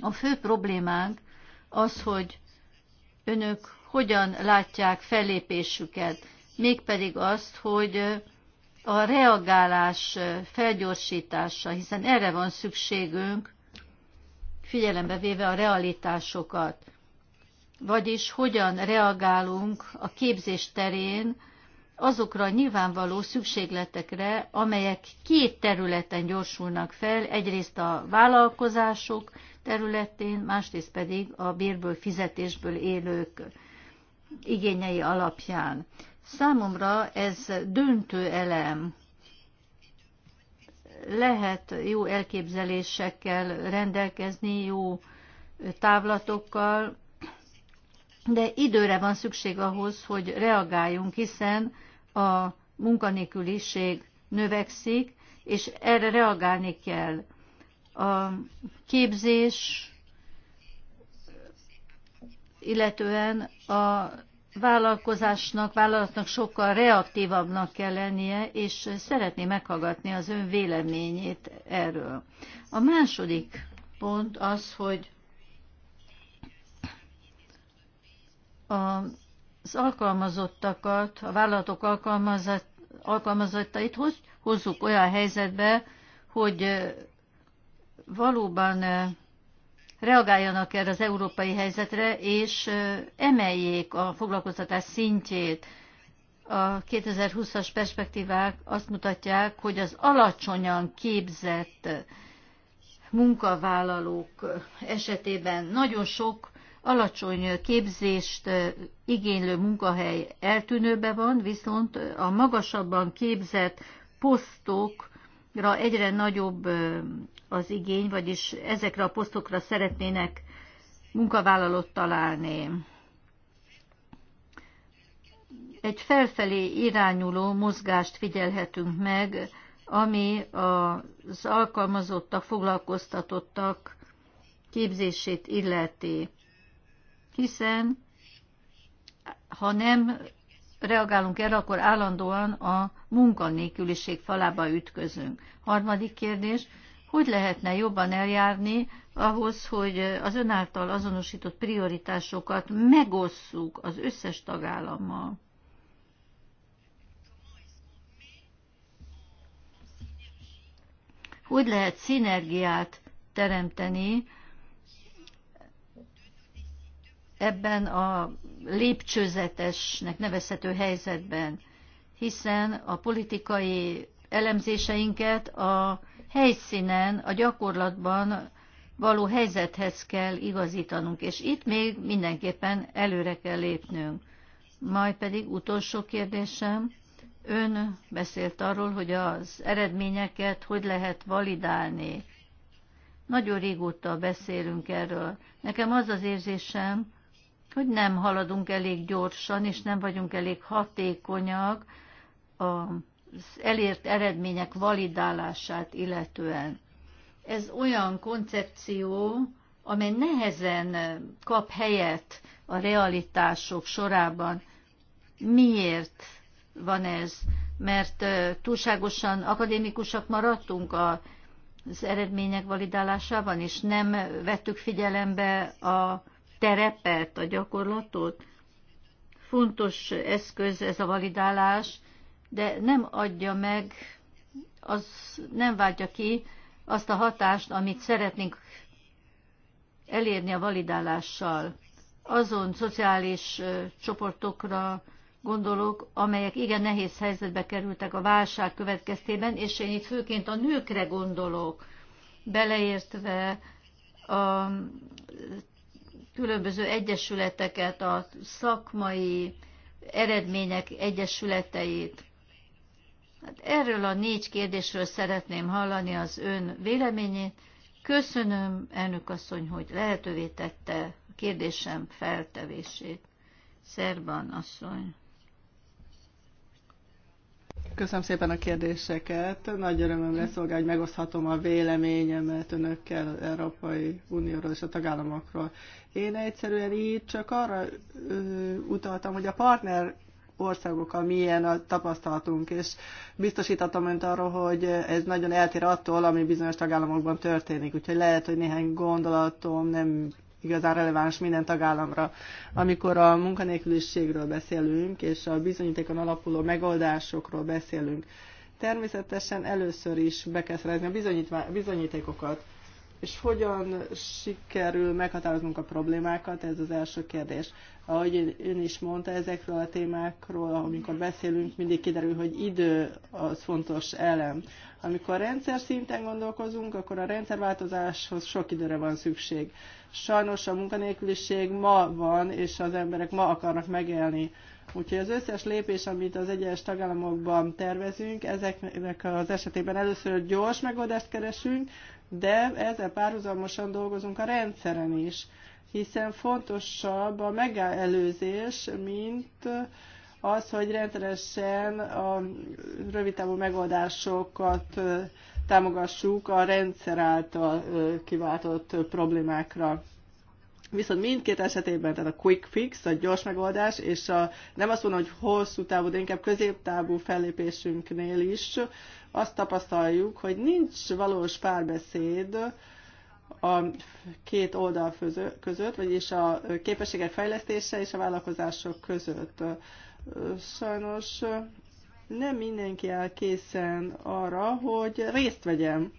A fő problémánk az, hogy önök hogyan látják fellépésüket, mégpedig azt, hogy a reagálás felgyorsítása, hiszen erre van szükségünk, figyelembe véve a realitásokat. Vagyis hogyan reagálunk a képzés terén azokra a nyilvánvaló szükségletekre, amelyek két területen gyorsulnak fel, egyrészt a vállalkozások területén, másrészt pedig a bérből, fizetésből élők igényei alapján. Számomra ez döntő elem. Lehet jó elképzelésekkel rendelkezni, jó távlatokkal, de időre van szükség ahhoz, hogy reagáljunk, hiszen a munkanélküliség növekszik, és erre reagálni kell. A képzés, illetően a vállalkozásnak, vállalatnak sokkal reaktívabbnak kell lennie, és szeretné meghallgatni az ön véleményét erről. A második pont az, hogy az alkalmazottakat, a vállalatok alkalmazat, alkalmazottait hozzuk olyan helyzetbe, hogy valóban reagáljanak erre az európai helyzetre, és emeljék a foglalkoztatás szintjét. A 2020-as perspektívák azt mutatják, hogy az alacsonyan képzett munkavállalók esetében nagyon sok alacsony képzést igénylő munkahely eltűnőbe van, viszont a magasabban képzett posztokra egyre nagyobb az igény, vagyis ezekre a posztokra szeretnének munkavállalót találni. Egy felfelé irányuló mozgást figyelhetünk meg, ami az alkalmazottak, foglalkoztatottak képzését illeti. Hiszen ha nem reagálunk erre, akkor állandóan a munkanélküliség falába ütközünk. Harmadik kérdés, hogy lehetne jobban eljárni ahhoz, hogy az ön által azonosított prioritásokat megosszuk az összes tagállammal. Hogy lehet szinergiát teremteni ebben a lépcsőzetesnek nevezhető helyzetben, hiszen a politikai elemzéseinket a helyszínen, a gyakorlatban való helyzethez kell igazítanunk, és itt még mindenképpen előre kell lépnünk. Majd pedig utolsó kérdésem. Ön beszélt arról, hogy az eredményeket hogy lehet validálni. Nagyon régóta beszélünk erről. Nekem az az érzésem, hogy nem haladunk elég gyorsan, és nem vagyunk elég hatékonyak a elért eredmények validálását illetően. Ez olyan koncepció, amely nehezen kap helyet a realitások sorában. Miért van ez? Mert túlságosan akadémikusak maradtunk az eredmények validálásában, és nem vettük figyelembe a terepet, a gyakorlatot. Fontos eszköz ez a validálás, de nem adja meg, az nem váltja ki azt a hatást, amit szeretnénk elérni a validálással. Azon szociális csoportokra gondolok, amelyek igen nehéz helyzetbe kerültek a válság következtében, és én itt főként a nőkre gondolok, beleértve a különböző egyesületeket, a szakmai eredmények egyesületeit. Hát erről a négy kérdésről szeretném hallani az ön véleményét. Köszönöm, elnök asszony, hogy lehetővé tette a kérdésem feltevését. Szerban asszony. Köszönöm szépen a kérdéseket. Nagy örömöm lesz, hogy megoszthatom a véleményemet önökkel az Európai Unióról és a tagállamokról. Én egyszerűen így csak arra ö, utaltam, hogy a partner országokkal milyen a tapasztalatunk, és biztosítatom önt arról, hogy ez nagyon eltér attól, ami bizonyos tagállamokban történik, úgyhogy lehet, hogy néhány gondolatom nem igazán releváns minden tagállamra. Amikor a munkanélküliségről beszélünk, és a bizonyítékon alapuló megoldásokról beszélünk, természetesen először is be kell szerezni a bizonyítékokat és hogyan sikerül meghatároznunk a problémákat, ez az első kérdés. Ahogy ön is mondta, ezekről a témákról, amikor beszélünk, mindig kiderül, hogy idő az fontos elem. Amikor rendszer szinten gondolkozunk, akkor a rendszerváltozáshoz sok időre van szükség. Sajnos a munkanélküliség ma van, és az emberek ma akarnak megélni. Úgyhogy az összes lépés, amit az egyes tagállamokban tervezünk, ezeknek az esetében először gyors megoldást keresünk, de ezzel párhuzamosan dolgozunk a rendszeren is, hiszen fontosabb a megelőzés, mint az, hogy rendszeresen a rövidtávú megoldásokat támogassuk a rendszer által kiváltott problémákra. Viszont mindkét esetében, tehát a quick fix, a gyors megoldás, és a, nem azt mondom, hogy hosszú távú, de inkább középtávú fellépésünknél is azt tapasztaljuk, hogy nincs valós párbeszéd a két oldal között, vagyis a képességek fejlesztése és a vállalkozások között. Sajnos nem mindenki áll készen arra, hogy részt vegyem.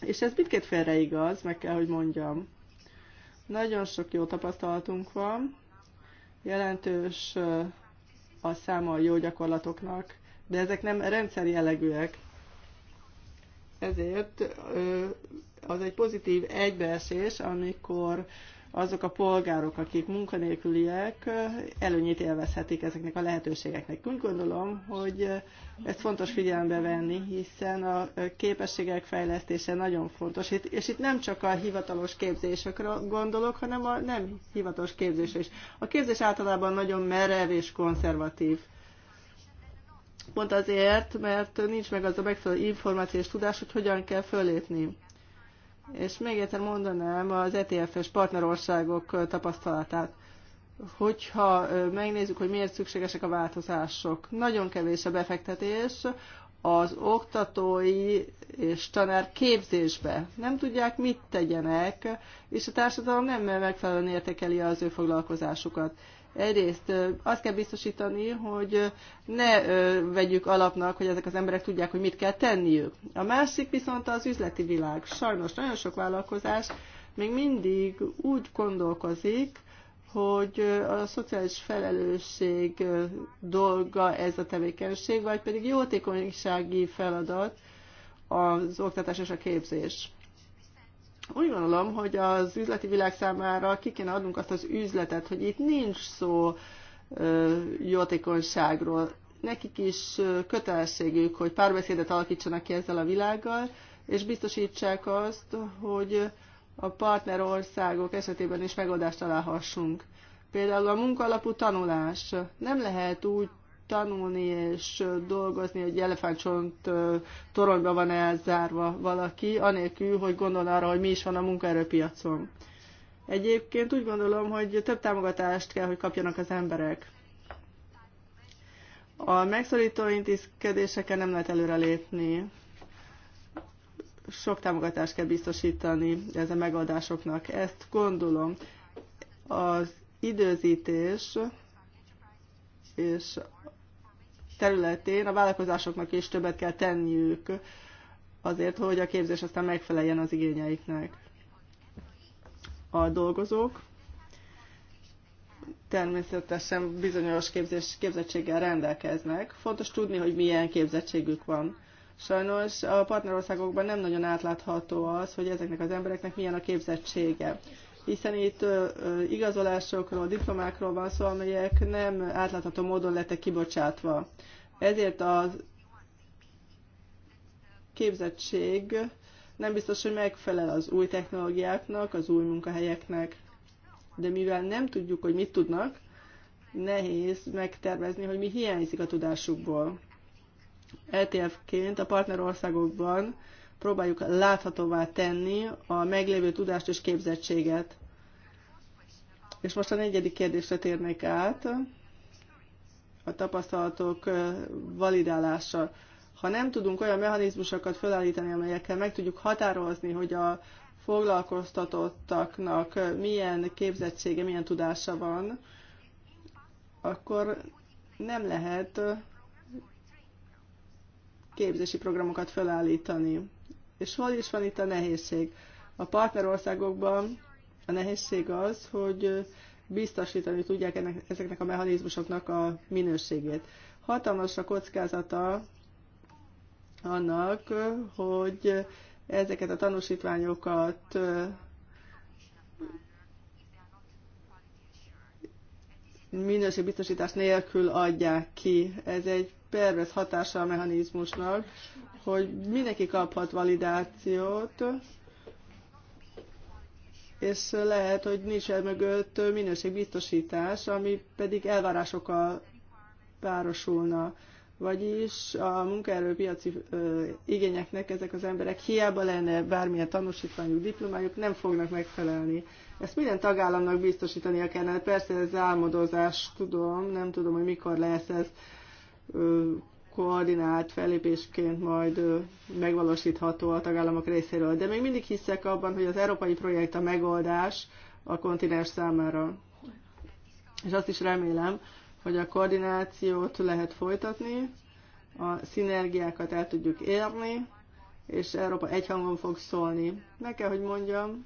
És ez mindkét félre igaz, meg kell, hogy mondjam. Nagyon sok jó tapasztalatunk van, jelentős a száma a jó gyakorlatoknak, de ezek nem rendszer jellegűek. Ezért az egy pozitív egybeesés, amikor azok a polgárok, akik munkanélküliek, előnyét élvezhetik ezeknek a lehetőségeknek. Úgy gondolom, hogy ezt fontos figyelembe venni, hiszen a képességek fejlesztése nagyon fontos. És itt nem csak a hivatalos képzésekre gondolok, hanem a nem hivatalos képzésre is. A képzés általában nagyon merev és konzervatív pont azért, mert nincs meg az a megfelelő információ és tudás, hogy hogyan kell fölépni. És még egyszer mondanám az ETF-es partnerországok tapasztalatát. Hogyha megnézzük, hogy miért szükségesek a változások. Nagyon kevés a befektetés az oktatói és tanár képzésbe. Nem tudják, mit tegyenek, és a társadalom nem megfelelően értékeli az ő foglalkozásukat. Egyrészt azt kell biztosítani, hogy ne vegyük alapnak, hogy ezek az emberek tudják, hogy mit kell tenniük. A másik viszont az üzleti világ. Sajnos nagyon sok vállalkozás még mindig úgy gondolkozik, hogy a szociális felelősség dolga ez a tevékenység, vagy pedig jótékonysági feladat az oktatás és a képzés. Úgy gondolom, hogy az üzleti világ számára ki kéne adnunk azt az üzletet, hogy itt nincs szó jótékonyságról. Nekik is kötelességük, hogy párbeszédet alakítsanak ki ezzel a világgal, és biztosítsák azt, hogy a partnerországok esetében is megoldást találhassunk. Például a munkalapú tanulás. Nem lehet úgy tanulni és dolgozni, hogy elefántcsont toronyban van elzárva valaki, anélkül, hogy gondol arra, hogy mi is van a munkaerőpiacon. Egyébként úgy gondolom, hogy több támogatást kell, hogy kapjanak az emberek. A megszorító intézkedésekkel nem lehet előrelépni. Sok támogatást kell biztosítani ezen megoldásoknak. Ezt gondolom. Az időzítés és területén a vállalkozásoknak is többet kell tenniük azért, hogy a képzés aztán megfeleljen az igényeiknek. A dolgozók természetesen bizonyos képzés, képzettséggel rendelkeznek. Fontos tudni, hogy milyen képzettségük van. Sajnos a partnerországokban nem nagyon átlátható az, hogy ezeknek az embereknek milyen a képzettsége hiszen itt igazolásokról, diplomákról van szó, amelyek nem átlátható módon lettek kibocsátva. Ezért a képzettség nem biztos, hogy megfelel az új technológiáknak, az új munkahelyeknek. De mivel nem tudjuk, hogy mit tudnak, nehéz megtervezni, hogy mi hiányzik a tudásukból. ETF-ként a partnerországokban próbáljuk láthatóvá tenni a meglévő tudást és képzettséget. És most a negyedik kérdésre térnék át, a tapasztalatok validálása. Ha nem tudunk olyan mechanizmusokat felállítani, amelyekkel meg tudjuk határozni, hogy a foglalkoztatottaknak milyen képzettsége, milyen tudása van, akkor nem lehet képzési programokat felállítani. És hol is van itt a nehézség? A partnerországokban a nehézség az, hogy biztosítani tudják ennek, ezeknek a mechanizmusoknak a minőségét. Hatalmas a kockázata annak, hogy ezeket a tanúsítványokat minőségbiztosítás nélkül adják ki. Ez egy pervez hatása a mechanizmusnak, hogy mindenki kaphat validációt, és lehet, hogy nincs el mögött minőségbiztosítás, ami pedig elvárásokkal párosulna. Vagyis a munkaerőpiaci ö, igényeknek ezek az emberek hiába lenne bármilyen tanúsítványuk, diplomájuk, nem fognak megfelelni. Ezt minden tagállamnak biztosítania kellene. Persze ez álmodozás, tudom, nem tudom, hogy mikor lesz ez ö, koordinált fellépésként majd megvalósítható a tagállamok részéről. De még mindig hiszek abban, hogy az európai projekt a megoldás a kontinens számára. És azt is remélem, hogy a koordinációt lehet folytatni, a szinergiákat el tudjuk érni, és Európa egy hangon fog szólni. Meg kell, hogy mondjam,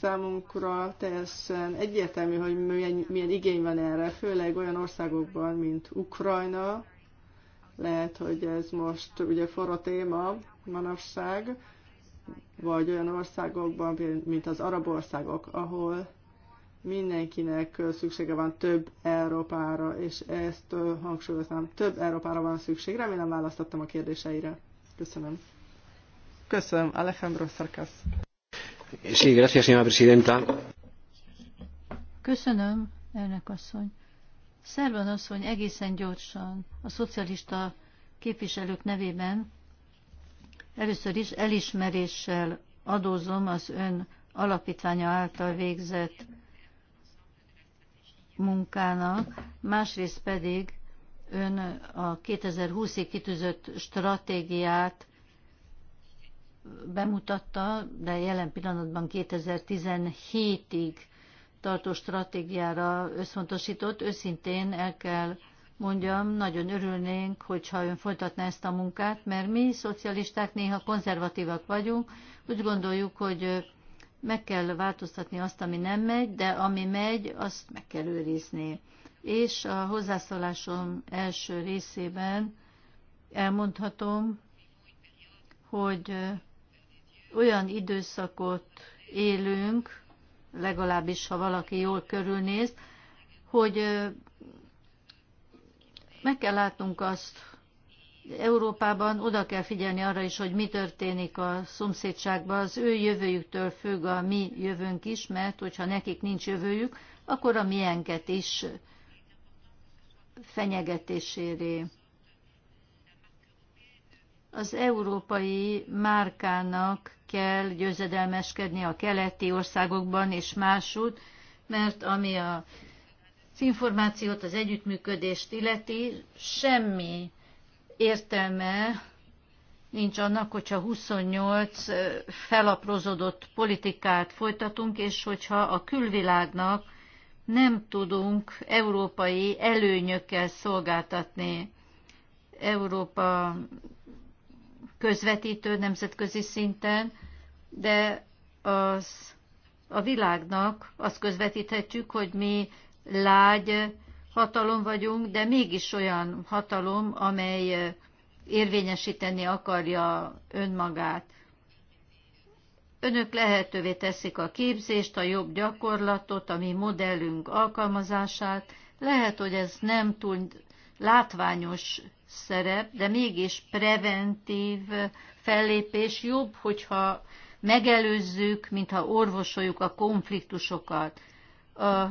számunkra teljesen egyértelmű, hogy milyen, milyen igény van erre, főleg olyan országokban, mint Ukrajna, lehet, hogy ez most ugye forró téma manapság, vagy olyan országokban, mint az arab országok, ahol mindenkinek szüksége van több Európára, és ezt hangsúlyoznám, több Európára van szükség. Remélem választottam a kérdéseire. Köszönöm. Köszönöm, Alejandro Sarkas. Sí, gracias, señora presidenta. Köszönöm, elnök asszony. Szerben asszony egészen gyorsan a szocialista képviselők nevében először is elismeréssel adózom az ön alapítványa által végzett munkának, másrészt pedig ön a 2020-ig kitűzött stratégiát bemutatta, de jelen pillanatban 2017-ig tartó stratégiára összpontosított. Őszintén el kell mondjam, nagyon örülnénk, hogyha ön folytatná ezt a munkát, mert mi szocialisták néha konzervatívak vagyunk, úgy gondoljuk, hogy meg kell változtatni azt, ami nem megy, de ami megy, azt meg kell őrizni. És a hozzászólásom első részében elmondhatom, hogy olyan időszakot élünk, legalábbis ha valaki jól körülnéz, hogy meg kell látnunk azt, Európában oda kell figyelni arra is, hogy mi történik a szomszédságban. Az ő jövőjüktől függ a mi jövőnk is, mert hogyha nekik nincs jövőjük, akkor a miénket is fenyegetésére. éri az európai márkának kell győzedelmeskedni a keleti országokban és másút, mert ami a az információt, az együttműködést illeti, semmi értelme nincs annak, hogyha 28 felaprozodott politikát folytatunk, és hogyha a külvilágnak nem tudunk európai előnyökkel szolgáltatni. Európa közvetítő nemzetközi szinten, de az a világnak azt közvetíthetjük, hogy mi lágy hatalom vagyunk, de mégis olyan hatalom, amely érvényesíteni akarja önmagát. Önök lehetővé teszik a képzést, a jobb gyakorlatot, a mi modellünk alkalmazását. Lehet, hogy ez nem túl látványos szerep, de mégis preventív fellépés jobb, hogyha megelőzzük, mintha orvosoljuk a konfliktusokat. A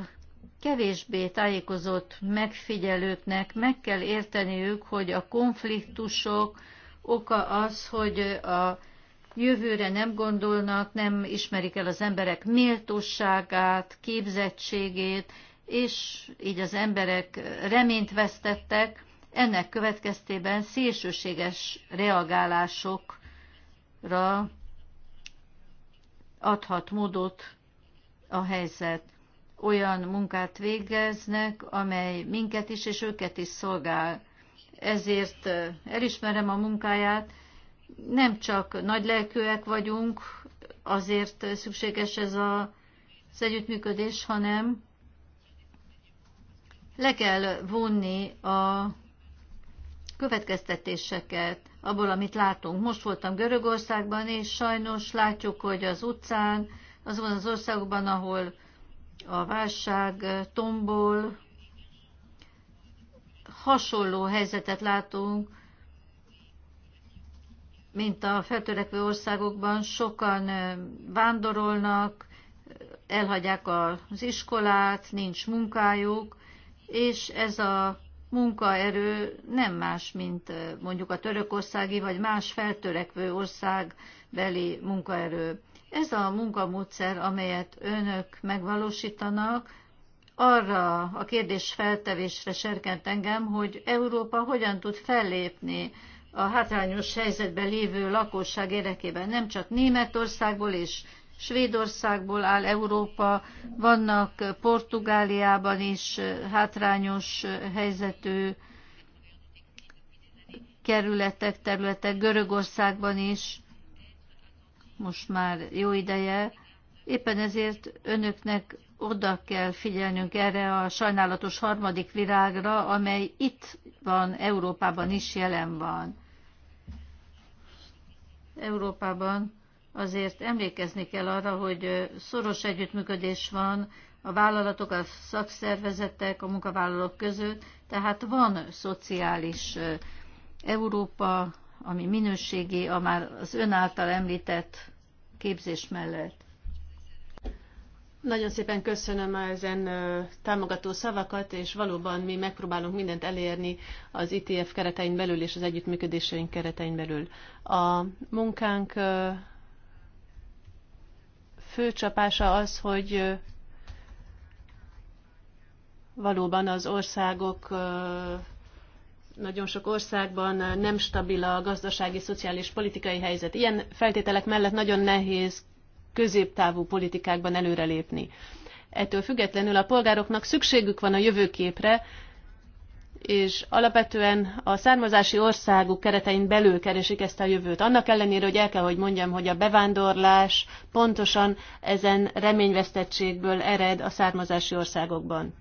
kevésbé tájékozott megfigyelőknek meg kell érteniük, hogy a konfliktusok oka az, hogy a jövőre nem gondolnak, nem ismerik el az emberek méltóságát, képzettségét, és így az emberek reményt vesztettek, ennek következtében szélsőséges reagálásokra adhat módot a helyzet. Olyan munkát végeznek, amely minket is és őket is szolgál. Ezért elismerem a munkáját. Nem csak nagy lelkőek vagyunk, azért szükséges ez a, az együttműködés, hanem le kell vonni a következtetéseket abból, amit látunk. Most voltam Görögországban, és sajnos látjuk, hogy az utcán, azon az országokban, ahol a válság tombol, hasonló helyzetet látunk, mint a feltörekvő országokban. Sokan vándorolnak, elhagyják az iskolát, nincs munkájuk, és ez a munkaerő nem más, mint mondjuk a törökországi vagy más feltörekvő országbeli munkaerő. Ez a munkamódszer, amelyet önök megvalósítanak, arra a kérdés feltevésre serkent engem, hogy Európa hogyan tud fellépni a hátrányos helyzetben lévő lakosság érdekében, nem csak Németországból és Svédországból áll Európa, vannak Portugáliában is hátrányos helyzetű kerületek, területek, Görögországban is, most már jó ideje. Éppen ezért önöknek oda kell figyelnünk erre a sajnálatos harmadik virágra, amely itt van, Európában is jelen van. Európában azért emlékezni kell arra, hogy szoros együttműködés van a vállalatok, a szakszervezetek, a munkavállalók között, tehát van szociális Európa, ami minőségi, a már az ön által említett képzés mellett. Nagyon szépen köszönöm ezen támogató szavakat, és valóban mi megpróbálunk mindent elérni az ITF keretein belül és az együttműködéseink keretein belül. A munkánk fő csapása az, hogy valóban az országok nagyon sok országban nem stabil a gazdasági, szociális, politikai helyzet. Ilyen feltételek mellett nagyon nehéz középtávú politikákban előrelépni. Ettől függetlenül a polgároknak szükségük van a jövőképre, és alapvetően a származási országuk keretein belül keresik ezt a jövőt. Annak ellenére, hogy el kell, hogy mondjam, hogy a bevándorlás pontosan ezen reményvesztettségből ered a származási országokban.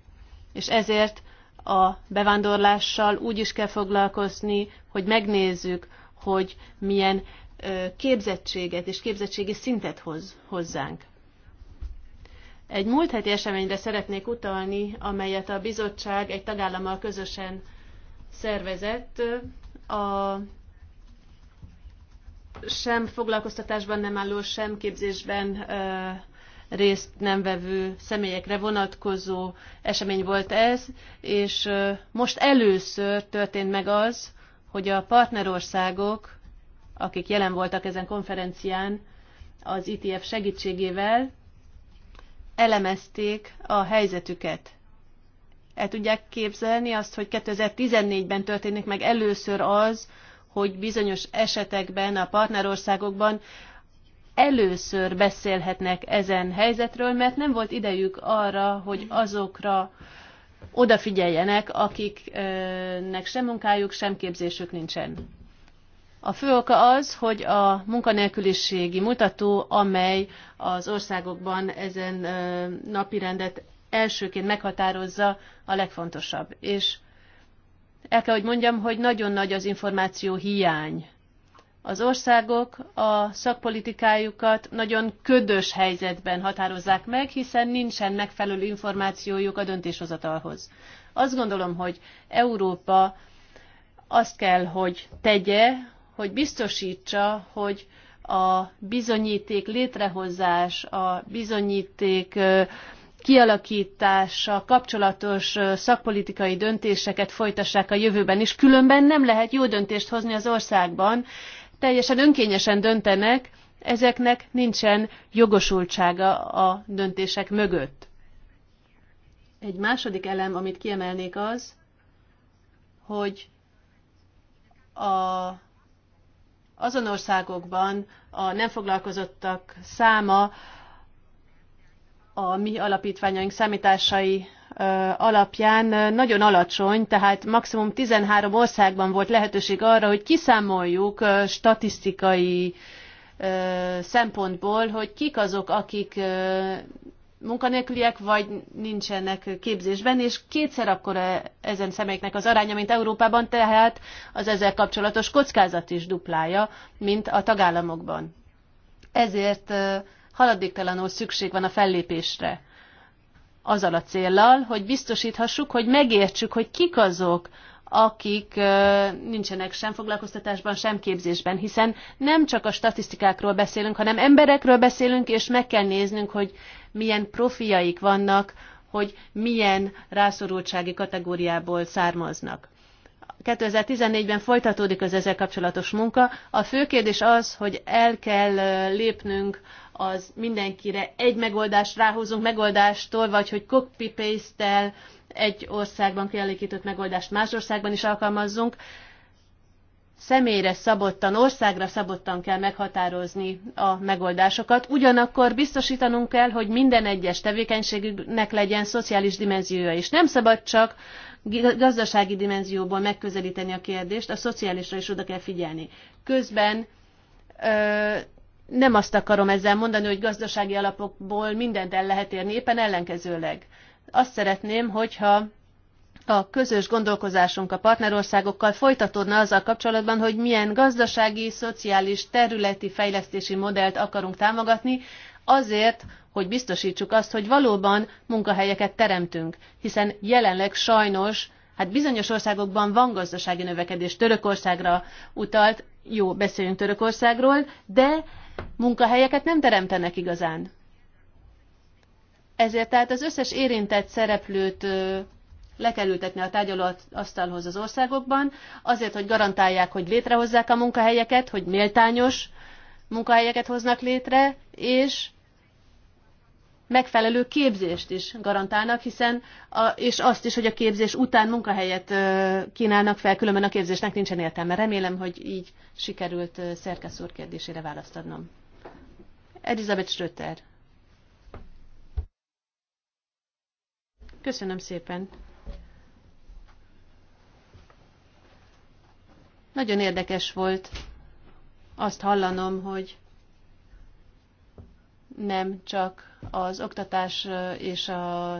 És ezért a bevándorlással úgy is kell foglalkozni, hogy megnézzük, hogy milyen képzettséget és képzettségi szintet hoz hozzánk. Egy múlt heti eseményre szeretnék utalni, amelyet a bizottság egy tagállammal közösen szervezett. A sem foglalkoztatásban nem álló, sem képzésben részt nem vevő személyekre vonatkozó esemény volt ez, és most először történt meg az, hogy a partnerországok, akik jelen voltak ezen konferencián, az ITF segítségével elemezték a helyzetüket. El tudják képzelni azt, hogy 2014-ben történik meg először az, hogy bizonyos esetekben a partnerországokban először beszélhetnek ezen helyzetről, mert nem volt idejük arra, hogy azokra odafigyeljenek, akiknek sem munkájuk, sem képzésük nincsen. A fő oka az, hogy a munkanélküliségi mutató, amely az országokban ezen napirendet elsőként meghatározza, a legfontosabb. És el kell, hogy mondjam, hogy nagyon nagy az információ hiány. Az országok a szakpolitikájukat nagyon ködös helyzetben határozzák meg, hiszen nincsen megfelelő információjuk a döntéshozatalhoz. Azt gondolom, hogy Európa azt kell, hogy tegye, hogy biztosítsa, hogy a bizonyíték létrehozás, a bizonyíték kialakítása kapcsolatos szakpolitikai döntéseket folytassák a jövőben is, különben nem lehet jó döntést hozni az országban, teljesen önkényesen döntenek, ezeknek nincsen jogosultsága a döntések mögött. Egy második elem, amit kiemelnék az, hogy a azon országokban a nem foglalkozottak száma a mi alapítványaink számításai alapján nagyon alacsony, tehát maximum 13 országban volt lehetőség arra, hogy kiszámoljuk statisztikai szempontból, hogy kik azok, akik munkanélküliek, vagy nincsenek képzésben, és kétszer akkora ezen személyeknek az aránya, mint Európában, tehát az ezzel kapcsolatos kockázat is duplája, mint a tagállamokban. Ezért haladéktalanul szükség van a fellépésre. Azzal a céllal, hogy biztosíthassuk, hogy megértsük, hogy kik azok, akik nincsenek sem foglalkoztatásban, sem képzésben, hiszen nem csak a statisztikákról beszélünk, hanem emberekről beszélünk, és meg kell néznünk, hogy milyen profiaik vannak, hogy milyen rászorultsági kategóriából származnak. 2014-ben folytatódik az ezzel kapcsolatos munka. A fő kérdés az, hogy el kell lépnünk az mindenkire egy megoldást ráhúzunk megoldástól, vagy hogy copy-paste-tel egy országban kialakított megoldást más országban is alkalmazzunk személyre szabottan, országra szabottan kell meghatározni a megoldásokat. Ugyanakkor biztosítanunk kell, hogy minden egyes tevékenységüknek legyen szociális dimenziója is. Nem szabad csak gazdasági dimenzióból megközelíteni a kérdést, a szociálisra is oda kell figyelni. Közben ö, nem azt akarom ezzel mondani, hogy gazdasági alapokból mindent el lehet érni, éppen ellenkezőleg. Azt szeretném, hogyha a közös gondolkozásunk a partnerországokkal folytatódna azzal kapcsolatban, hogy milyen gazdasági, szociális, területi fejlesztési modellt akarunk támogatni, azért, hogy biztosítsuk azt, hogy valóban munkahelyeket teremtünk, hiszen jelenleg sajnos Hát bizonyos országokban van gazdasági növekedés, Törökországra utalt, jó, beszéljünk Törökországról, de munkahelyeket nem teremtenek igazán. Ezért tehát az összes érintett szereplőt le kell ültetni a tárgyalóasztalhoz az országokban, azért, hogy garantálják, hogy létrehozzák a munkahelyeket, hogy méltányos munkahelyeket hoznak létre, és megfelelő képzést is garantálnak, hiszen a, és azt is, hogy a képzés után munkahelyet kínálnak fel, különben a képzésnek nincsen értelme. Remélem, hogy így sikerült Szerkesz úr kérdésére választ adnom. Elizabeth Schröter. Köszönöm szépen. Nagyon érdekes volt azt hallanom, hogy nem csak az oktatás és a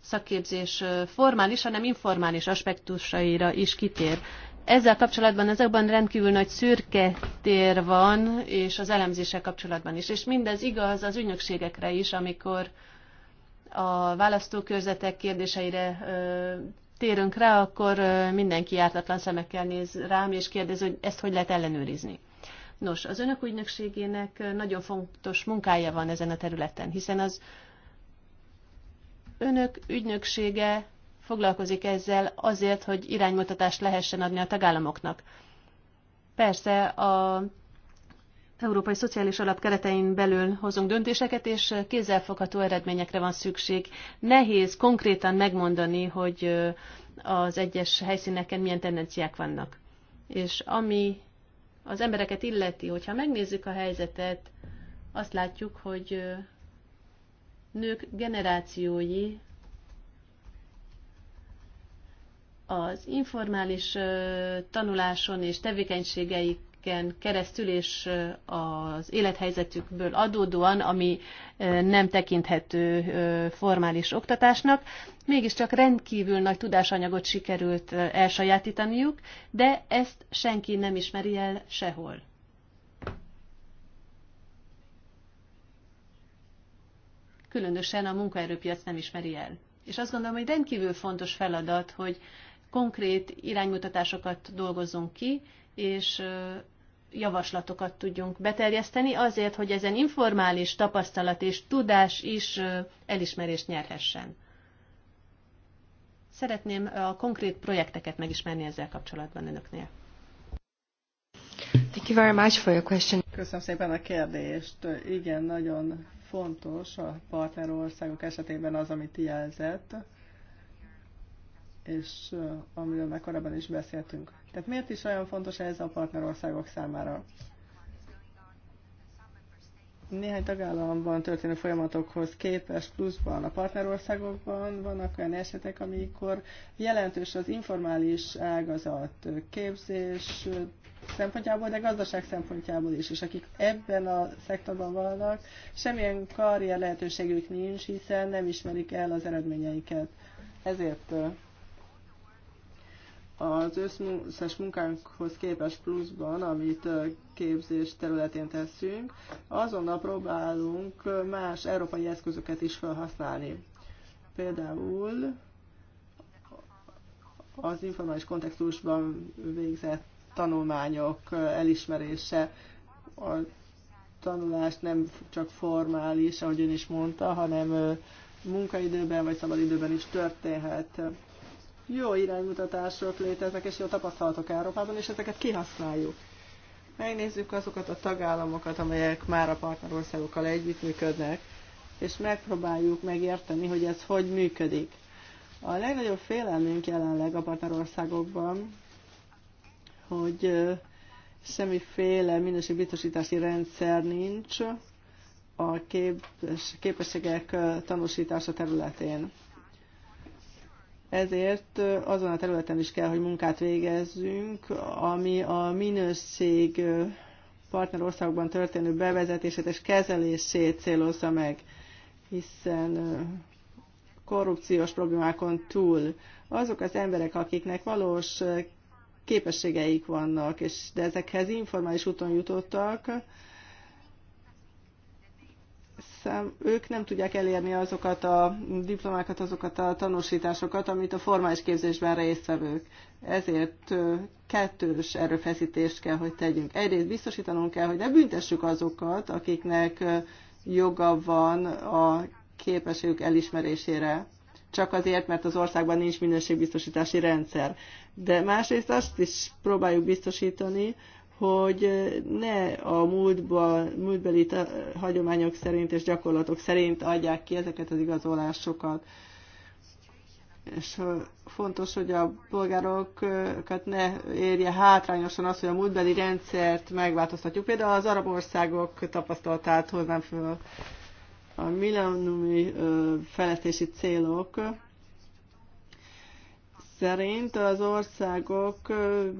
szakképzés formális, hanem informális aspektusaira is kitér. Ezzel kapcsolatban ezekben rendkívül nagy szürke tér van, és az elemzéssel kapcsolatban is. És mindez igaz az ügynökségekre is, amikor a választókörzetek kérdéseire térünk rá, akkor mindenki ártatlan szemekkel néz rám, és kérdez, hogy ezt hogy lehet ellenőrizni. Nos, az önök ügynökségének nagyon fontos munkája van ezen a területen, hiszen az önök ügynöksége foglalkozik ezzel azért, hogy iránymutatást lehessen adni a tagállamoknak. Persze a Európai Szociális Alap keretein belül hozunk döntéseket, és kézzelfogható eredményekre van szükség. Nehéz konkrétan megmondani, hogy az egyes helyszíneken milyen tendenciák vannak. És ami az embereket illeti, hogyha megnézzük a helyzetet, azt látjuk, hogy nők generációi az informális tanuláson és tevékenységeik éveken keresztül, és az élethelyzetükből adódóan, ami nem tekinthető formális oktatásnak, mégiscsak rendkívül nagy tudásanyagot sikerült elsajátítaniuk, de ezt senki nem ismeri el sehol. Különösen a munkaerőpiac nem ismeri el. És azt gondolom, hogy rendkívül fontos feladat, hogy konkrét iránymutatásokat dolgozzunk ki, és javaslatokat tudjunk beterjeszteni, azért, hogy ezen informális tapasztalat és tudás is elismerést nyerhessen. Szeretném a konkrét projekteket megismerni ezzel kapcsolatban önöknél. Thank you very much for your question. Köszönöm szépen a kérdést. Igen, nagyon fontos a partnerországok esetében az, amit jelzett, és amiről már korábban is beszéltünk tehát miért is olyan fontos ez a partnerországok számára? Néhány tagállamban történő folyamatokhoz képest pluszban a partnerországokban vannak olyan esetek, amikor jelentős az informális ágazat képzés szempontjából, de gazdaság szempontjából is, és akik ebben a szektorban vannak, semmilyen karrier lehetőségük nincs, hiszen nem ismerik el az eredményeiket. Ezért az összes munkánkhoz képes pluszban, amit képzés területén teszünk, azonnal próbálunk más európai eszközöket is felhasználni. Például az informális kontextusban végzett tanulmányok elismerése, a tanulás nem csak formális, ahogy ön is mondta, hanem munkaidőben vagy szabadidőben is történhet jó iránymutatások léteznek, és jó tapasztalatok Európában, és ezeket kihasználjuk. Megnézzük azokat a tagállamokat, amelyek már a partnerországokkal együttműködnek, és megpróbáljuk megérteni, hogy ez hogy működik. A legnagyobb félelmünk jelenleg a partnerországokban, hogy semmiféle minőségbiztosítási rendszer nincs a képes, képességek tanúsítása területén. Ezért azon a területen is kell, hogy munkát végezzünk, ami a minőség partnerországban történő bevezetését és kezelését célozza meg, hiszen korrupciós problémákon túl azok az emberek, akiknek valós képességeik vannak, és de ezekhez informális úton jutottak, szám, ők nem tudják elérni azokat a diplomákat, azokat a tanúsításokat, amit a formális képzésben résztvevők. Ezért kettős erőfeszítést kell, hogy tegyünk. Egyrészt biztosítanunk kell, hogy ne büntessük azokat, akiknek joga van a képességük elismerésére, csak azért, mert az országban nincs minőségbiztosítási rendszer. De másrészt azt is próbáljuk biztosítani, hogy ne a múltba, múltbeli hagyományok szerint és gyakorlatok szerint adják ki ezeket az igazolásokat. És fontos, hogy a polgárokat ne érje hátrányosan az, hogy a múltbeli rendszert megváltoztatjuk. Például az arab országok tapasztalatát hoznám föl a millenniumi fejlesztési célok szerint az országok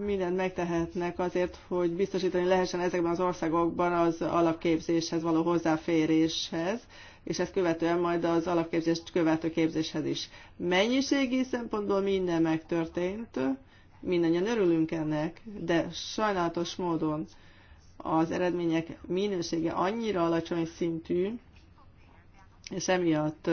mindent megtehetnek azért, hogy biztosítani lehessen ezekben az országokban az alapképzéshez való hozzáféréshez, és ezt követően majd az alapképzést követő képzéshez is. Mennyiségi szempontból minden megtörtént, mindannyian örülünk ennek, de sajnálatos módon az eredmények minősége annyira alacsony szintű, és emiatt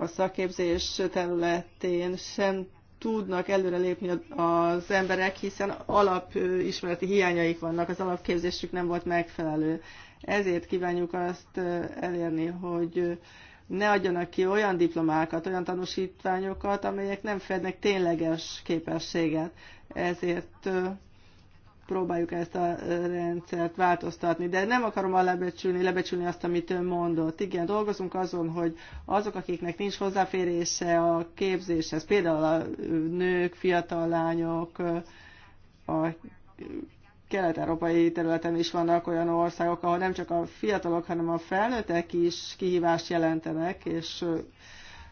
a szakképzés területén sem tudnak előrelépni az emberek, hiszen alapismereti hiányaik vannak, az alapképzésük nem volt megfelelő. Ezért kívánjuk azt elérni, hogy ne adjanak ki olyan diplomákat, olyan tanúsítványokat, amelyek nem fednek tényleges képességet. Ezért próbáljuk ezt a rendszert változtatni, de nem akarom lebecsülni, lebecsülni azt, amit ön mondott. Igen, dolgozunk azon, hogy azok, akiknek nincs hozzáférése a képzéshez, például a nők, fiatal lányok, a kelet-európai területen is vannak olyan országok, ahol nem csak a fiatalok, hanem a felnőttek is kihívást jelentenek, és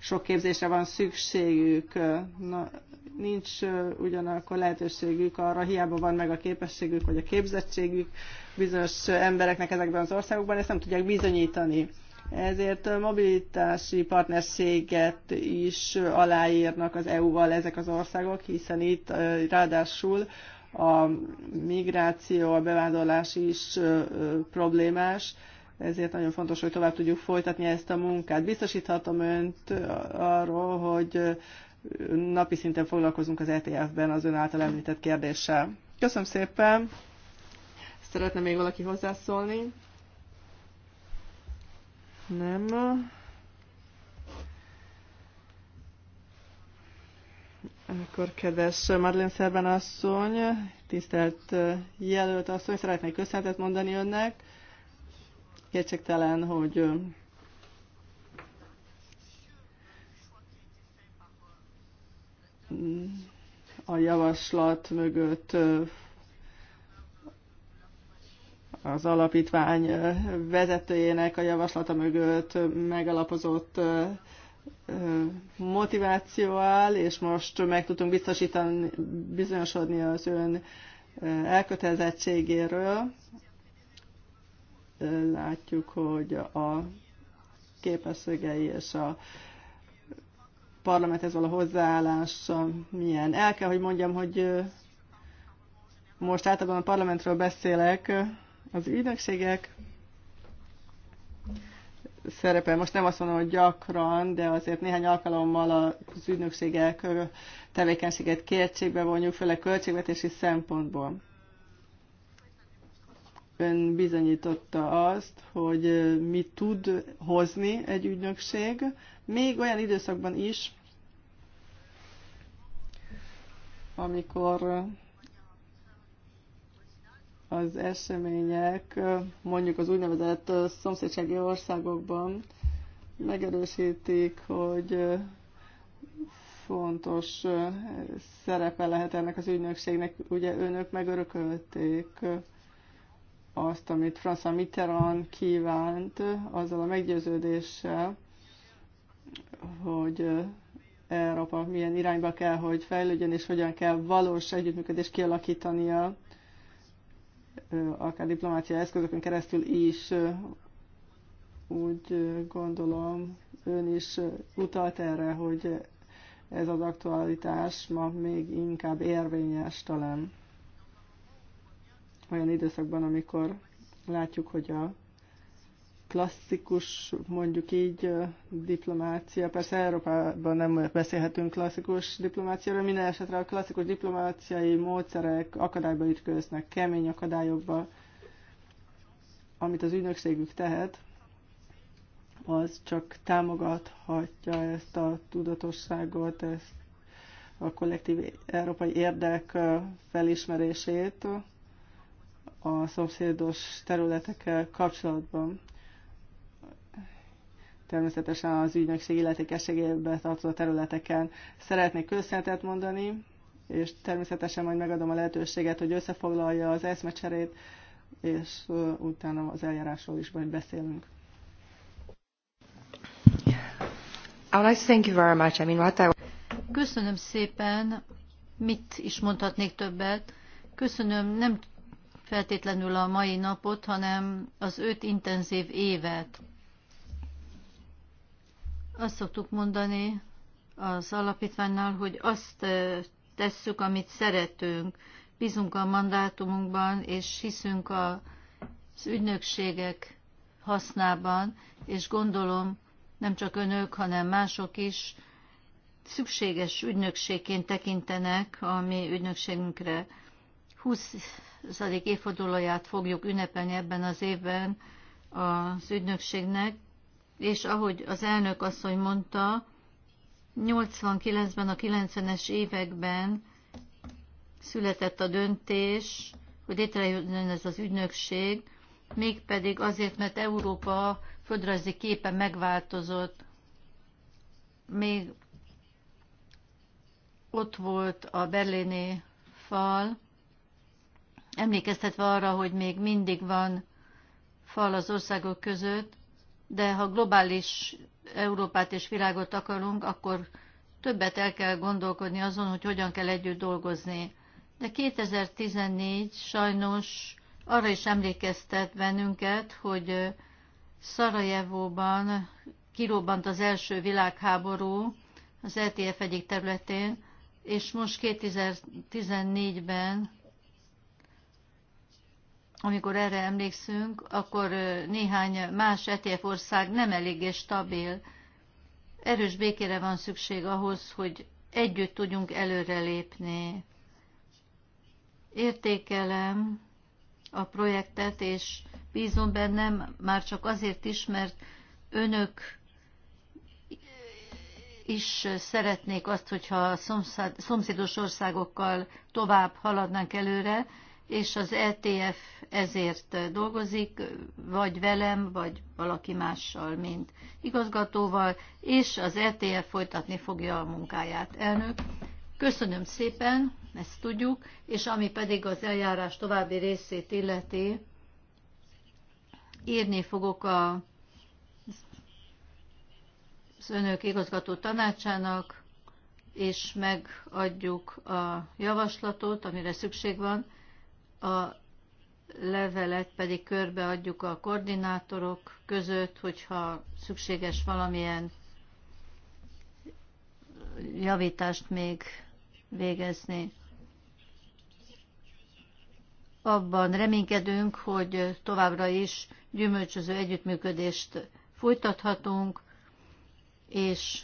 sok képzésre van szükségük, Na, nincs ugyanakkor lehetőségük arra, hiába van meg a képességük vagy a képzettségük bizonyos embereknek ezekben az országokban, ezt nem tudják bizonyítani. Ezért mobilitási partnerséget is aláírnak az EU-val ezek az országok, hiszen itt ráadásul a migráció, a bevándorlás is problémás, ezért nagyon fontos, hogy tovább tudjuk folytatni ezt a munkát. Biztosíthatom önt arról, hogy napi szinten foglalkozunk az ETF-ben az ön által említett kérdéssel. Köszönöm szépen! Szeretne még valaki hozzászólni? Nem. Akkor kedves Madeleine Szerben asszony, tisztelt jelölt asszony, szeretnék köszönetet mondani önnek Kétségtelen, hogy a javaslat mögött az alapítvány vezetőjének a javaslata mögött megalapozott motiváció áll, és most meg tudunk biztosítani, bizonyosodni az ön elkötelezettségéről látjuk, hogy a képességei és a parlamenthez való hozzáállása milyen. El kell, hogy mondjam, hogy most általában a parlamentről beszélek, az ügynökségek szerepe Most nem azt mondom, hogy gyakran, de azért néhány alkalommal az ügynökségek tevékenységet kértségbe vonjuk, főleg költségvetési szempontból mindenképpen bizonyította azt, hogy mit tud hozni egy ügynökség, még olyan időszakban is, amikor az események mondjuk az úgynevezett szomszédsági országokban megerősítik, hogy fontos szerepe lehet ennek az ügynökségnek. Ugye önök megörökölték azt, amit François Mitterrand kívánt, azzal a meggyőződéssel, hogy Európa milyen irányba kell, hogy fejlődjön, és hogyan kell valós együttműködést kialakítania, akár diplomácia eszközökön keresztül is, úgy gondolom, ön is utalt erre, hogy ez az aktualitás ma még inkább érvényes talán olyan időszakban, amikor látjuk, hogy a klasszikus, mondjuk így, diplomácia. Persze Európában nem beszélhetünk klasszikus diplomáciáról, minden esetre a klasszikus diplomáciai módszerek akadályba ütköznek, kemény akadályokba. Amit az ügynökségük tehet, az csak támogathatja ezt a tudatosságot, ezt a kollektív európai érdek felismerését, a szomszédos területekkel kapcsolatban. Természetesen az ügynökség illetékességében tartozó területeken szeretnék köszönetet mondani, és természetesen majd megadom a lehetőséget, hogy összefoglalja az eszmecserét, és utána az eljárásról is majd beszélünk. Köszönöm szépen, mit is mondhatnék többet. Köszönöm, nem feltétlenül a mai napot, hanem az öt intenzív évet. Azt szoktuk mondani az alapítványnál, hogy azt tesszük, amit szeretünk, bízunk a mandátumunkban, és hiszünk az ügynökségek hasznában, és gondolom nem csak önök, hanem mások is szükséges ügynökségként tekintenek a mi ügynökségünkre. 20. évfordulóját fogjuk ünnepelni ebben az évben az ügynökségnek, és ahogy az elnök asszony mondta, 89-ben, a 90-es években született a döntés, hogy létrejön ez az ügynökség, mégpedig azért, mert Európa földrajzi képe megváltozott. Még ott volt a berlini fal, emlékeztetve arra, hogy még mindig van fal az országok között, de ha globális Európát és világot akarunk, akkor többet el kell gondolkodni azon, hogy hogyan kell együtt dolgozni. De 2014 sajnos arra is emlékeztet bennünket, hogy Szarajevóban kirobbant az első világháború az ETF egyik területén, és most 2014-ben amikor erre emlékszünk, akkor néhány más ETF ország nem eléggé stabil. Erős békére van szükség ahhoz, hogy együtt tudjunk előrelépni. Értékelem a projektet, és bízom bennem már csak azért is, mert önök is szeretnék azt, hogyha a szomszédos országokkal tovább haladnánk előre, és az LTF e ezért dolgozik, vagy velem, vagy valaki mással, mint igazgatóval, és az LTF e folytatni fogja a munkáját. Elnök, köszönöm szépen, ezt tudjuk, és ami pedig az eljárás további részét illeti, írni fogok a, az önök igazgató tanácsának, és megadjuk a javaslatot, amire szükség van, a levelet pedig körbeadjuk a koordinátorok között, hogyha szükséges valamilyen javítást még végezni. Abban reménykedünk, hogy továbbra is gyümölcsöző együttműködést folytathatunk, és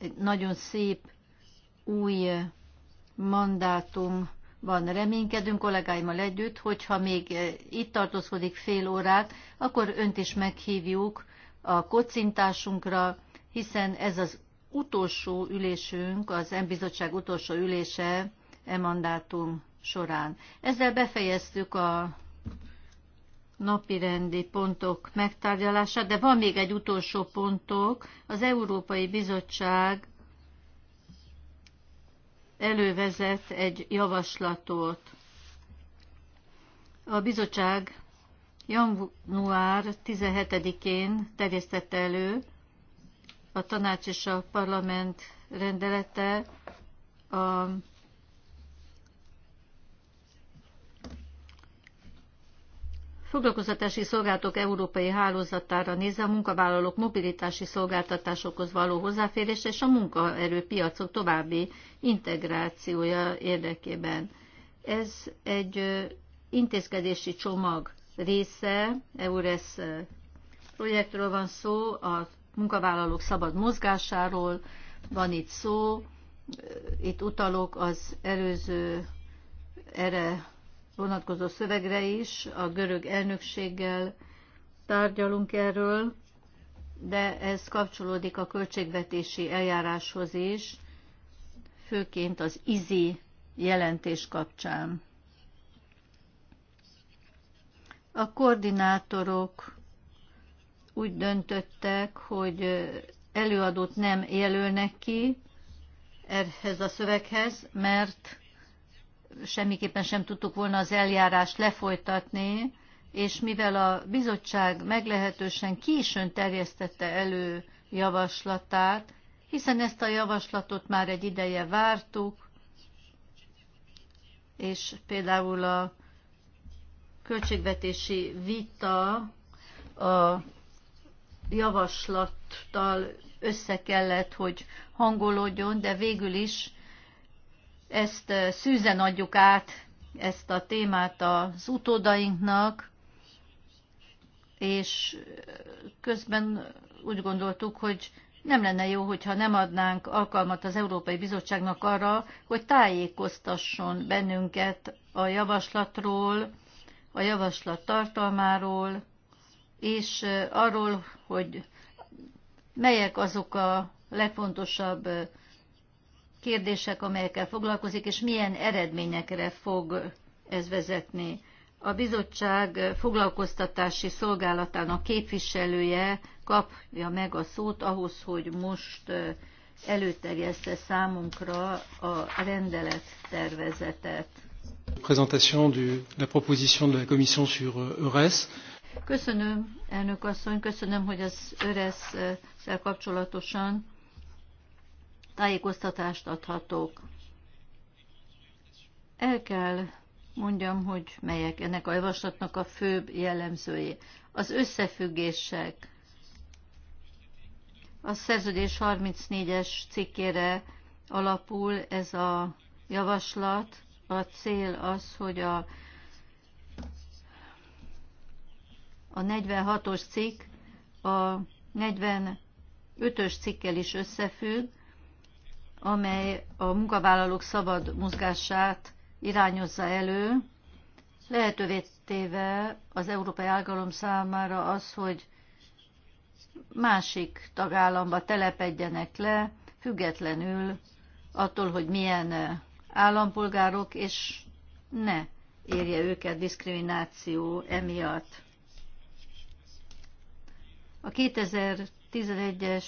egy nagyon szép új mandátum van reménykedünk kollégáimmal együtt, hogyha még eh, itt tartózkodik fél órát, akkor önt is meghívjuk a kocintásunkra, hiszen ez az utolsó ülésünk, az M-bizottság utolsó ülése e mandátum során. Ezzel befejeztük a napirendi pontok megtárgyalását, de van még egy utolsó pontok, az Európai Bizottság elővezet egy javaslatot. A bizottság január 17-én terjesztette elő a tanács és a parlament rendelete a foglalkoztatási szolgáltatók európai hálózatára nézve a munkavállalók mobilitási szolgáltatásokhoz való hozzáférése és a munkaerőpiacok további integrációja érdekében. Ez egy intézkedési csomag része, EURES projektről van szó, a munkavállalók szabad mozgásáról van itt szó, itt utalok az előző erre vonatkozó szövegre is, a görög elnökséggel tárgyalunk erről, de ez kapcsolódik a költségvetési eljáráshoz is, főként az IZI jelentés kapcsán. A koordinátorok úgy döntöttek, hogy előadót nem jelölnek ki ehhez a szöveghez, mert semmiképpen sem tudtuk volna az eljárást lefolytatni, és mivel a bizottság meglehetősen későn terjesztette elő javaslatát, hiszen ezt a javaslatot már egy ideje vártuk, és például a költségvetési vita a javaslattal össze kellett, hogy hangolódjon, de végül is ezt szűzen adjuk át, ezt a témát az utódainknak, és közben úgy gondoltuk, hogy nem lenne jó, hogyha nem adnánk alkalmat az Európai Bizottságnak arra, hogy tájékoztasson bennünket a javaslatról, a javaslat tartalmáról, és arról, hogy melyek azok a legfontosabb kérdések, amelyekkel foglalkozik, és milyen eredményekre fog ez vezetni. A bizottság foglalkoztatási szolgálatának képviselője kapja meg a szót ahhoz, hogy most előterjeszte számunkra a rendelet tervezetet. Présentation de la proposition de la Commission sur euh, EURES. Köszönöm, elnök asszony, köszönöm, hogy az EURES-szel kapcsolatosan tájékoztatást adhatok. El kell mondjam, hogy melyek ennek a javaslatnak a főbb jellemzői. Az összefüggések. A szerződés 34-es cikkére alapul ez a javaslat. A cél az, hogy a, a 46-os cikk a 45-ös cikkel is összefügg, amely a munkavállalók szabad mozgását irányozza elő, lehetővé téve az európai ágalom számára az, hogy másik tagállamba telepedjenek le, függetlenül attól, hogy milyen állampolgárok, és ne érje őket diszkrimináció emiatt. A 2000 11-es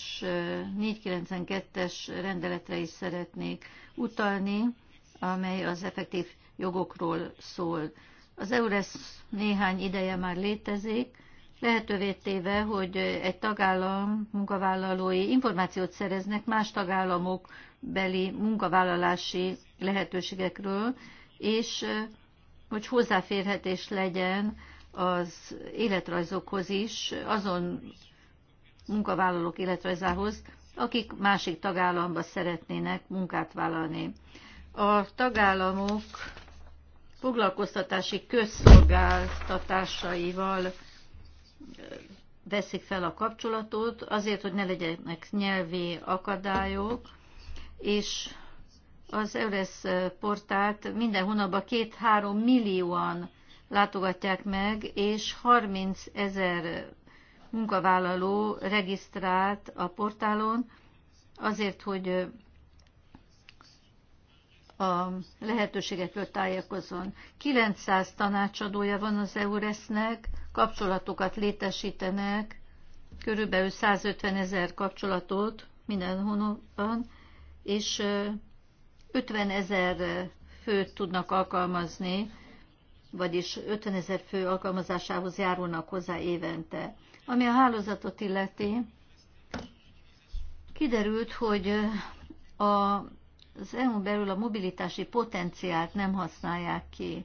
492-es rendeletre is szeretnék utalni, amely az effektív jogokról szól. Az EURES néhány ideje már létezik, lehetővé téve, hogy egy tagállam munkavállalói információt szereznek más tagállamok beli munkavállalási lehetőségekről, és hogy hozzáférhetés legyen az életrajzokhoz is azon munkavállalók életrajzához, akik másik tagállamba szeretnének munkát vállalni. A tagállamok foglalkoztatási közszolgáltatásaival veszik fel a kapcsolatot, azért, hogy ne legyenek nyelvi akadályok, és az Eures portált minden hónapban két-három millióan látogatják meg, és 30 ezer munkavállaló regisztrált a portálon, azért, hogy a lehetőségekről tájékozzon. 900 tanácsadója van az EURES-nek, kapcsolatokat létesítenek, körülbelül 150 ezer kapcsolatot minden hónapban, és 50 ezer főt tudnak alkalmazni, vagyis 50 ezer fő alkalmazásához járulnak hozzá évente. Ami a hálózatot illeti, kiderült, hogy a, az EU belül a mobilitási potenciált nem használják ki.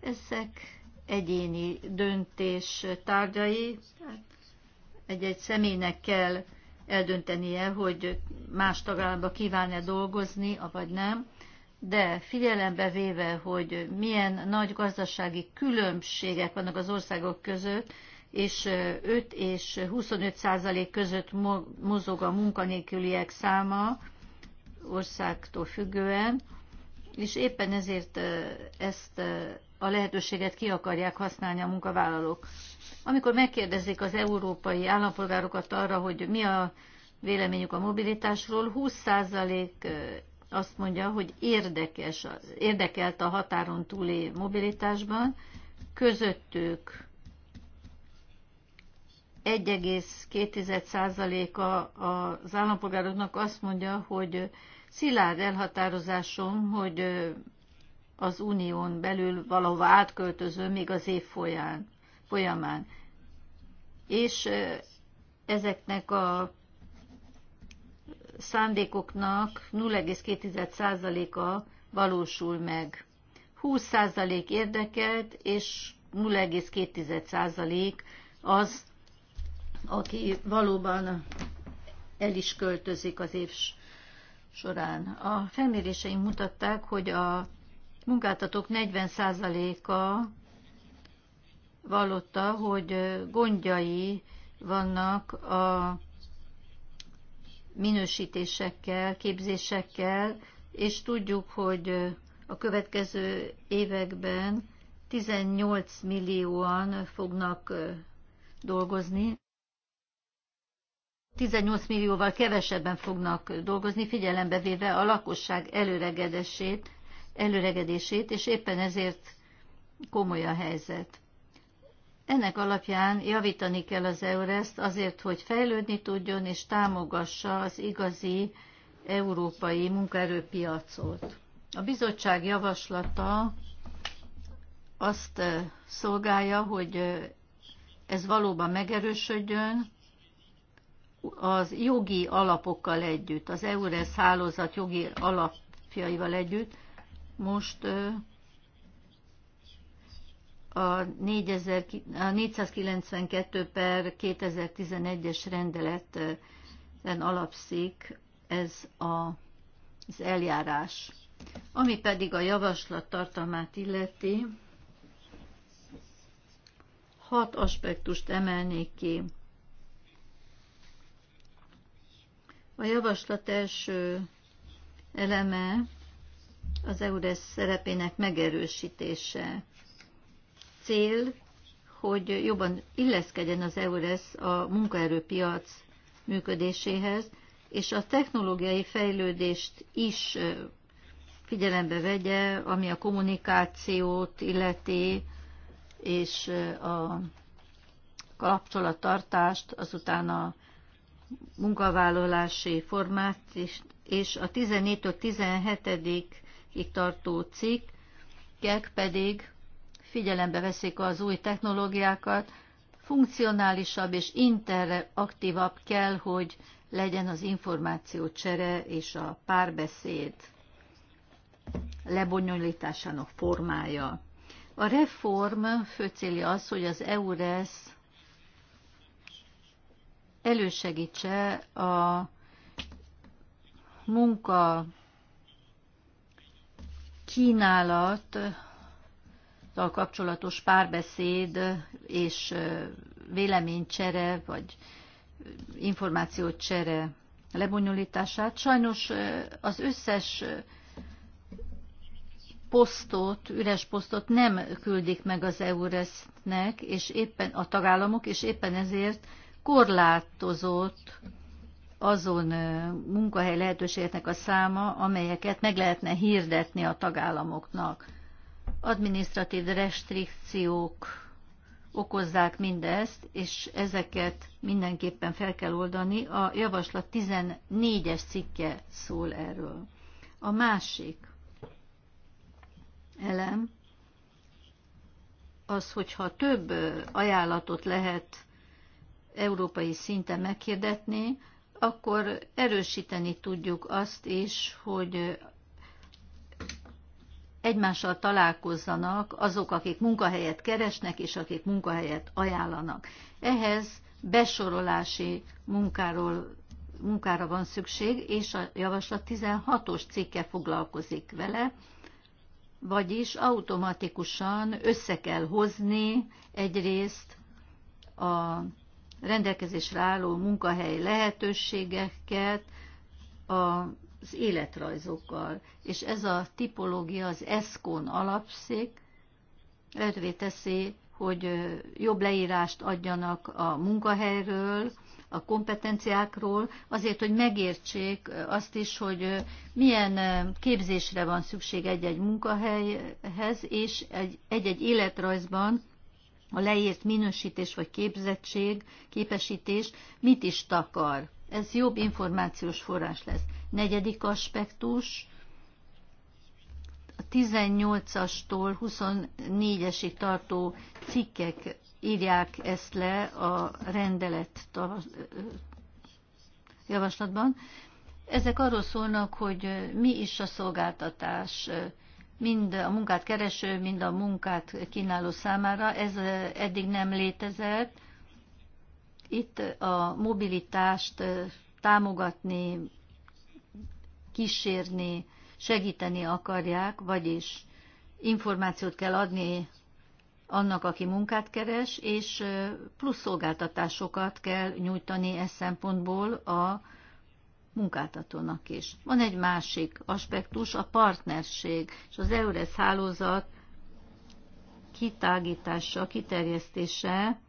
Ezek egyéni döntés tárgyai, hát egy-egy személynek kell eldöntenie, hogy más tagállamba kíván-e dolgozni, vagy nem, de figyelembe véve, hogy milyen nagy gazdasági különbségek vannak az országok között, és 5 és 25 százalék között mozog a munkanélküliek száma országtól függően, és éppen ezért ezt a lehetőséget ki akarják használni a munkavállalók. Amikor megkérdezik az európai állampolgárokat arra, hogy mi a véleményük a mobilitásról, 20% százalék azt mondja, hogy érdekes, érdekelt a határon túli mobilitásban, közöttük 1,2%-a az állampolgároknak azt mondja, hogy szilárd elhatározásom, hogy az unión belül valahova átköltözöm még az év folyán, folyamán. És ezeknek a szándékoknak 0,2%-a valósul meg. 20% érdekelt, és 0,2% az, aki valóban el is költözik az év során. A felméréseim mutatták, hogy a munkáltatók 40%-a vallotta, hogy gondjai vannak a minősítésekkel, képzésekkel, és tudjuk, hogy a következő években 18 millióan fognak dolgozni. 18 millióval kevesebben fognak dolgozni, figyelembe véve a lakosság előregedését, előregedését, és éppen ezért komoly a helyzet. Ennek alapján javítani kell az EURES-t azért, hogy fejlődni tudjon és támogassa az igazi európai munkaerőpiacot. A bizottság javaslata azt szolgálja, hogy ez valóban megerősödjön, az jogi alapokkal együtt, az EURES hálózat jogi alapjaival együtt most a, 492 per 2011-es rendeleten alapszik ez a, az eljárás. Ami pedig a javaslat tartalmát illeti, hat aspektust emelnék ki A javaslat első eleme az EURES szerepének megerősítése. Cél, hogy jobban illeszkedjen az EURES a munkaerőpiac működéséhez, és a technológiai fejlődést is figyelembe vegye, ami a kommunikációt illeti, és a kapcsolattartást, azután a munkavállalási formát, és, és a 14 17-ig tartó cikkek pedig figyelembe veszik az új technológiákat, funkcionálisabb és interaktívabb kell, hogy legyen az információcsere és a párbeszéd lebonyolításának formája. A reform fő célja az, hogy az EURES elősegítse a munka a kapcsolatos párbeszéd és véleménycsere, vagy információcsere lebonyolítását. Sajnos az összes posztot, üres posztot nem küldik meg az EURES-nek, és éppen a tagállamok, és éppen ezért korlátozott azon munkahely lehetőségeknek a száma, amelyeket meg lehetne hirdetni a tagállamoknak. Administratív restrikciók okozzák mindezt, és ezeket mindenképpen fel kell oldani. A javaslat 14-es cikke szól erről. A másik elem az, hogyha több ajánlatot lehet európai szinten meghirdetni, akkor erősíteni tudjuk azt is, hogy egymással találkozzanak azok, akik munkahelyet keresnek, és akik munkahelyet ajánlanak. Ehhez besorolási munkáról, munkára van szükség, és a javaslat 16-os cikke foglalkozik vele, vagyis automatikusan össze kell hozni egyrészt a rendelkezésre álló munkahely lehetőségeket az életrajzokkal. És ez a tipológia az ESZKON alapszik, lehetővé teszi, hogy jobb leírást adjanak a munkahelyről, a kompetenciákról, azért, hogy megértsék azt is, hogy milyen képzésre van szükség egy-egy munkahelyhez, és egy-egy életrajzban a leírt minősítés vagy képzettség, képesítés mit is takar. Ez jobb információs forrás lesz. Negyedik aspektus, a 18-astól 24-esig tartó cikkek írják ezt le a rendelet javaslatban. Ezek arról szólnak, hogy mi is a szolgáltatás, mind a munkát kereső, mind a munkát kínáló számára. Ez eddig nem létezett. Itt a mobilitást támogatni, kísérni, segíteni akarják, vagyis információt kell adni annak, aki munkát keres, és plusz szolgáltatásokat kell nyújtani e szempontból a munkáltatónak is. Van egy másik aspektus, a partnerség és az EURES hálózat kitágítása, kiterjesztése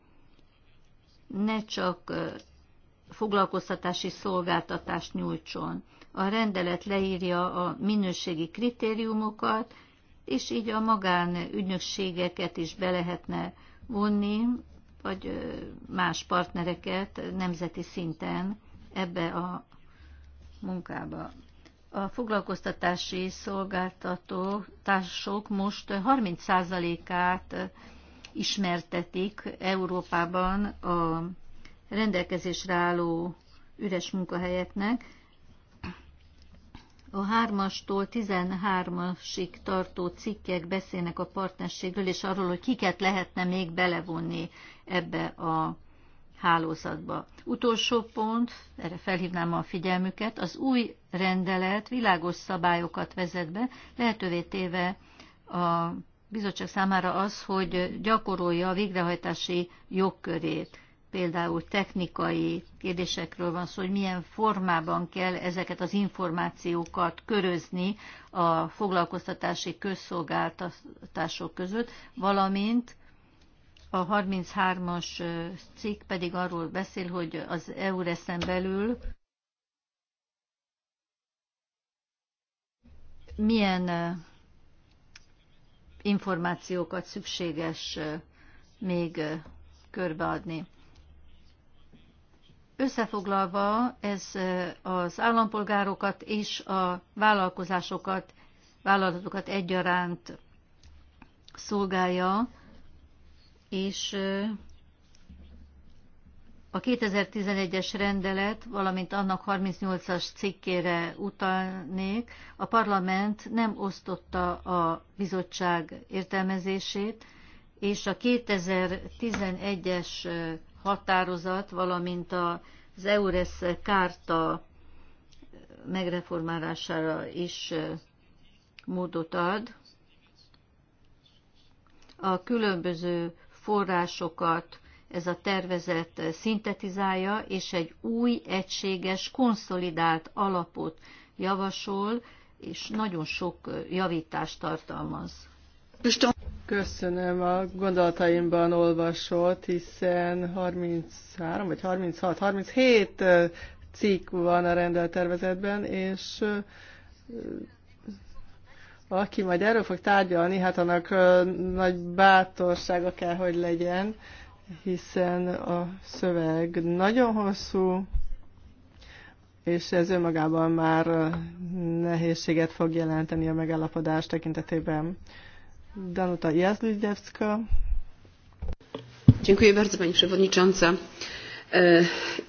ne csak foglalkoztatási szolgáltatást nyújtson. A rendelet leírja a minőségi kritériumokat, és így a magán ügynökségeket is be lehetne vonni, vagy más partnereket nemzeti szinten ebbe a munkába. A foglalkoztatási szolgáltató társok most 30%-át ismertetik Európában a rendelkezésre álló üres munkahelyeknek. A 3-astól 13-asig tartó cikkek beszélnek a partnerségről, és arról, hogy kiket lehetne még belevonni ebbe a hálózatba. Utolsó pont, erre felhívnám a figyelmüket, az új rendelet világos szabályokat vezet be, lehetővé téve a bizottság számára az, hogy gyakorolja a végrehajtási jogkörét. Például technikai kérdésekről van szó, hogy milyen formában kell ezeket az információkat körözni a foglalkoztatási közszolgáltatások között, valamint a 33-as cikk pedig arról beszél, hogy az EURES-en belül milyen információkat szükséges még körbeadni. Összefoglalva ez az állampolgárokat és a vállalkozásokat, vállalatokat egyaránt szolgálja, és a 2011-es rendelet, valamint annak 38-as cikkére utalnék, a parlament nem osztotta a bizottság értelmezését, és a 2011-es határozat, valamint az EURES kárta megreformálására is módot ad. A különböző forrásokat ez a tervezet szintetizálja, és egy új, egységes, konszolidált alapot javasol, és nagyon sok javítást tartalmaz. Köszönöm a gondolataimban olvasott, hiszen 33 vagy 36, 37 cikk van a rendeltervezetben, és aki majd erről fog tárgyalni, hát annak nagy bátorsága kell, hogy legyen, hiszen a szöveg nagyon hosszú, és ez önmagában már nehézséget fog jelenteni a megállapodás tekintetében. Danuta Jazlügyevska. Dziękuję bardzo Pani Przewodnicząca. E,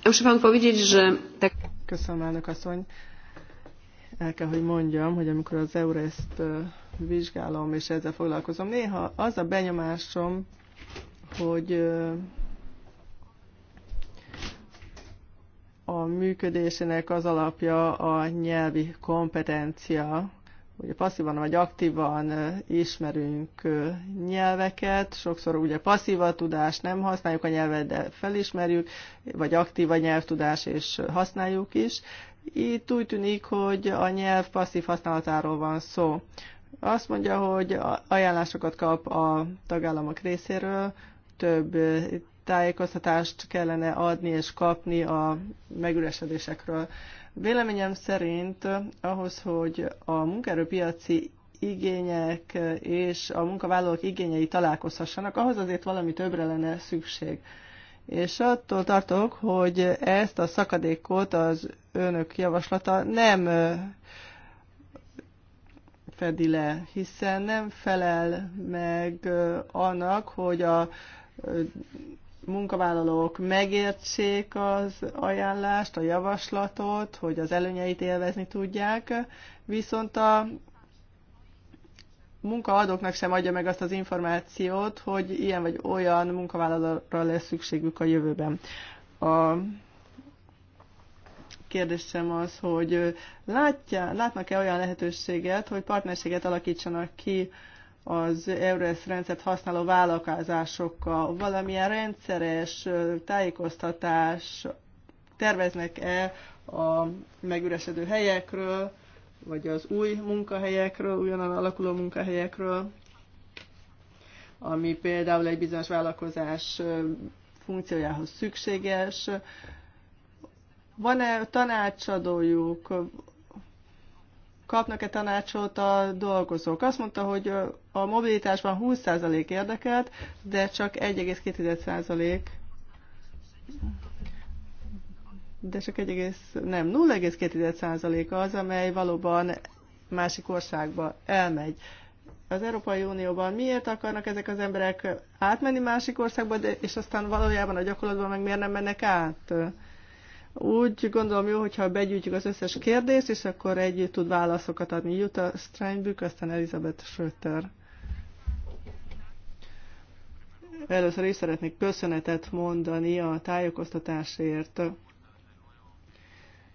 muszę Panu powiedzieć, że tak... Köszönöm, elnök asszony el kell, hogy mondjam, hogy amikor az eurest vizsgálom és ezzel foglalkozom, néha az a benyomásom, hogy a működésének az alapja a nyelvi kompetencia, ugye passzívan vagy aktívan ismerünk nyelveket, sokszor ugye passzív a tudás, nem használjuk a nyelvet, de felismerjük, vagy aktív a nyelvtudás, és használjuk is, itt úgy tűnik, hogy a nyelv passzív használatáról van szó. Azt mondja, hogy ajánlásokat kap a tagállamok részéről, több tájékoztatást kellene adni és kapni a megüresedésekről. Véleményem szerint ahhoz, hogy a munkaerőpiaci igények és a munkavállalók igényei találkozhassanak, ahhoz azért valami többre lenne szükség és attól tartok, hogy ezt a szakadékot az önök javaslata nem fedi le, hiszen nem felel meg annak, hogy a munkavállalók megértsék az ajánlást, a javaslatot, hogy az előnyeit élvezni tudják, viszont a munkaadóknak sem adja meg azt az információt, hogy ilyen vagy olyan munkavállalóra lesz szükségük a jövőben. A kérdésem az, hogy látja, látnak-e olyan lehetőséget, hogy partnerséget alakítsanak ki az EURES rendszert használó vállalkozásokkal, valamilyen rendszeres tájékoztatás terveznek-e a megüresedő helyekről, vagy az új munkahelyekről, ugyanan alakuló munkahelyekről, ami például egy bizonyos vállalkozás funkciójához szükséges. Van-e tanácsadójuk? Kapnak-e tanácsot a dolgozók? Azt mondta, hogy a mobilitásban 20% érdekelt, de csak 1,2% de csak 1, nem, 0,2% az, amely valóban másik országba elmegy. Az Európai Unióban miért akarnak ezek az emberek átmenni másik országba, de, és aztán valójában a gyakorlatban meg miért nem mennek át? Úgy gondolom jó, hogyha begyűjtjük az összes kérdést, és akkor együtt tud válaszokat adni Jutta Steinbück, aztán Elizabeth Schröter. Először is szeretnék köszönetet mondani a tájékoztatásért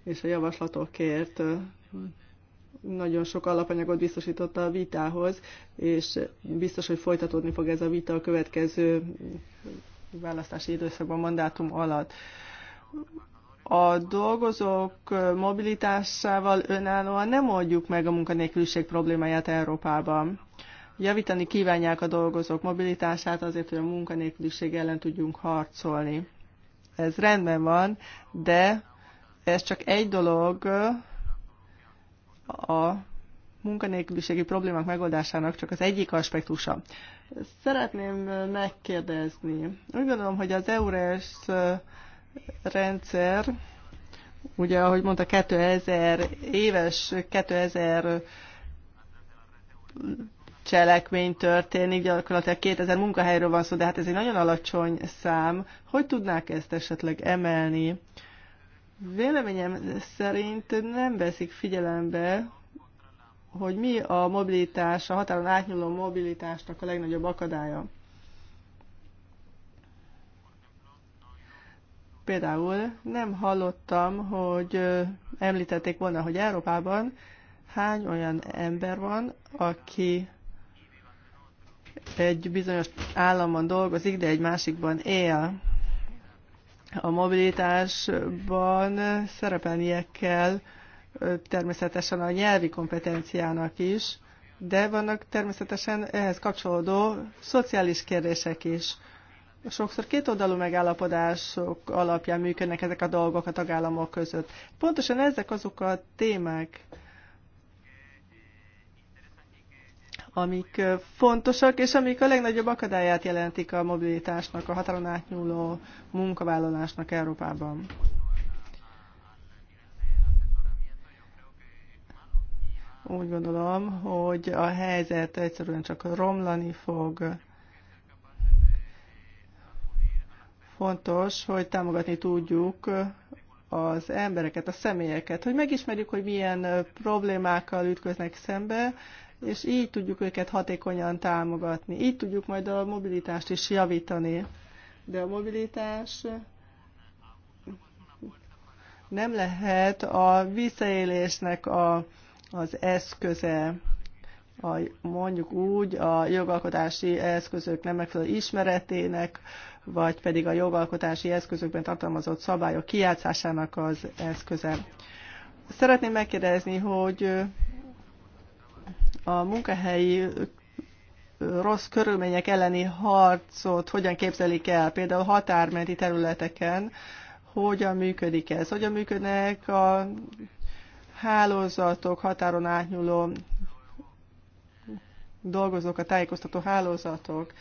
és a javaslatokért nagyon sok alapanyagot biztosította a vitához, és biztos, hogy folytatódni fog ez a vita a következő választási időszakban, mandátum alatt. A dolgozók mobilitásával önállóan nem oldjuk meg a munkanélküliség problémáját Európában. Javítani kívánják a dolgozók mobilitását azért, hogy a munkanélküliség ellen tudjunk harcolni. Ez rendben van, de ez csak egy dolog a munkanélküliségi problémák megoldásának csak az egyik aspektusa. Szeretném megkérdezni. Úgy gondolom, hogy az EURES rendszer, ugye ahogy mondta, 2000 éves, 2000 cselekmény történik, gyakorlatilag 2000 munkahelyről van szó, de hát ez egy nagyon alacsony szám. Hogy tudnák ezt esetleg emelni? Véleményem szerint nem veszik figyelembe, hogy mi a mobilitás, a határon átnyúló mobilitásnak a legnagyobb akadálya. Például nem hallottam, hogy említették volna, hogy Európában hány olyan ember van, aki egy bizonyos államban dolgozik, de egy másikban él. A mobilitásban szerepelnie kell természetesen a nyelvi kompetenciának is, de vannak természetesen ehhez kapcsolódó szociális kérdések is. Sokszor kétoldalú megállapodások alapján működnek ezek a dolgok a tagállamok között. Pontosan ezek azok a témák, amik fontosak, és amik a legnagyobb akadályát jelentik a mobilitásnak, a határon átnyúló munkavállalásnak Európában. Úgy gondolom, hogy a helyzet egyszerűen csak romlani fog. Fontos, hogy támogatni tudjuk az embereket, a személyeket, hogy megismerjük, hogy milyen problémákkal ütköznek szembe, és így tudjuk őket hatékonyan támogatni. Így tudjuk majd a mobilitást is javítani. De a mobilitás nem lehet a visszaélésnek a, az eszköze, a, mondjuk úgy a jogalkotási eszközök nem megfelelő ismeretének, vagy pedig a jogalkotási eszközökben tartalmazott szabályok kiátszásának az eszköze. Szeretném megkérdezni, hogy a munkahelyi rossz körülmények elleni harcot hogyan képzelik el, például határmenti területeken, hogyan működik ez, hogyan működnek a hálózatok, határon átnyúló dolgozók, a tájékoztató hálózatok.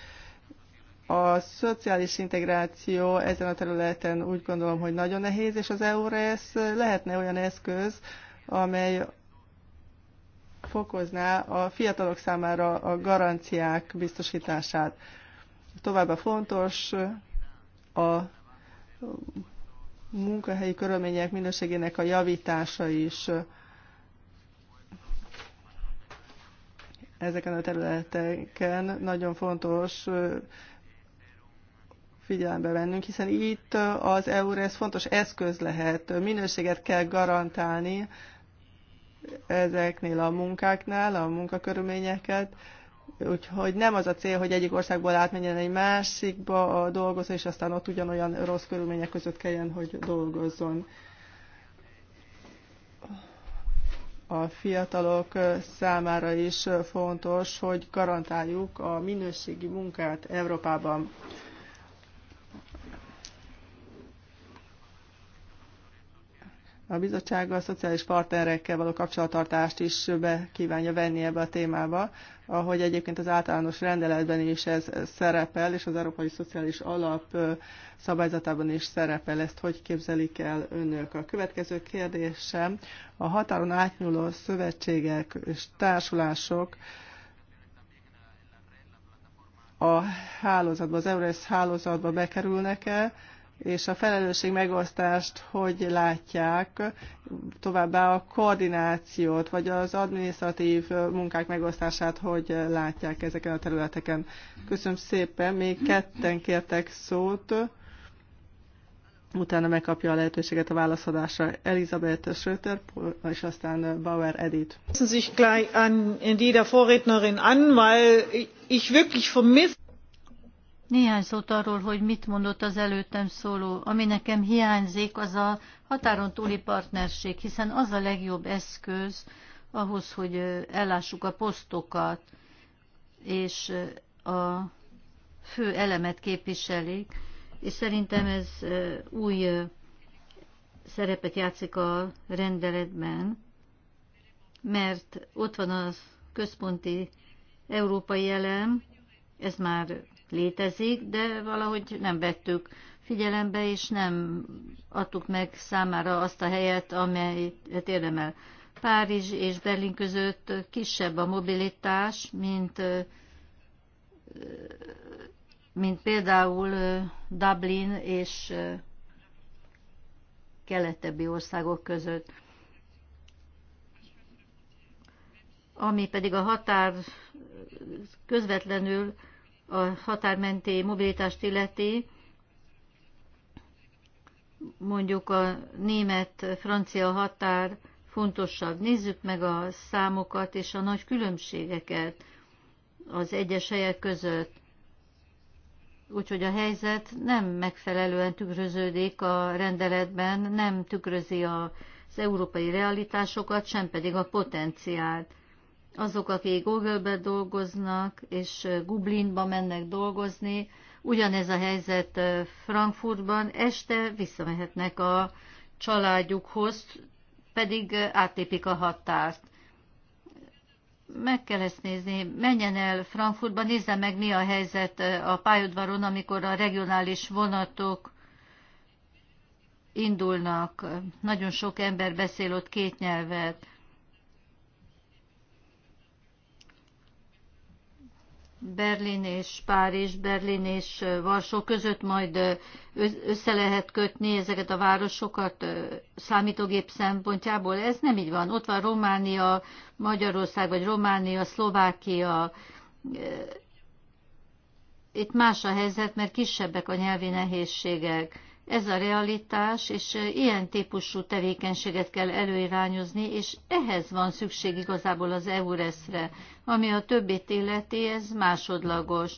A szociális integráció ezen a területen úgy gondolom, hogy nagyon nehéz, és az EURES lehetne olyan eszköz, amely fokozná a fiatalok számára a garanciák biztosítását. Továbbá fontos a munkahelyi körülmények minőségének a javítása is ezeken a területeken nagyon fontos figyelembe vennünk, hiszen itt az EURES fontos eszköz lehet, minőséget kell garantálni ezeknél a munkáknál, a munkakörülményeket, Úgyhogy nem az a cél, hogy egyik országból átmenjen egy másikba a dolgozó, és aztán ott ugyanolyan rossz körülmények között kelljen, hogy dolgozzon. A fiatalok számára is fontos, hogy garantáljuk a minőségi munkát Európában. a bizottsággal, a szociális partnerekkel való kapcsolattartást is be kívánja venni ebbe a témába, ahogy egyébként az általános rendeletben is ez szerepel, és az Európai Szociális Alap szabályzatában is szerepel. Ezt hogy képzelik el önök? A következő kérdésem a határon átnyúló szövetségek és társulások a hálózatba, az EURES hálózatba bekerülnek-e, és a felelősség megosztást hogy látják, továbbá a koordinációt, vagy az adminisztratív munkák megosztását hogy látják ezeken a területeken. Köszönöm szépen, még ketten kértek szót, utána megkapja a lehetőséget a válaszadásra Elizabeth Schröter, és aztán Bauer Edith. sich gleich an die der Vorrednerin an, weil ich wirklich vermisse néhány szót arról, hogy mit mondott az előttem szóló. Ami nekem hiányzik, az a határon túli partnerség, hiszen az a legjobb eszköz ahhoz, hogy ellássuk a posztokat, és a fő elemet képviselik, és szerintem ez új szerepet játszik a rendeletben, mert ott van az központi európai elem, ez már létezik, de valahogy nem vettük figyelembe, és nem adtuk meg számára azt a helyet, amelyet érdemel. Párizs és Berlin között kisebb a mobilitás, mint, mint például Dublin és keletebbi országok között. Ami pedig a határ közvetlenül a határmenti mobilitást illeti, mondjuk a német-francia határ fontosabb. Nézzük meg a számokat és a nagy különbségeket az egyes helyek között. Úgyhogy a helyzet nem megfelelően tükröződik a rendeletben, nem tükrözi az európai realitásokat, sem pedig a potenciált azok, akik google dolgoznak, és Gublinba mennek dolgozni, ugyanez a helyzet Frankfurtban, este visszamehetnek a családjukhoz, pedig áttépik a határt. Meg kell ezt nézni, menjen el Frankfurtba, nézze meg, mi a helyzet a pályaudvaron, amikor a regionális vonatok indulnak. Nagyon sok ember beszél ott két nyelvet Berlin és Párizs, Berlin és Varsó között majd össze lehet kötni ezeket a városokat számítógép szempontjából. Ez nem így van. Ott van Románia, Magyarország, vagy Románia, Szlovákia. Itt más a helyzet, mert kisebbek a nyelvi nehézségek. Ez a realitás, és ilyen típusú tevékenységet kell előirányozni, és ehhez van szükség igazából az EURES-re. Ami a többi illeti, ez másodlagos.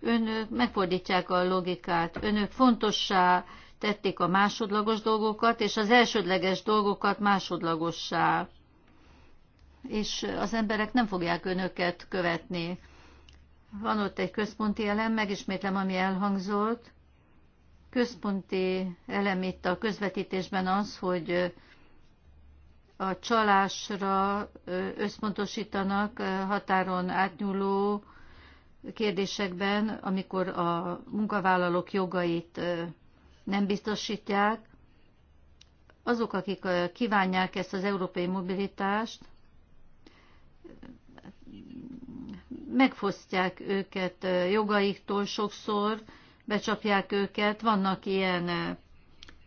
Önök megfordítják a logikát. Önök fontossá tették a másodlagos dolgokat, és az elsődleges dolgokat másodlagossá. És az emberek nem fogják önöket követni. Van ott egy központi elem, megismétlem, ami elhangzott központi elem itt a közvetítésben az, hogy a csalásra összpontosítanak határon átnyúló kérdésekben, amikor a munkavállalók jogait nem biztosítják. Azok, akik kívánják ezt az európai mobilitást, megfosztják őket jogaiktól sokszor, becsapják őket. Vannak ilyen eh,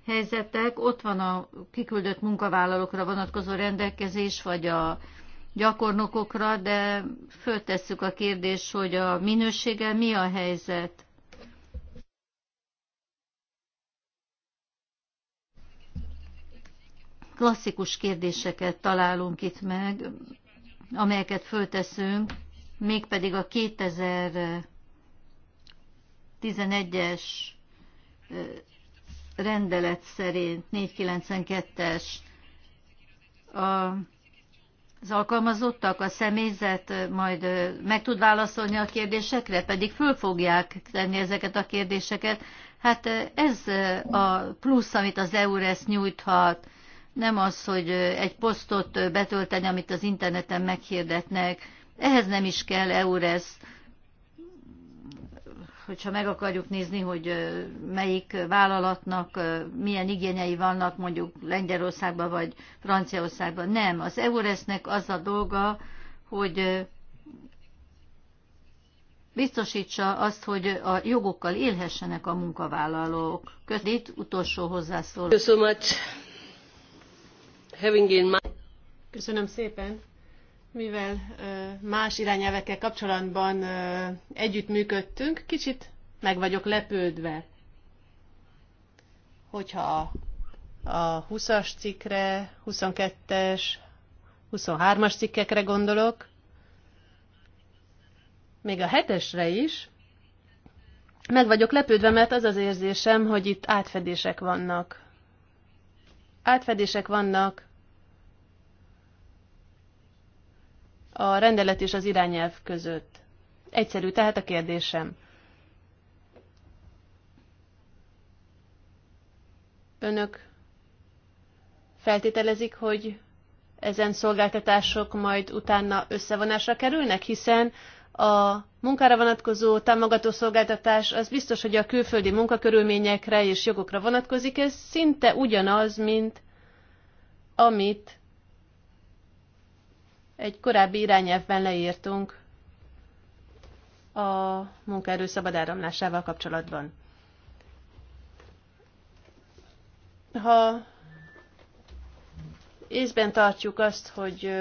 helyzetek, ott van a kiküldött munkavállalókra vonatkozó rendelkezés, vagy a gyakornokokra, de föltesszük a kérdést, hogy a minősége mi a helyzet. klasszikus kérdéseket találunk itt meg, amelyeket fölteszünk, mégpedig a 2000 11-es rendelet szerint 492-es az alkalmazottak, a személyzet majd meg tud válaszolni a kérdésekre, pedig föl fogják tenni ezeket a kérdéseket. Hát ez a plusz, amit az EURES nyújthat, nem az, hogy egy posztot betölteni, amit az interneten meghirdetnek. Ehhez nem is kell EURES hogyha meg akarjuk nézni, hogy melyik vállalatnak milyen igényei vannak mondjuk Lengyelországban vagy Franciaországban. Nem, az EURES-nek az a dolga, hogy biztosítsa azt, hogy a jogokkal élhessenek a munkavállalók. Köszönöm, itt utolsó hozzászóló. Köszönöm szépen mivel más irányelvekkel kapcsolatban együttműködtünk, kicsit meg vagyok lepődve, hogyha a 20-as cikkre, 22-es, 23-as cikkekre gondolok, még a hetesre is, meg vagyok lepődve, mert az az érzésem, hogy itt átfedések vannak. Átfedések vannak a rendelet és az irányelv között. Egyszerű, tehát a kérdésem. Önök feltételezik, hogy ezen szolgáltatások majd utána összevonásra kerülnek, hiszen a munkára vonatkozó támogató szolgáltatás az biztos, hogy a külföldi munkakörülményekre és jogokra vonatkozik, ez szinte ugyanaz, mint amit egy korábbi irányelvben leírtunk a munkaerő szabad áramlásával kapcsolatban. Ha észben tartjuk azt, hogy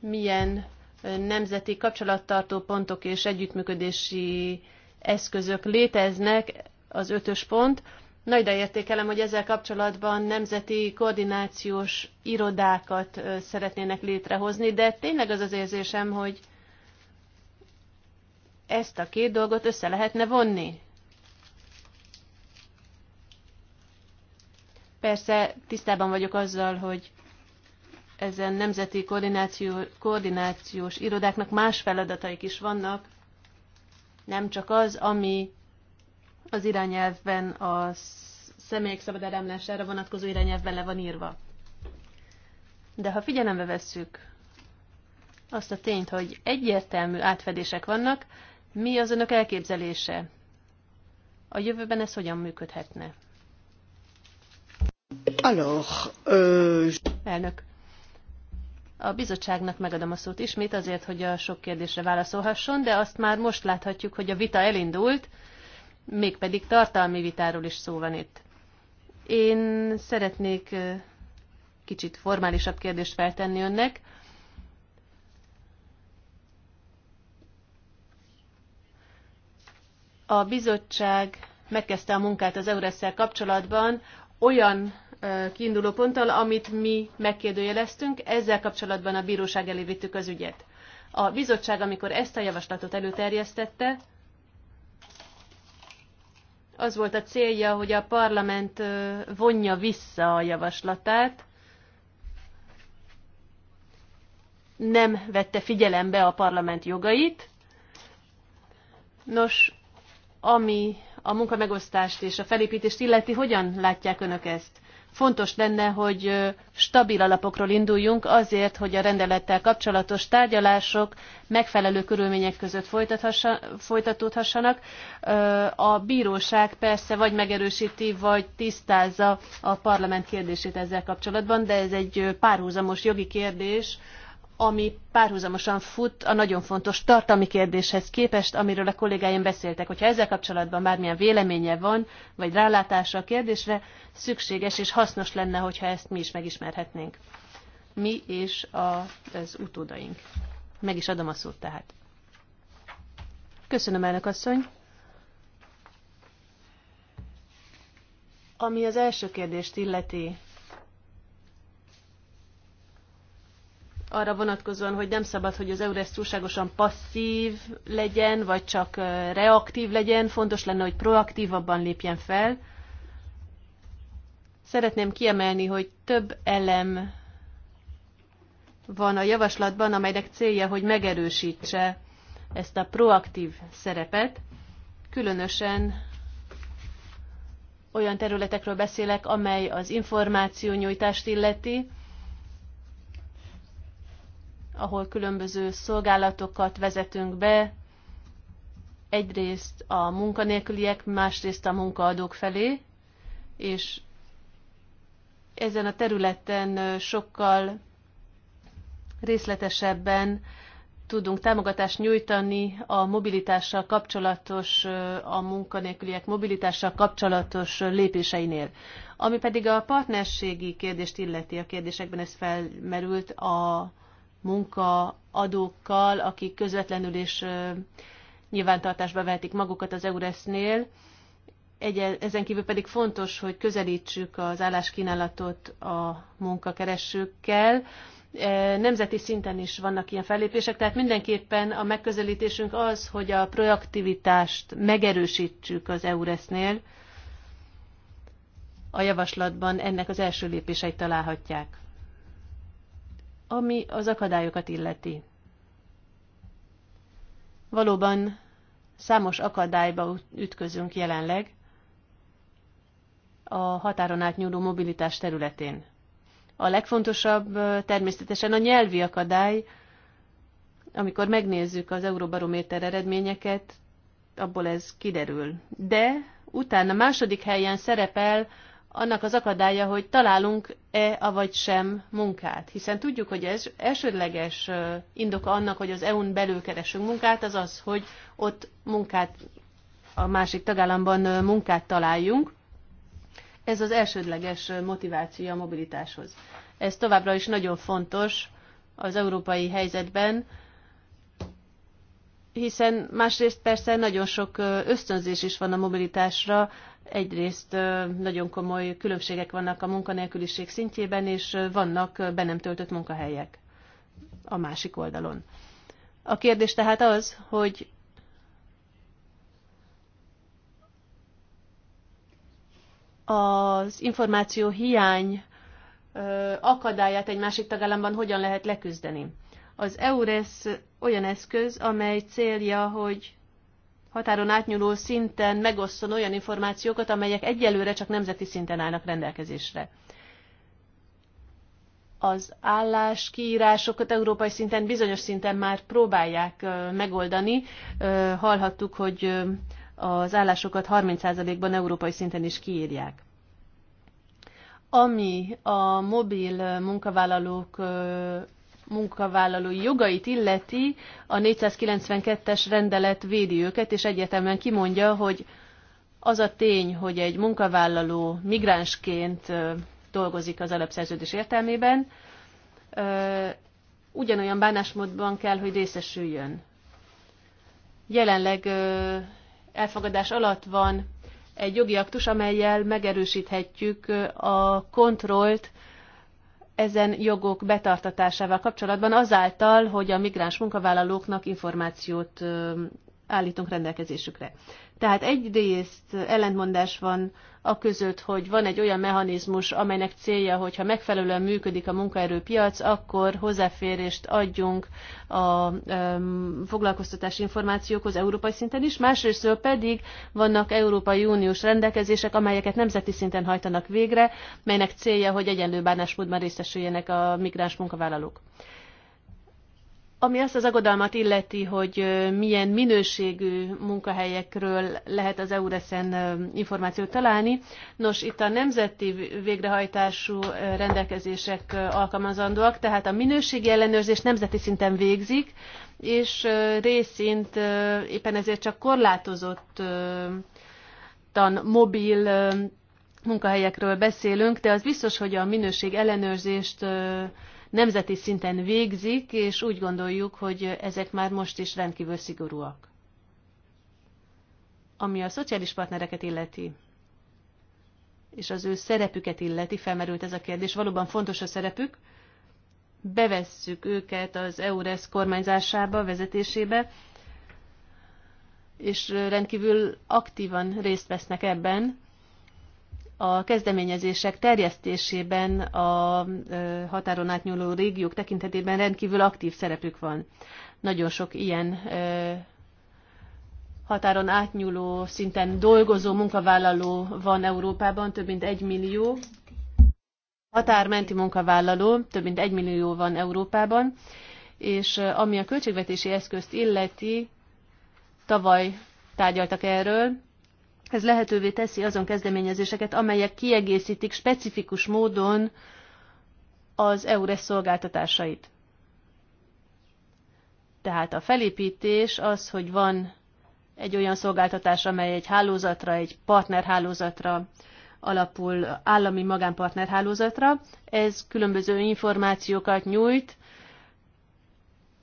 milyen nemzeti kapcsolattartó pontok és együttműködési eszközök léteznek, az ötös pont, nagy de értékelem, hogy ezzel kapcsolatban nemzeti koordinációs irodákat szeretnének létrehozni, de tényleg az az érzésem, hogy ezt a két dolgot össze lehetne vonni. Persze tisztában vagyok azzal, hogy ezen nemzeti koordináció, koordinációs irodáknak más feladataik is vannak, nem csak az, ami az irányelvben, a személyek szabad áramlására vonatkozó irányelvben le van írva. De ha figyelembe vesszük azt a tényt, hogy egyértelmű átfedések vannak, mi az önök elképzelése? A jövőben ez hogyan működhetne? Alors, euh... Elnök. A bizottságnak megadom a szót ismét azért, hogy a sok kérdésre válaszolhasson, de azt már most láthatjuk, hogy a vita elindult, mégpedig tartalmi vitáról is szó van itt. Én szeretnék kicsit formálisabb kérdést feltenni önnek. A bizottság megkezdte a munkát az Euresszel kapcsolatban olyan kiinduló ponttal, amit mi megkérdőjeleztünk, ezzel kapcsolatban a bíróság elé vittük az ügyet. A bizottság, amikor ezt a javaslatot előterjesztette, az volt a célja, hogy a parlament vonja vissza a javaslatát, nem vette figyelembe a parlament jogait. Nos, ami a munkamegosztást és a felépítést illeti, hogyan látják önök ezt? fontos lenne, hogy stabil alapokról induljunk azért, hogy a rendelettel kapcsolatos tárgyalások megfelelő körülmények között folytatódhassanak. A bíróság persze vagy megerősíti, vagy tisztázza a parlament kérdését ezzel kapcsolatban, de ez egy párhuzamos jogi kérdés ami párhuzamosan fut a nagyon fontos tartalmi kérdéshez képest, amiről a kollégáim beszéltek. Hogyha ezzel kapcsolatban bármilyen véleménye van, vagy rálátása a kérdésre, szükséges és hasznos lenne, hogyha ezt mi is megismerhetnénk. Mi és az utódaink. Meg is adom a szót tehát. Köszönöm, elnök asszony. Ami az első kérdést illeti, arra vonatkozóan, hogy nem szabad, hogy az Eurest túlságosan passzív legyen, vagy csak reaktív legyen, fontos lenne, hogy proaktívabban lépjen fel. Szeretném kiemelni, hogy több elem van a javaslatban, amelynek célja, hogy megerősítse ezt a proaktív szerepet, különösen olyan területekről beszélek, amely az információnyújtást illeti, ahol különböző szolgálatokat vezetünk be, egyrészt a munkanélküliek, másrészt a munkaadók felé, és ezen a területen sokkal részletesebben tudunk támogatást nyújtani a mobilitással kapcsolatos, a munkanélküliek mobilitással kapcsolatos lépéseinél. Ami pedig a partnerségi kérdést illeti, a kérdésekben ez felmerült, a munkaadókkal, akik közvetlenül is nyilvántartásba vehetik magukat az EURES-nél. Ezen kívül pedig fontos, hogy közelítsük az álláskínálatot a munkakeresőkkel. Nemzeti szinten is vannak ilyen fellépések, tehát mindenképpen a megközelítésünk az, hogy a proaktivitást megerősítsük az EURES-nél. A javaslatban ennek az első lépéseit találhatják ami az akadályokat illeti. Valóban számos akadályba ütközünk jelenleg a határon átnyúló mobilitás területén. A legfontosabb természetesen a nyelvi akadály, amikor megnézzük az Euróbarométer eredményeket, abból ez kiderül. De utána második helyen szerepel annak az akadálya, hogy találunk-e, avagy sem munkát. Hiszen tudjuk, hogy ez elsődleges indoka annak, hogy az EU-n belül keresünk munkát, az az, hogy ott munkát, a másik tagállamban munkát találjunk. Ez az elsődleges motiváció a mobilitáshoz. Ez továbbra is nagyon fontos az európai helyzetben, hiszen másrészt persze nagyon sok ösztönzés is van a mobilitásra, egyrészt nagyon komoly különbségek vannak a munkanélküliség szintjében, és vannak be nem töltött munkahelyek a másik oldalon. A kérdés tehát az, hogy az információ hiány akadályát egy másik tagállamban hogyan lehet leküzdeni. Az EURES olyan eszköz, amely célja, hogy határon átnyúló szinten megosszon olyan információkat, amelyek egyelőre csak nemzeti szinten állnak rendelkezésre. Az álláskiírásokat európai szinten, bizonyos szinten már próbálják megoldani. Hallhattuk, hogy az állásokat 30%-ban európai szinten is kiírják. Ami a mobil munkavállalók munkavállalói jogait illeti, a 492-es rendelet védi őket, és egyetemen kimondja, hogy az a tény, hogy egy munkavállaló migránsként dolgozik az alapszerződés értelmében, ugyanolyan bánásmódban kell, hogy részesüljön. Jelenleg elfogadás alatt van egy jogi aktus, amelyel megerősíthetjük a kontrollt ezen jogok betartatásával kapcsolatban azáltal, hogy a migráns munkavállalóknak információt állítunk rendelkezésükre. Tehát egyrészt ellentmondás van a között, hogy van egy olyan mechanizmus, amelynek célja, hogyha megfelelően működik a munkaerőpiac, akkor hozzáférést adjunk a um, foglalkoztatási információkhoz európai szinten is, Másrészt pedig vannak Európai Uniós rendelkezések, amelyeket nemzeti szinten hajtanak végre, melynek célja, hogy egyenlő bánásmódban részesüljenek a migráns munkavállalók. Ami azt az aggodalmat illeti, hogy milyen minőségű munkahelyekről lehet az EURESZ-en információt találni, nos, itt a nemzeti végrehajtású rendelkezések alkalmazandóak, tehát a minőségi ellenőrzés nemzeti szinten végzik, és részint éppen ezért csak korlátozott tan mobil munkahelyekről beszélünk, de az biztos, hogy a minőség ellenőrzést nemzeti szinten végzik, és úgy gondoljuk, hogy ezek már most is rendkívül szigorúak. Ami a szociális partnereket illeti, és az ő szerepüket illeti, felmerült ez a kérdés, valóban fontos a szerepük, bevesszük őket az EURES kormányzásába, vezetésébe, és rendkívül aktívan részt vesznek ebben, a kezdeményezések terjesztésében a határon átnyúló régiók tekintetében rendkívül aktív szerepük van. Nagyon sok ilyen határon átnyúló szinten dolgozó munkavállaló van Európában, több mint egy millió. Határmenti munkavállaló, több mint egy millió van Európában, és ami a költségvetési eszközt illeti, tavaly tárgyaltak erről, ez lehetővé teszi azon kezdeményezéseket, amelyek kiegészítik specifikus módon az EURES szolgáltatásait. Tehát a felépítés az, hogy van egy olyan szolgáltatás, amely egy hálózatra, egy partnerhálózatra alapul, állami magánpartnerhálózatra. Ez különböző információkat nyújt,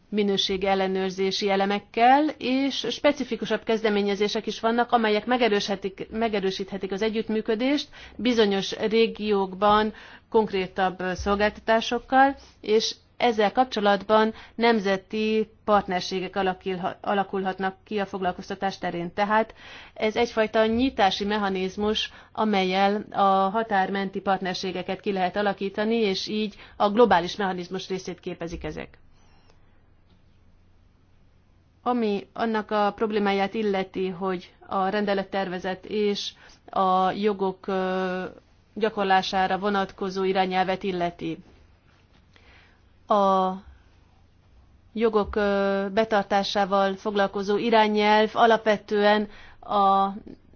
minőség ellenőrzési elemekkel, és specifikusabb kezdeményezések is vannak, amelyek megerősíthetik, az együttműködést bizonyos régiókban konkrétabb szolgáltatásokkal, és ezzel kapcsolatban nemzeti partnerségek alakulhatnak ki a foglalkoztatás terén. Tehát ez egyfajta nyitási mechanizmus, amelyel a határmenti partnerségeket ki lehet alakítani, és így a globális mechanizmus részét képezik ezek. Ami annak a problémáját illeti, hogy a rendelettervezet és a jogok gyakorlására vonatkozó irányelvet illeti. A jogok betartásával foglalkozó irányelv alapvetően a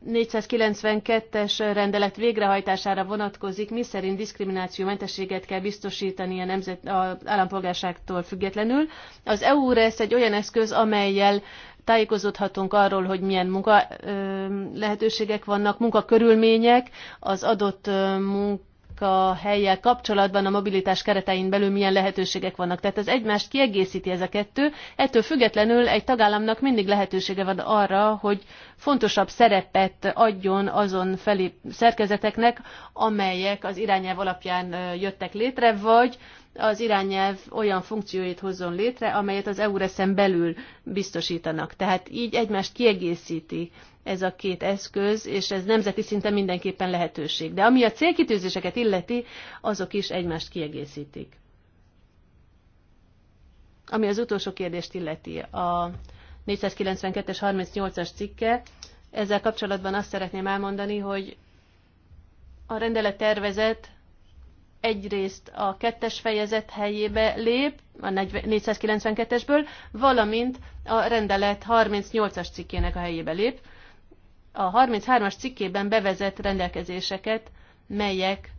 492-es rendelet végrehajtására vonatkozik, miszerint diszkriminációmentességet kell biztosítani a, nemzet, a állampolgárságtól függetlenül. Az EU ez egy olyan eszköz, amelyel tájékozódhatunk arról, hogy milyen munka lehetőségek vannak, munkakörülmények, az adott munka a helyek kapcsolatban a mobilitás keretein belül milyen lehetőségek vannak. Tehát az egymást kiegészíti ez a kettő. Ettől függetlenül egy tagállamnak mindig lehetősége van arra, hogy fontosabb szerepet adjon azon felé szerkezeteknek, amelyek az irányelv alapján jöttek létre, vagy az irányelv olyan funkcióit hozzon létre, amelyet az EURES-en belül biztosítanak. Tehát így egymást kiegészíti ez a két eszköz, és ez nemzeti szinten mindenképpen lehetőség. De ami a célkitűzéseket illeti, azok is egymást kiegészítik. Ami az utolsó kérdést illeti, a 492-es 38-as cikke, ezzel kapcsolatban azt szeretném elmondani, hogy a rendelet tervezet egyrészt a kettes fejezet helyébe lép, a 492-esből, valamint a rendelet 38-as cikkének a helyébe lép, a 33-as cikkében bevezett rendelkezéseket, melyek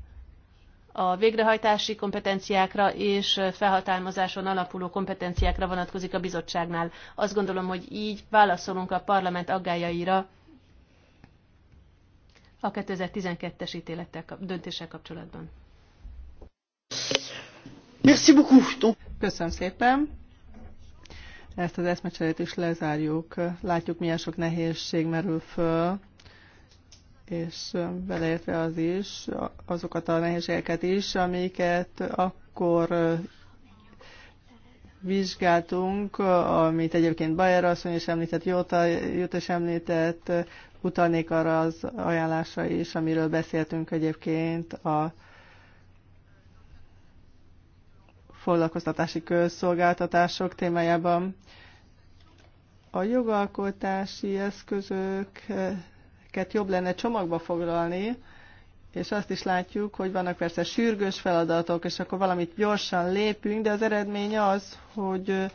a végrehajtási kompetenciákra és felhatalmazáson alapuló kompetenciákra vonatkozik a bizottságnál. Azt gondolom, hogy így válaszolunk a parlament aggájaira a 2012-es ítélettel döntéssel kapcsolatban. Merci beaucoup. Köszönöm szépen ezt az eszmecserét is lezárjuk. Látjuk, milyen sok nehézség merül föl, és beleértve az is, azokat a nehézségeket is, amiket akkor vizsgáltunk, amit egyébként Bajer asszony is említett, Jóta, Jóta is említett, utalnék arra az ajánlásra is, amiről beszéltünk egyébként a foglalkoztatási közszolgáltatások témájában. A jogalkotási eszközöket jobb lenne csomagba foglalni, és azt is látjuk, hogy vannak persze sürgős feladatok, és akkor valamit gyorsan lépünk, de az eredmény az, hogy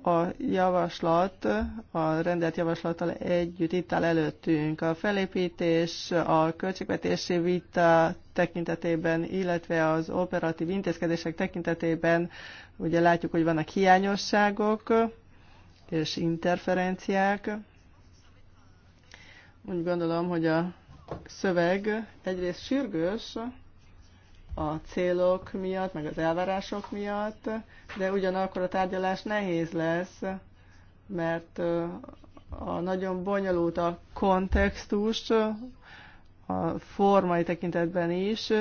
a javaslat, a rendelt javaslattal együtt itt áll előttünk. A felépítés, a költségvetési vita tekintetében, illetve az operatív intézkedések tekintetében ugye látjuk, hogy vannak hiányosságok és interferenciák. Úgy gondolom, hogy a szöveg egyrészt sürgős, a célok miatt, meg az elvárások miatt, de ugyanakkor a tárgyalás nehéz lesz, mert a nagyon bonyolult a kontextus a formai tekintetben is,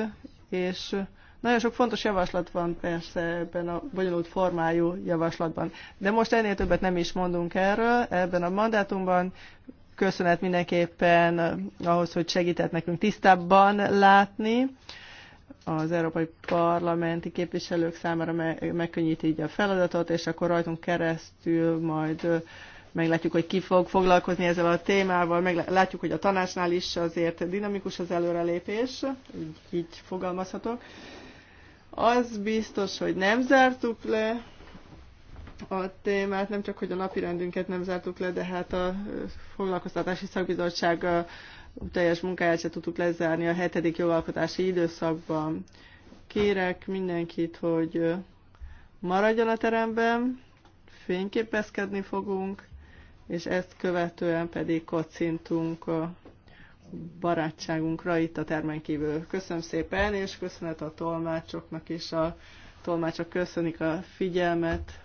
és nagyon sok fontos javaslat van persze ebben a bonyolult formájú javaslatban. De most ennél többet nem is mondunk erről, ebben a mandátumban köszönet mindenképpen ahhoz, hogy segített nekünk tisztábban látni, az európai parlamenti képviselők számára megkönnyíti így a feladatot, és akkor rajtunk keresztül majd meglátjuk, hogy ki fog foglalkozni ezzel a témával, meglátjuk, hogy a tanácsnál is azért dinamikus az előrelépés, így, így fogalmazhatok. Az biztos, hogy nem zártuk le a témát, nem csak, hogy a napi rendünket nem zártuk le, de hát a foglalkoztatási szakbizottság teljes munkáját se tudtuk lezárni a hetedik jogalkotási időszakban. Kérek mindenkit, hogy maradjon a teremben, fényképezkedni fogunk, és ezt követően pedig kocintunk a barátságunkra itt a termen kívül. Köszönöm szépen, és köszönet a tolmácsoknak is. A tolmácsok köszönik a figyelmet.